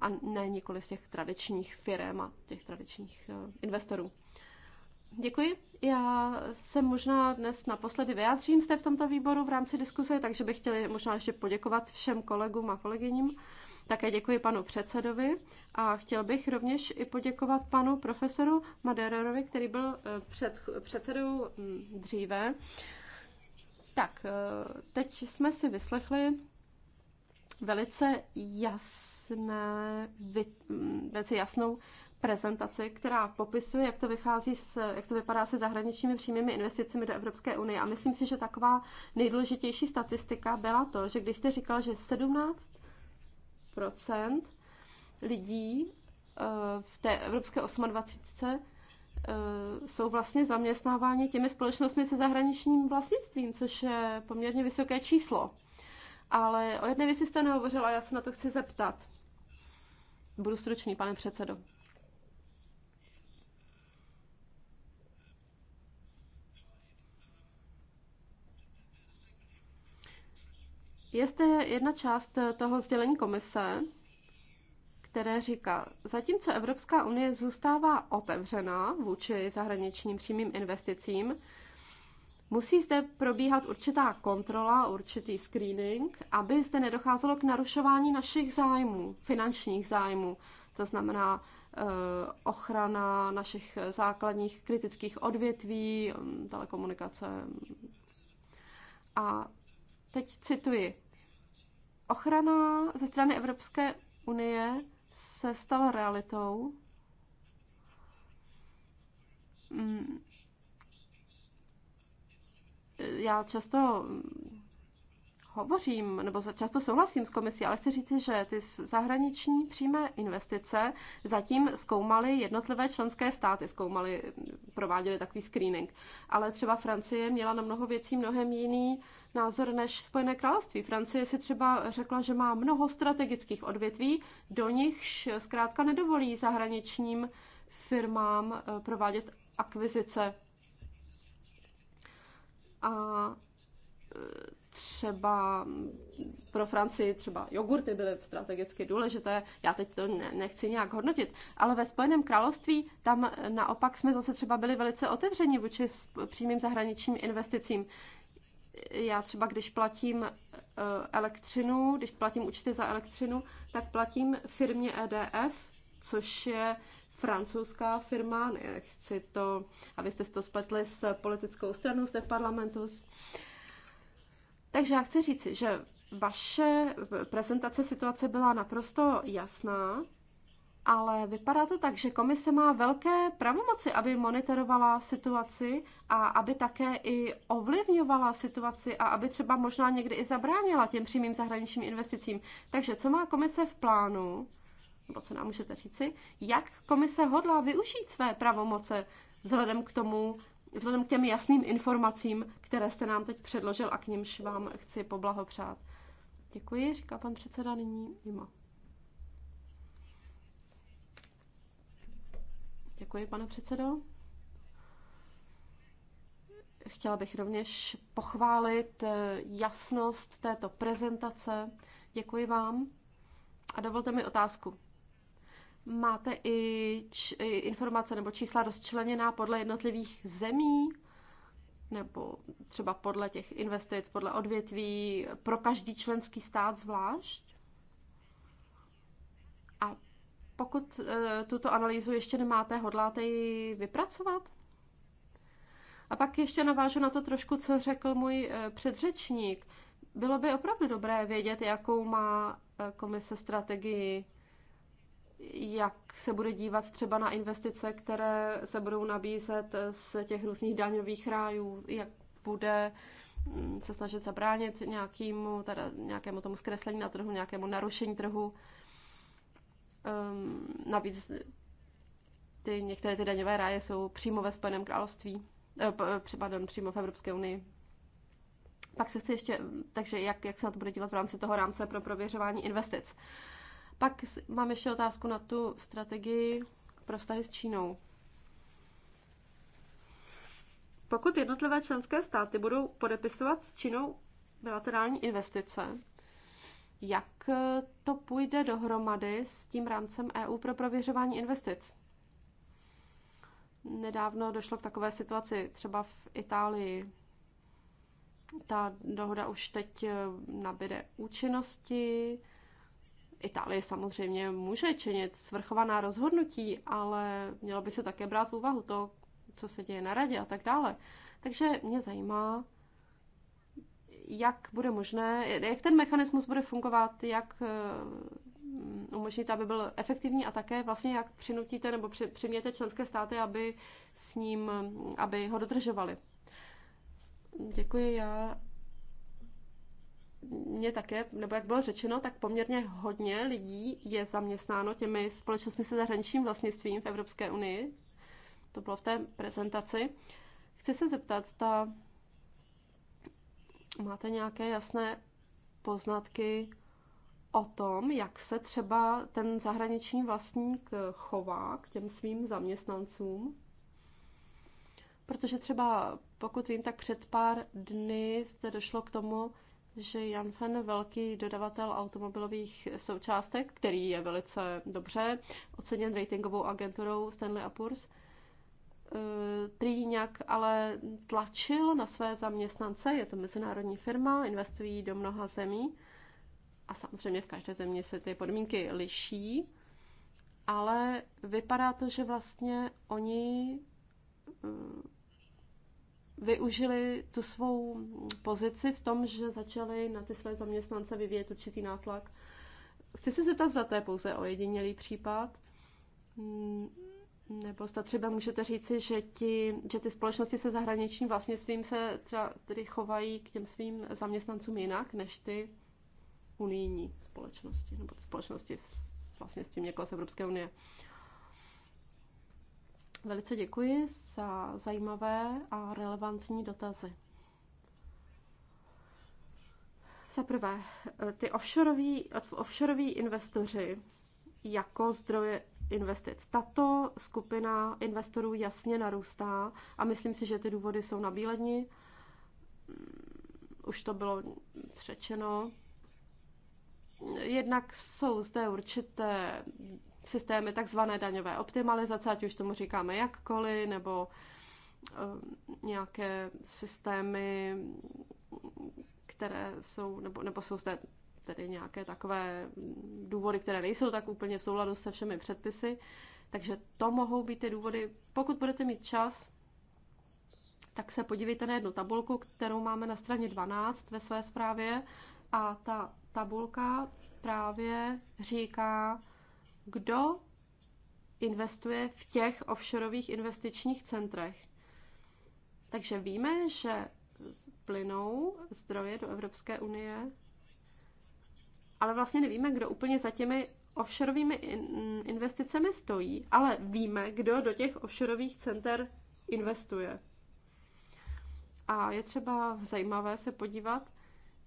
a ne nikoli z těch tradičních firm a těch tradičních investorů. Děkuji. Já se možná dnes naposledy vyjádřím jste v tomto výboru v rámci diskuse, takže bych chtěla možná ještě poděkovat všem kolegům a kolegyním. Také děkuji panu předsedovi a chtěl bych rovněž i poděkovat panu profesoru Madererovi, který byl eh, před, předsedou hm, dříve. Tak, eh, teď jsme si vyslechli velice jasné, hm, velice jasnou prezentaci, která popisuje, jak to vychází, s, jak to vypadá se zahraničními přímými investicemi do Evropské unie. A myslím si, že taková nejdůležitější statistika byla to, že když jste říkal, že 17 lidí eh, v té Evropské 28 eh, jsou vlastně zaměstnáváni těmi společnostmi se zahraničním vlastnictvím, což je poměrně vysoké číslo. Ale o jedné věci jste nehovořila, já se na to chci zeptat. Budu stručný, pane předsedo. Je zde jedna část toho sdělení komise, které říká, zatímco Evropská unie zůstává otevřená vůči zahraničním přímým investicím, musí zde probíhat určitá kontrola, určitý screening, aby zde nedocházelo k narušování našich zájmů, finančních zájmů. To znamená eh, ochrana našich základních kritických odvětví, telekomunikace. A teď cituji. Ochrana ze strany Evropské unie se stala realitou. Mm. Já často hovořím, nebo často souhlasím s komisí, ale chci říct, že ty zahraniční přímé investice zatím zkoumaly jednotlivé členské státy, zkoumaly, prováděly takový screening. Ale třeba Francie měla na mnoho věcí mnohem jiný názor než Spojené království. Francie si třeba řekla, že má mnoho strategických odvětví, do nichž zkrátka nedovolí zahraničním firmám eh, provádět akvizice. A eh, třeba pro Francii třeba jogurty byly strategicky důležité, já teď to ne, nechci nějak hodnotit, ale ve Spojeném království tam naopak jsme zase třeba byli velice otevřeni vůči přímým zahraničním investicím. Já třeba, když platím e, elektřinu, když platím účty za elektřinu, tak platím firmě EDF, což je francouzská firma, nechci to, abyste si to spletli s politickou stranou, jste v parlamentu, takže já chci říct, že vaše prezentace situace byla naprosto jasná, ale vypadá to tak, že komise má velké pravomoci, aby monitorovala situaci a aby také i ovlivňovala situaci a aby třeba možná někdy i zabránila těm přímým zahraničním investicím. Takže co má komise v plánu, nebo co nám můžete říci, jak komise hodlá využít své pravomoce vzhledem k tomu, vzhledem k těm jasným informacím, které jste nám teď předložil a k nimž vám chci poblahopřát. Děkuji, říká pan předseda nyní Ima. Děkuji, pane předsedo. Chtěla bych rovněž pochválit eh, jasnost této prezentace. Děkuji vám. A dovolte mi otázku. Máte i, č, i informace nebo čísla rozčleněná podle jednotlivých zemí? Nebo třeba podle těch investic, podle odvětví, pro každý členský stát zvlášť? A pokud e, tuto analýzu ještě nemáte, hodláte ji vypracovat? A pak ještě navážu na to trošku, co řekl můj e, předřečník. Bylo by opravdu dobré vědět, jakou má e, komise strategii jak se bude dívat třeba na investice, které se budou nabízet z těch různých daňových rájů, jak bude mm, se snažit zabránit nějakému, teda nějakému tomu zkreslení na trhu, nějakému narušení trhu. Um, navíc ty, některé ty daňové ráje jsou přímo ve Spojeném království, eh, pardon, přímo v Evropské unii. Pak se chci ještě, takže jak, jak se na to bude dívat v rámci toho rámce pro prověřování investic. Uh, pak mám ještě otázku na tu strategii pro vztahy s Čínou. Pokud jednotlivé členské státy budou podepisovat s Čínou bilaterální investice, jak eh, to půjde dohromady s tím rámcem EU pro prověřování investic? Nedávno došlo k takové situaci, třeba v Itálii. Ta dohoda už teď eh, nabide účinnosti, Itálie samozřejmě může činit svrchovaná rozhodnutí, ale mělo by se také brát v úvahu to, co se děje na radě a tak dále. Takže mě zajímá, jak bude možné, jak ten mechanismus bude fungovat, jak eh, umožnit, aby byl efektivní a také vlastně jak přinutíte nebo při, přimějete členské státy, aby s ním, aby ho dodržovali. Děkuji, já mě také, nebo jak bylo řečeno, tak poměrně hodně lidí je zaměstnáno těmi společnostmi se zahraničním vlastnictvím v Evropské unii. To bylo v té prezentaci. Chci se zeptat, ta... máte nějaké jasné poznatky o tom, jak se třeba ten zahraniční vlastník chová k těm svým zaměstnancům. Protože třeba, pokud vím, tak před pár dny se došlo k tomu, že Janfen, velký dodavatel automobilových součástek, který je velice dobře oceněn ratingovou agenturou Stanley Poor's, který eh, nějak ale tlačil na své zaměstnance, je to mezinárodní firma, investují do mnoha zemí a samozřejmě v každé zemi se ty podmínky liší, ale vypadá to, že vlastně oni eh, využili tu svou pozici v tom, že začali na ty své zaměstnance vyvíjet určitý nátlak. Chci se zeptat, za to je pouze ojedinělý případ, mm, nebo zda třeba můžete říci, že, ti, že ty společnosti se zahraničním vlastnictvím se třeba tedy chovají k těm svým zaměstnancům jinak, než ty unijní společnosti, nebo ty společnosti s vlastnictvím někoho jako z Evropské unie. Uh, Velice děkuji za zajímavé a relevantní dotazy. Za prvé, ty offshoreoví, investoři jako zdroje investic. Tato skupina investorů jasně narůstá a myslím si, že ty důvody jsou na bíledni. Mm, už to bylo řečeno. Jednak jsou zde určité systémy takzvané daňové optimalizace, ať už tomu říkáme jakkoliv, nebo eh, nějaké systémy, které jsou, nebo, nebo jsou zde tedy nějaké takové důvody, které nejsou tak úplně v souladu se všemi předpisy. Takže to mohou být ty důvody. Pokud budete mít čas, tak se podívejte na jednu tabulku, kterou máme na straně 12 ve své zprávě. A ta tabulka právě říká, kdo investuje v těch offshoreových investičních centrech. Takže víme, že plynou zdroje do Evropské unie, ale vlastně nevíme, kdo úplně za těmi offshoreovými investicemi stojí, ale víme, kdo do těch offshoreových center investuje. A je třeba zajímavé se podívat,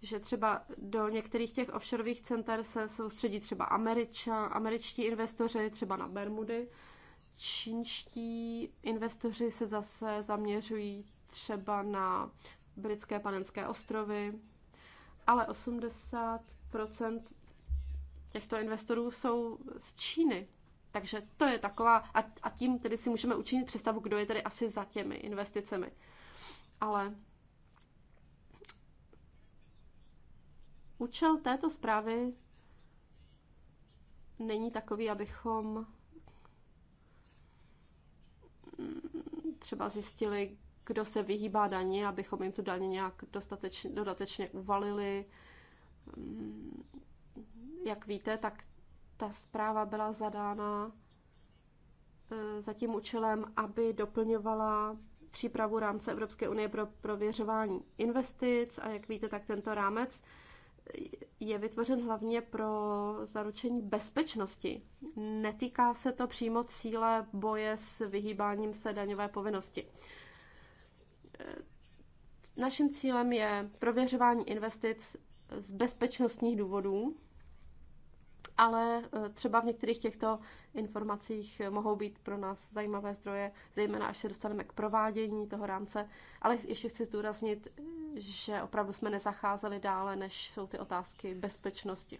že třeba do některých těch offshoreových center se soustředí třeba Američa, američtí investoři, třeba na Bermudy. Čínští investoři se zase zaměřují třeba na britské panenské ostrovy, ale 80 těchto investorů jsou z Číny. Takže to je taková, a, a tím tedy si můžeme učinit představu, kdo je tedy asi za těmi investicemi. Ale Účel této zprávy není takový, abychom třeba zjistili, kdo se vyhýbá daní, abychom jim tu daně nějak dostatečně, dodatečně uvalili. Jak víte, tak ta zpráva byla zadána eh, za tím účelem, aby doplňovala přípravu rámce Evropské unie pro prověřování investic a jak víte, tak tento rámec je vytvořen hlavně pro zaručení bezpečnosti. Netýká se to přímo cíle boje s vyhýbáním se daňové povinnosti. Naším cílem je prověřování investic z bezpečnostních důvodů ale eh, třeba v některých těchto informacích eh, mohou být pro nás zajímavé zdroje, zejména až se dostaneme k provádění toho rámce. Ale ještě chci zdůraznit, že opravdu jsme nezacházeli dále, než jsou ty otázky bezpečnosti.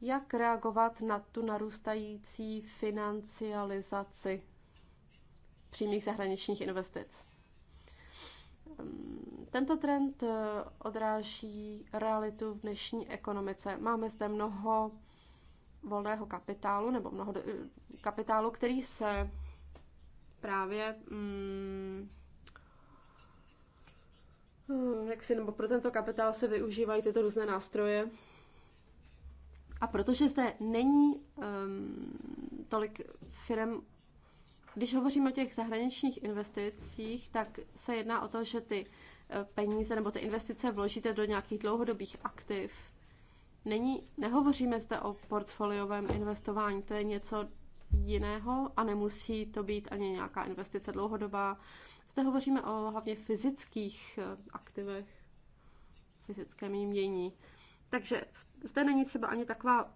Jak reagovat na tu narůstající financializaci přímých zahraničních investic? Ehm, tento trend eh, odráží realitu v dnešní ekonomice. Máme zde mnoho volného kapitálu nebo mnoho eh, kapitálu, který se právě mm, eh, jak si, nebo pro tento kapitál se využívají tyto různé nástroje. A protože zde není um, tolik firm, když hovoříme o těch zahraničních investicích, tak se jedná o to, že ty peníze nebo ty investice vložíte do nějakých dlouhodobých aktiv. Není, nehovoříme zde o portfoliovém investování, to je něco jiného a nemusí to být ani nějaká investice dlouhodobá. Zde hovoříme o hlavně fyzických eh, aktivech, fyzickém jmění. Takže zde není třeba ani taková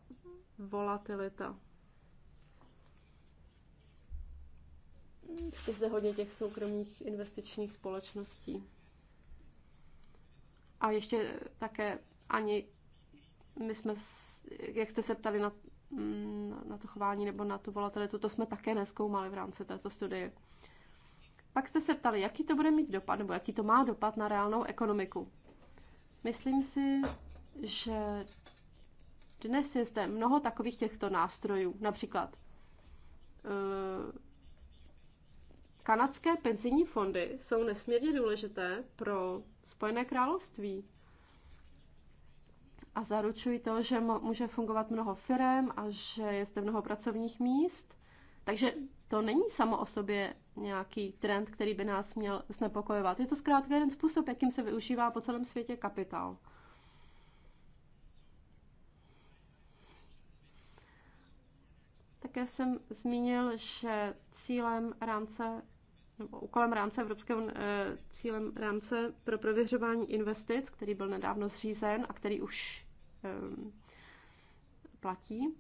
volatilita. Je zde hodně těch soukromých investičních společností. A ještě také ani my jsme, jak jste se ptali mm, na, na to chování nebo na tu volatilitu, to jsme také neskoumali v rámci této studie. Pak jste se ptali, jaký to bude mít dopad, nebo jaký to má dopad na reálnou ekonomiku. Myslím si, že dnes je zde mnoho takových těchto nástrojů, například eh, kanadské penzijní fondy jsou nesmírně důležité pro Spojené království. A zaručují to, že může fungovat mnoho firm a že je zde mnoho pracovních míst. Takže to není samo o sobě nějaký trend, který by nás měl znepokojovat. Je to zkrátka jeden způsob, jakým se využívá po celém světě kapitál. Také jsem zmínil, že cílem rámce nebo úkolem rámce Evropského eh, cílem rámce pro prověřování investic, který byl nedávno zřízen a který už eh, platí,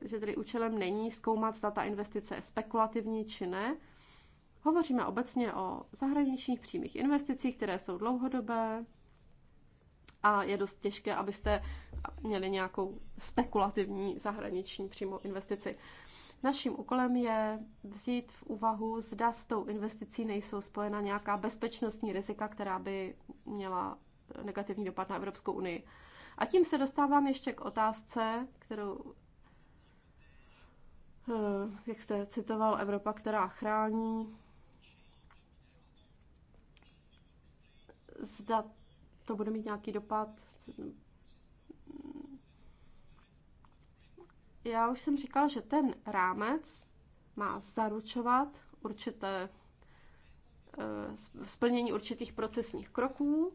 že tedy účelem není zkoumat, zda ta investice je spekulativní či ne. Hovoříme obecně o zahraničních přímých investicích, které jsou dlouhodobé a je dost těžké, abyste měli nějakou spekulativní zahraniční přímou investici. Naším úkolem je vzít v úvahu, zda s tou investicí nejsou spojena nějaká bezpečnostní rizika, která by měla eh, negativní dopad na Evropskou unii. A tím se dostávám ještě k otázce, kterou, eh, jak jste citoval, Evropa, která chrání. Zda to bude mít nějaký dopad, Já už jsem říkal, že ten rámec má zaručovat určité eh, splnění určitých procesních kroků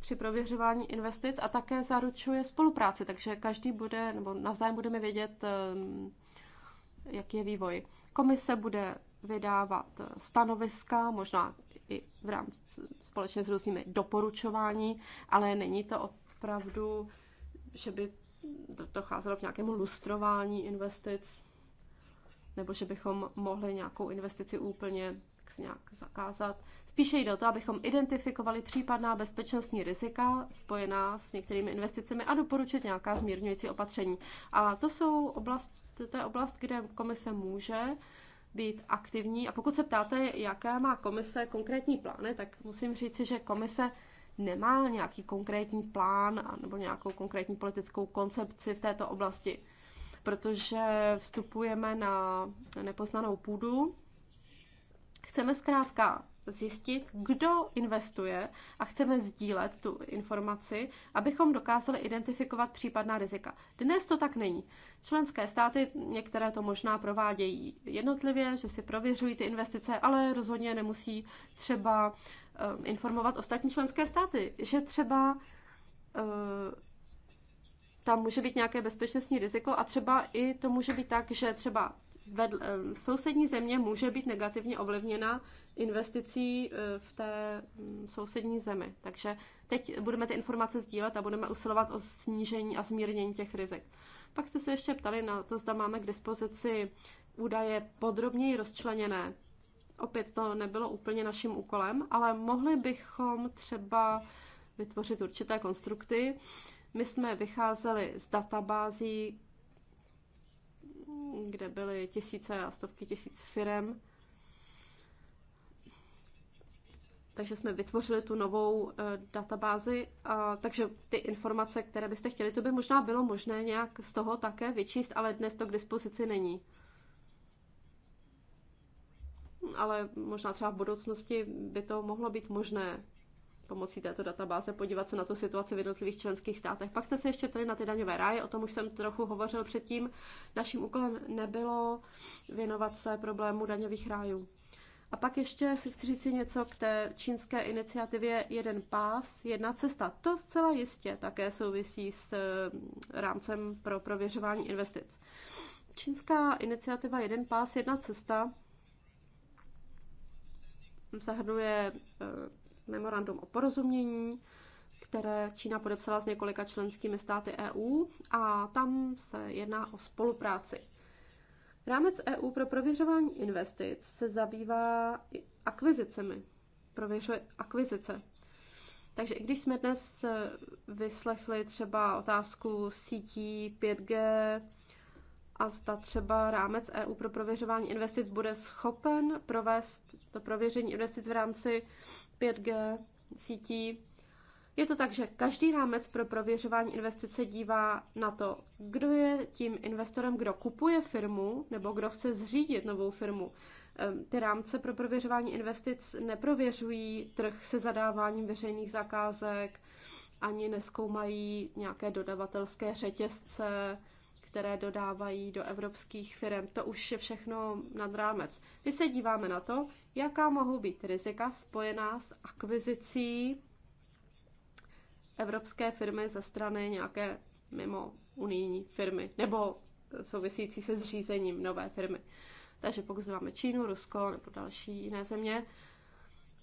při prověřování investic a také zaručuje spolupráci, takže každý bude, nebo navzájem budeme vědět, eh, jaký je vývoj. Komise bude vydávat stanoviska, možná i v rámci společně s různými doporučování, ale není to opravdu, že by docházelo k nějakému lustrování investic, nebo že bychom mohli nějakou investici úplně nějak zakázat. Spíše jde o to, abychom identifikovali případná bezpečnostní rizika spojená s některými investicemi a doporučit nějaká zmírňující opatření. A to jsou oblast, to je oblast, kde komise může být aktivní. A pokud se ptáte, jaké má komise konkrétní plány, tak musím říci, že komise nemá nějaký konkrétní plán nebo nějakou konkrétní politickou koncepci v této oblasti, protože vstupujeme na nepoznanou půdu. Chceme zkrátka zjistit, kdo investuje a chceme sdílet tu informaci, abychom dokázali identifikovat případná rizika. Dnes to tak není. Členské státy některé to možná provádějí jednotlivě, že si prověřují ty investice, ale rozhodně nemusí třeba Eh, informovat ostatní členské státy, že třeba eh, tam může být nějaké bezpečnostní riziko a třeba i to může být tak, že třeba vedle, eh, sousední země může být negativně ovlivněna investicí v té hm, sousední zemi. Takže teď budeme ty informace sdílet a budeme usilovat o snížení a zmírnění těch rizik. Pak jste se ještě ptali na to, zda máme k dispozici údaje podrobněji rozčleněné Opět to nebylo úplně naším úkolem, ale mohli bychom třeba vytvořit určité konstrukty. My jsme vycházeli z databází, kde byly tisíce a stovky tisíc firem. Takže jsme vytvořili tu novou eh, databázi, a, takže ty informace, které byste chtěli, to by možná bylo možné nějak z toho také vyčíst, ale dnes to k dispozici není ale možná třeba v budoucnosti by to mohlo být možné pomocí této databáze podívat se na tu situaci v jednotlivých členských státech. Pak jste se ještě ptali na ty daňové ráje, o tom už jsem trochu hovořil předtím. Naším úkolem nebylo věnovat se problému daňových rájů. A pak ještě si chci říct něco k té čínské iniciativě Jeden pás, jedna cesta. To zcela jistě také souvisí s eh, rámcem pro prověřování investic. Čínská iniciativa Jeden pás, jedna cesta zahrnuje eh, memorandum o porozumění, které Čína podepsala s několika členskými státy EU a tam se jedná o spolupráci. Rámec EU pro prověřování investic se zabývá i akvizicemi. Prověřuje akvizice. Takže i když jsme dnes eh, vyslechli třeba otázku sítí 5G a zda třeba rámec EU pro prověřování investic bude schopen provést to prověření investic v rámci 5G sítí. Je to tak, že každý rámec pro prověřování investice dívá na to, kdo je tím investorem, kdo kupuje firmu nebo kdo chce zřídit novou firmu. Ehm, ty rámce pro prověřování investic neprověřují trh se zadáváním veřejných zakázek, ani neskoumají nějaké dodavatelské řetězce, které dodávají do evropských firm. To už je všechno nad rámec. My se díváme na to, jaká mohou být rizika spojená s akvizicí evropské firmy ze strany nějaké mimo unijní firmy nebo související se zřízením nové firmy. Takže pokud máme Čínu, Rusko nebo další jiné země,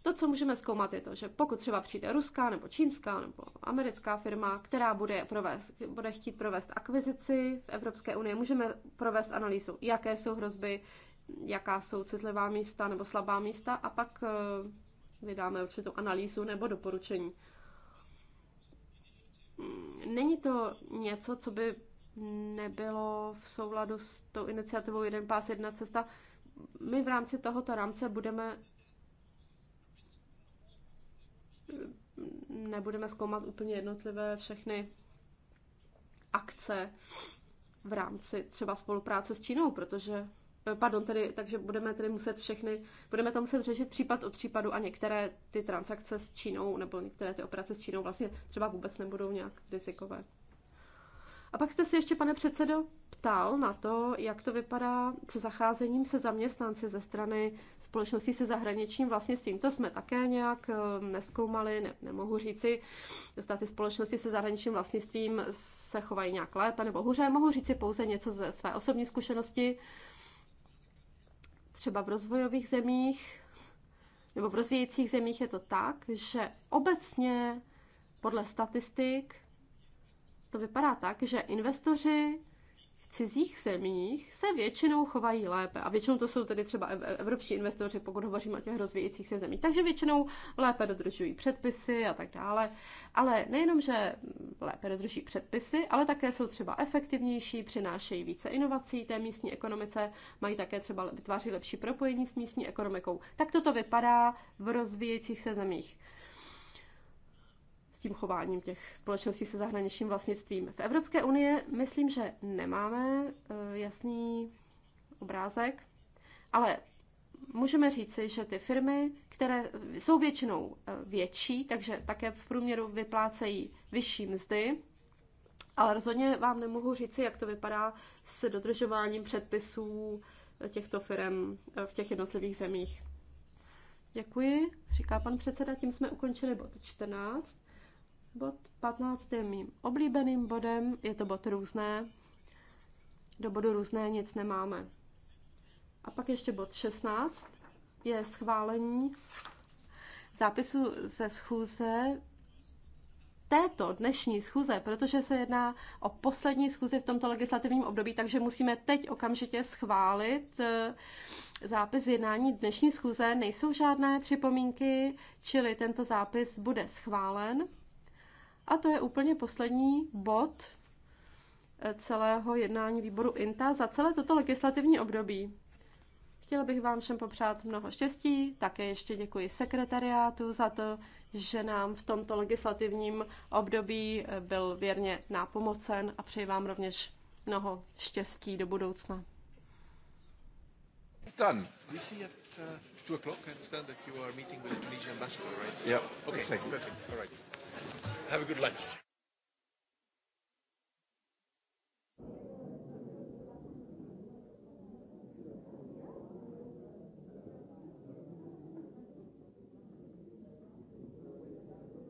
to, co můžeme zkoumat, je to, že pokud třeba přijde ruská nebo čínská nebo americká firma, která bude, provést, bude chtít provést akvizici v Evropské unii, můžeme provést analýzu, jaké jsou hrozby, jaká jsou citlivá místa nebo slabá místa a pak eh, vydáme určitou analýzu nebo doporučení. Mm, není to něco, co by nebylo v souladu s tou iniciativou Jeden pás, jedna cesta. My v rámci tohoto rámce budeme nebudeme zkoumat úplně jednotlivé všechny akce v rámci třeba spolupráce s Čínou, protože eh, pardon, tedy, takže budeme tedy muset všechny, budeme to muset řešit případ od případu a některé ty transakce s Čínou nebo některé ty operace s Čínou vlastně třeba vůbec nebudou nějak rizikové. A pak jste se ještě, pane předsedo, ptal na to, jak to vypadá se zacházením se zaměstnanci ze strany společností se zahraničním vlastnictvím. To jsme také nějak eh, neskoumali, ne, nemohu říci, zda ty společnosti se zahraničním vlastnictvím se chovají nějak lépe nebo hůře. Mohu říci pouze něco ze své osobní zkušenosti. Třeba v rozvojových zemích nebo v rozvíjejících zemích je to tak, že obecně podle statistik to vypadá tak, že investoři v cizích zemích se většinou chovají lépe. A většinou to jsou tedy třeba evropští investoři, pokud hovoříme o těch rozvíjících se zemích. Takže většinou lépe dodržují předpisy a tak dále. Ale nejenom, že lépe dodržují předpisy, ale také jsou třeba efektivnější, přinášejí více inovací té místní ekonomice, mají také třeba vytváří lepší propojení s místní ekonomikou. Tak toto vypadá v rozvíjejících se zemích tím chováním těch společností se zahraničním vlastnictvím. V Evropské unii myslím, že nemáme eh, jasný obrázek, ale můžeme říci, že ty firmy, které jsou většinou eh, větší, takže také v průměru vyplácejí vyšší mzdy, ale rozhodně vám nemohu říci, jak to vypadá s dodržováním předpisů eh, těchto firm v těch jednotlivých zemích. Děkuji, říká pan předseda, tím jsme ukončili bod 14. Bod 15 je mým oblíbeným bodem, je to bod různé. Do bodu různé nic nemáme. A pak ještě bod 16 je schválení zápisu ze schůze této dnešní schůze, protože se jedná o poslední schůzi v tomto legislativním období, takže musíme teď okamžitě schválit eh, zápis jednání dnešní schůze. Nejsou žádné připomínky, čili tento zápis bude schválen. A to je úplně poslední bod eh, celého jednání výboru INTA za celé toto legislativní období. Chtěla bych vám všem popřát mnoho štěstí, také ještě děkuji sekretariátu za to, že nám v tomto legislativním období eh, byl věrně nápomocen a přeji vám rovněž mnoho štěstí do budoucna.
Done two o'clock, I understand that you are meeting with the Tunisian ambassador, right? Yeah. Okay, exactly. perfect. All right. Have a good lunch.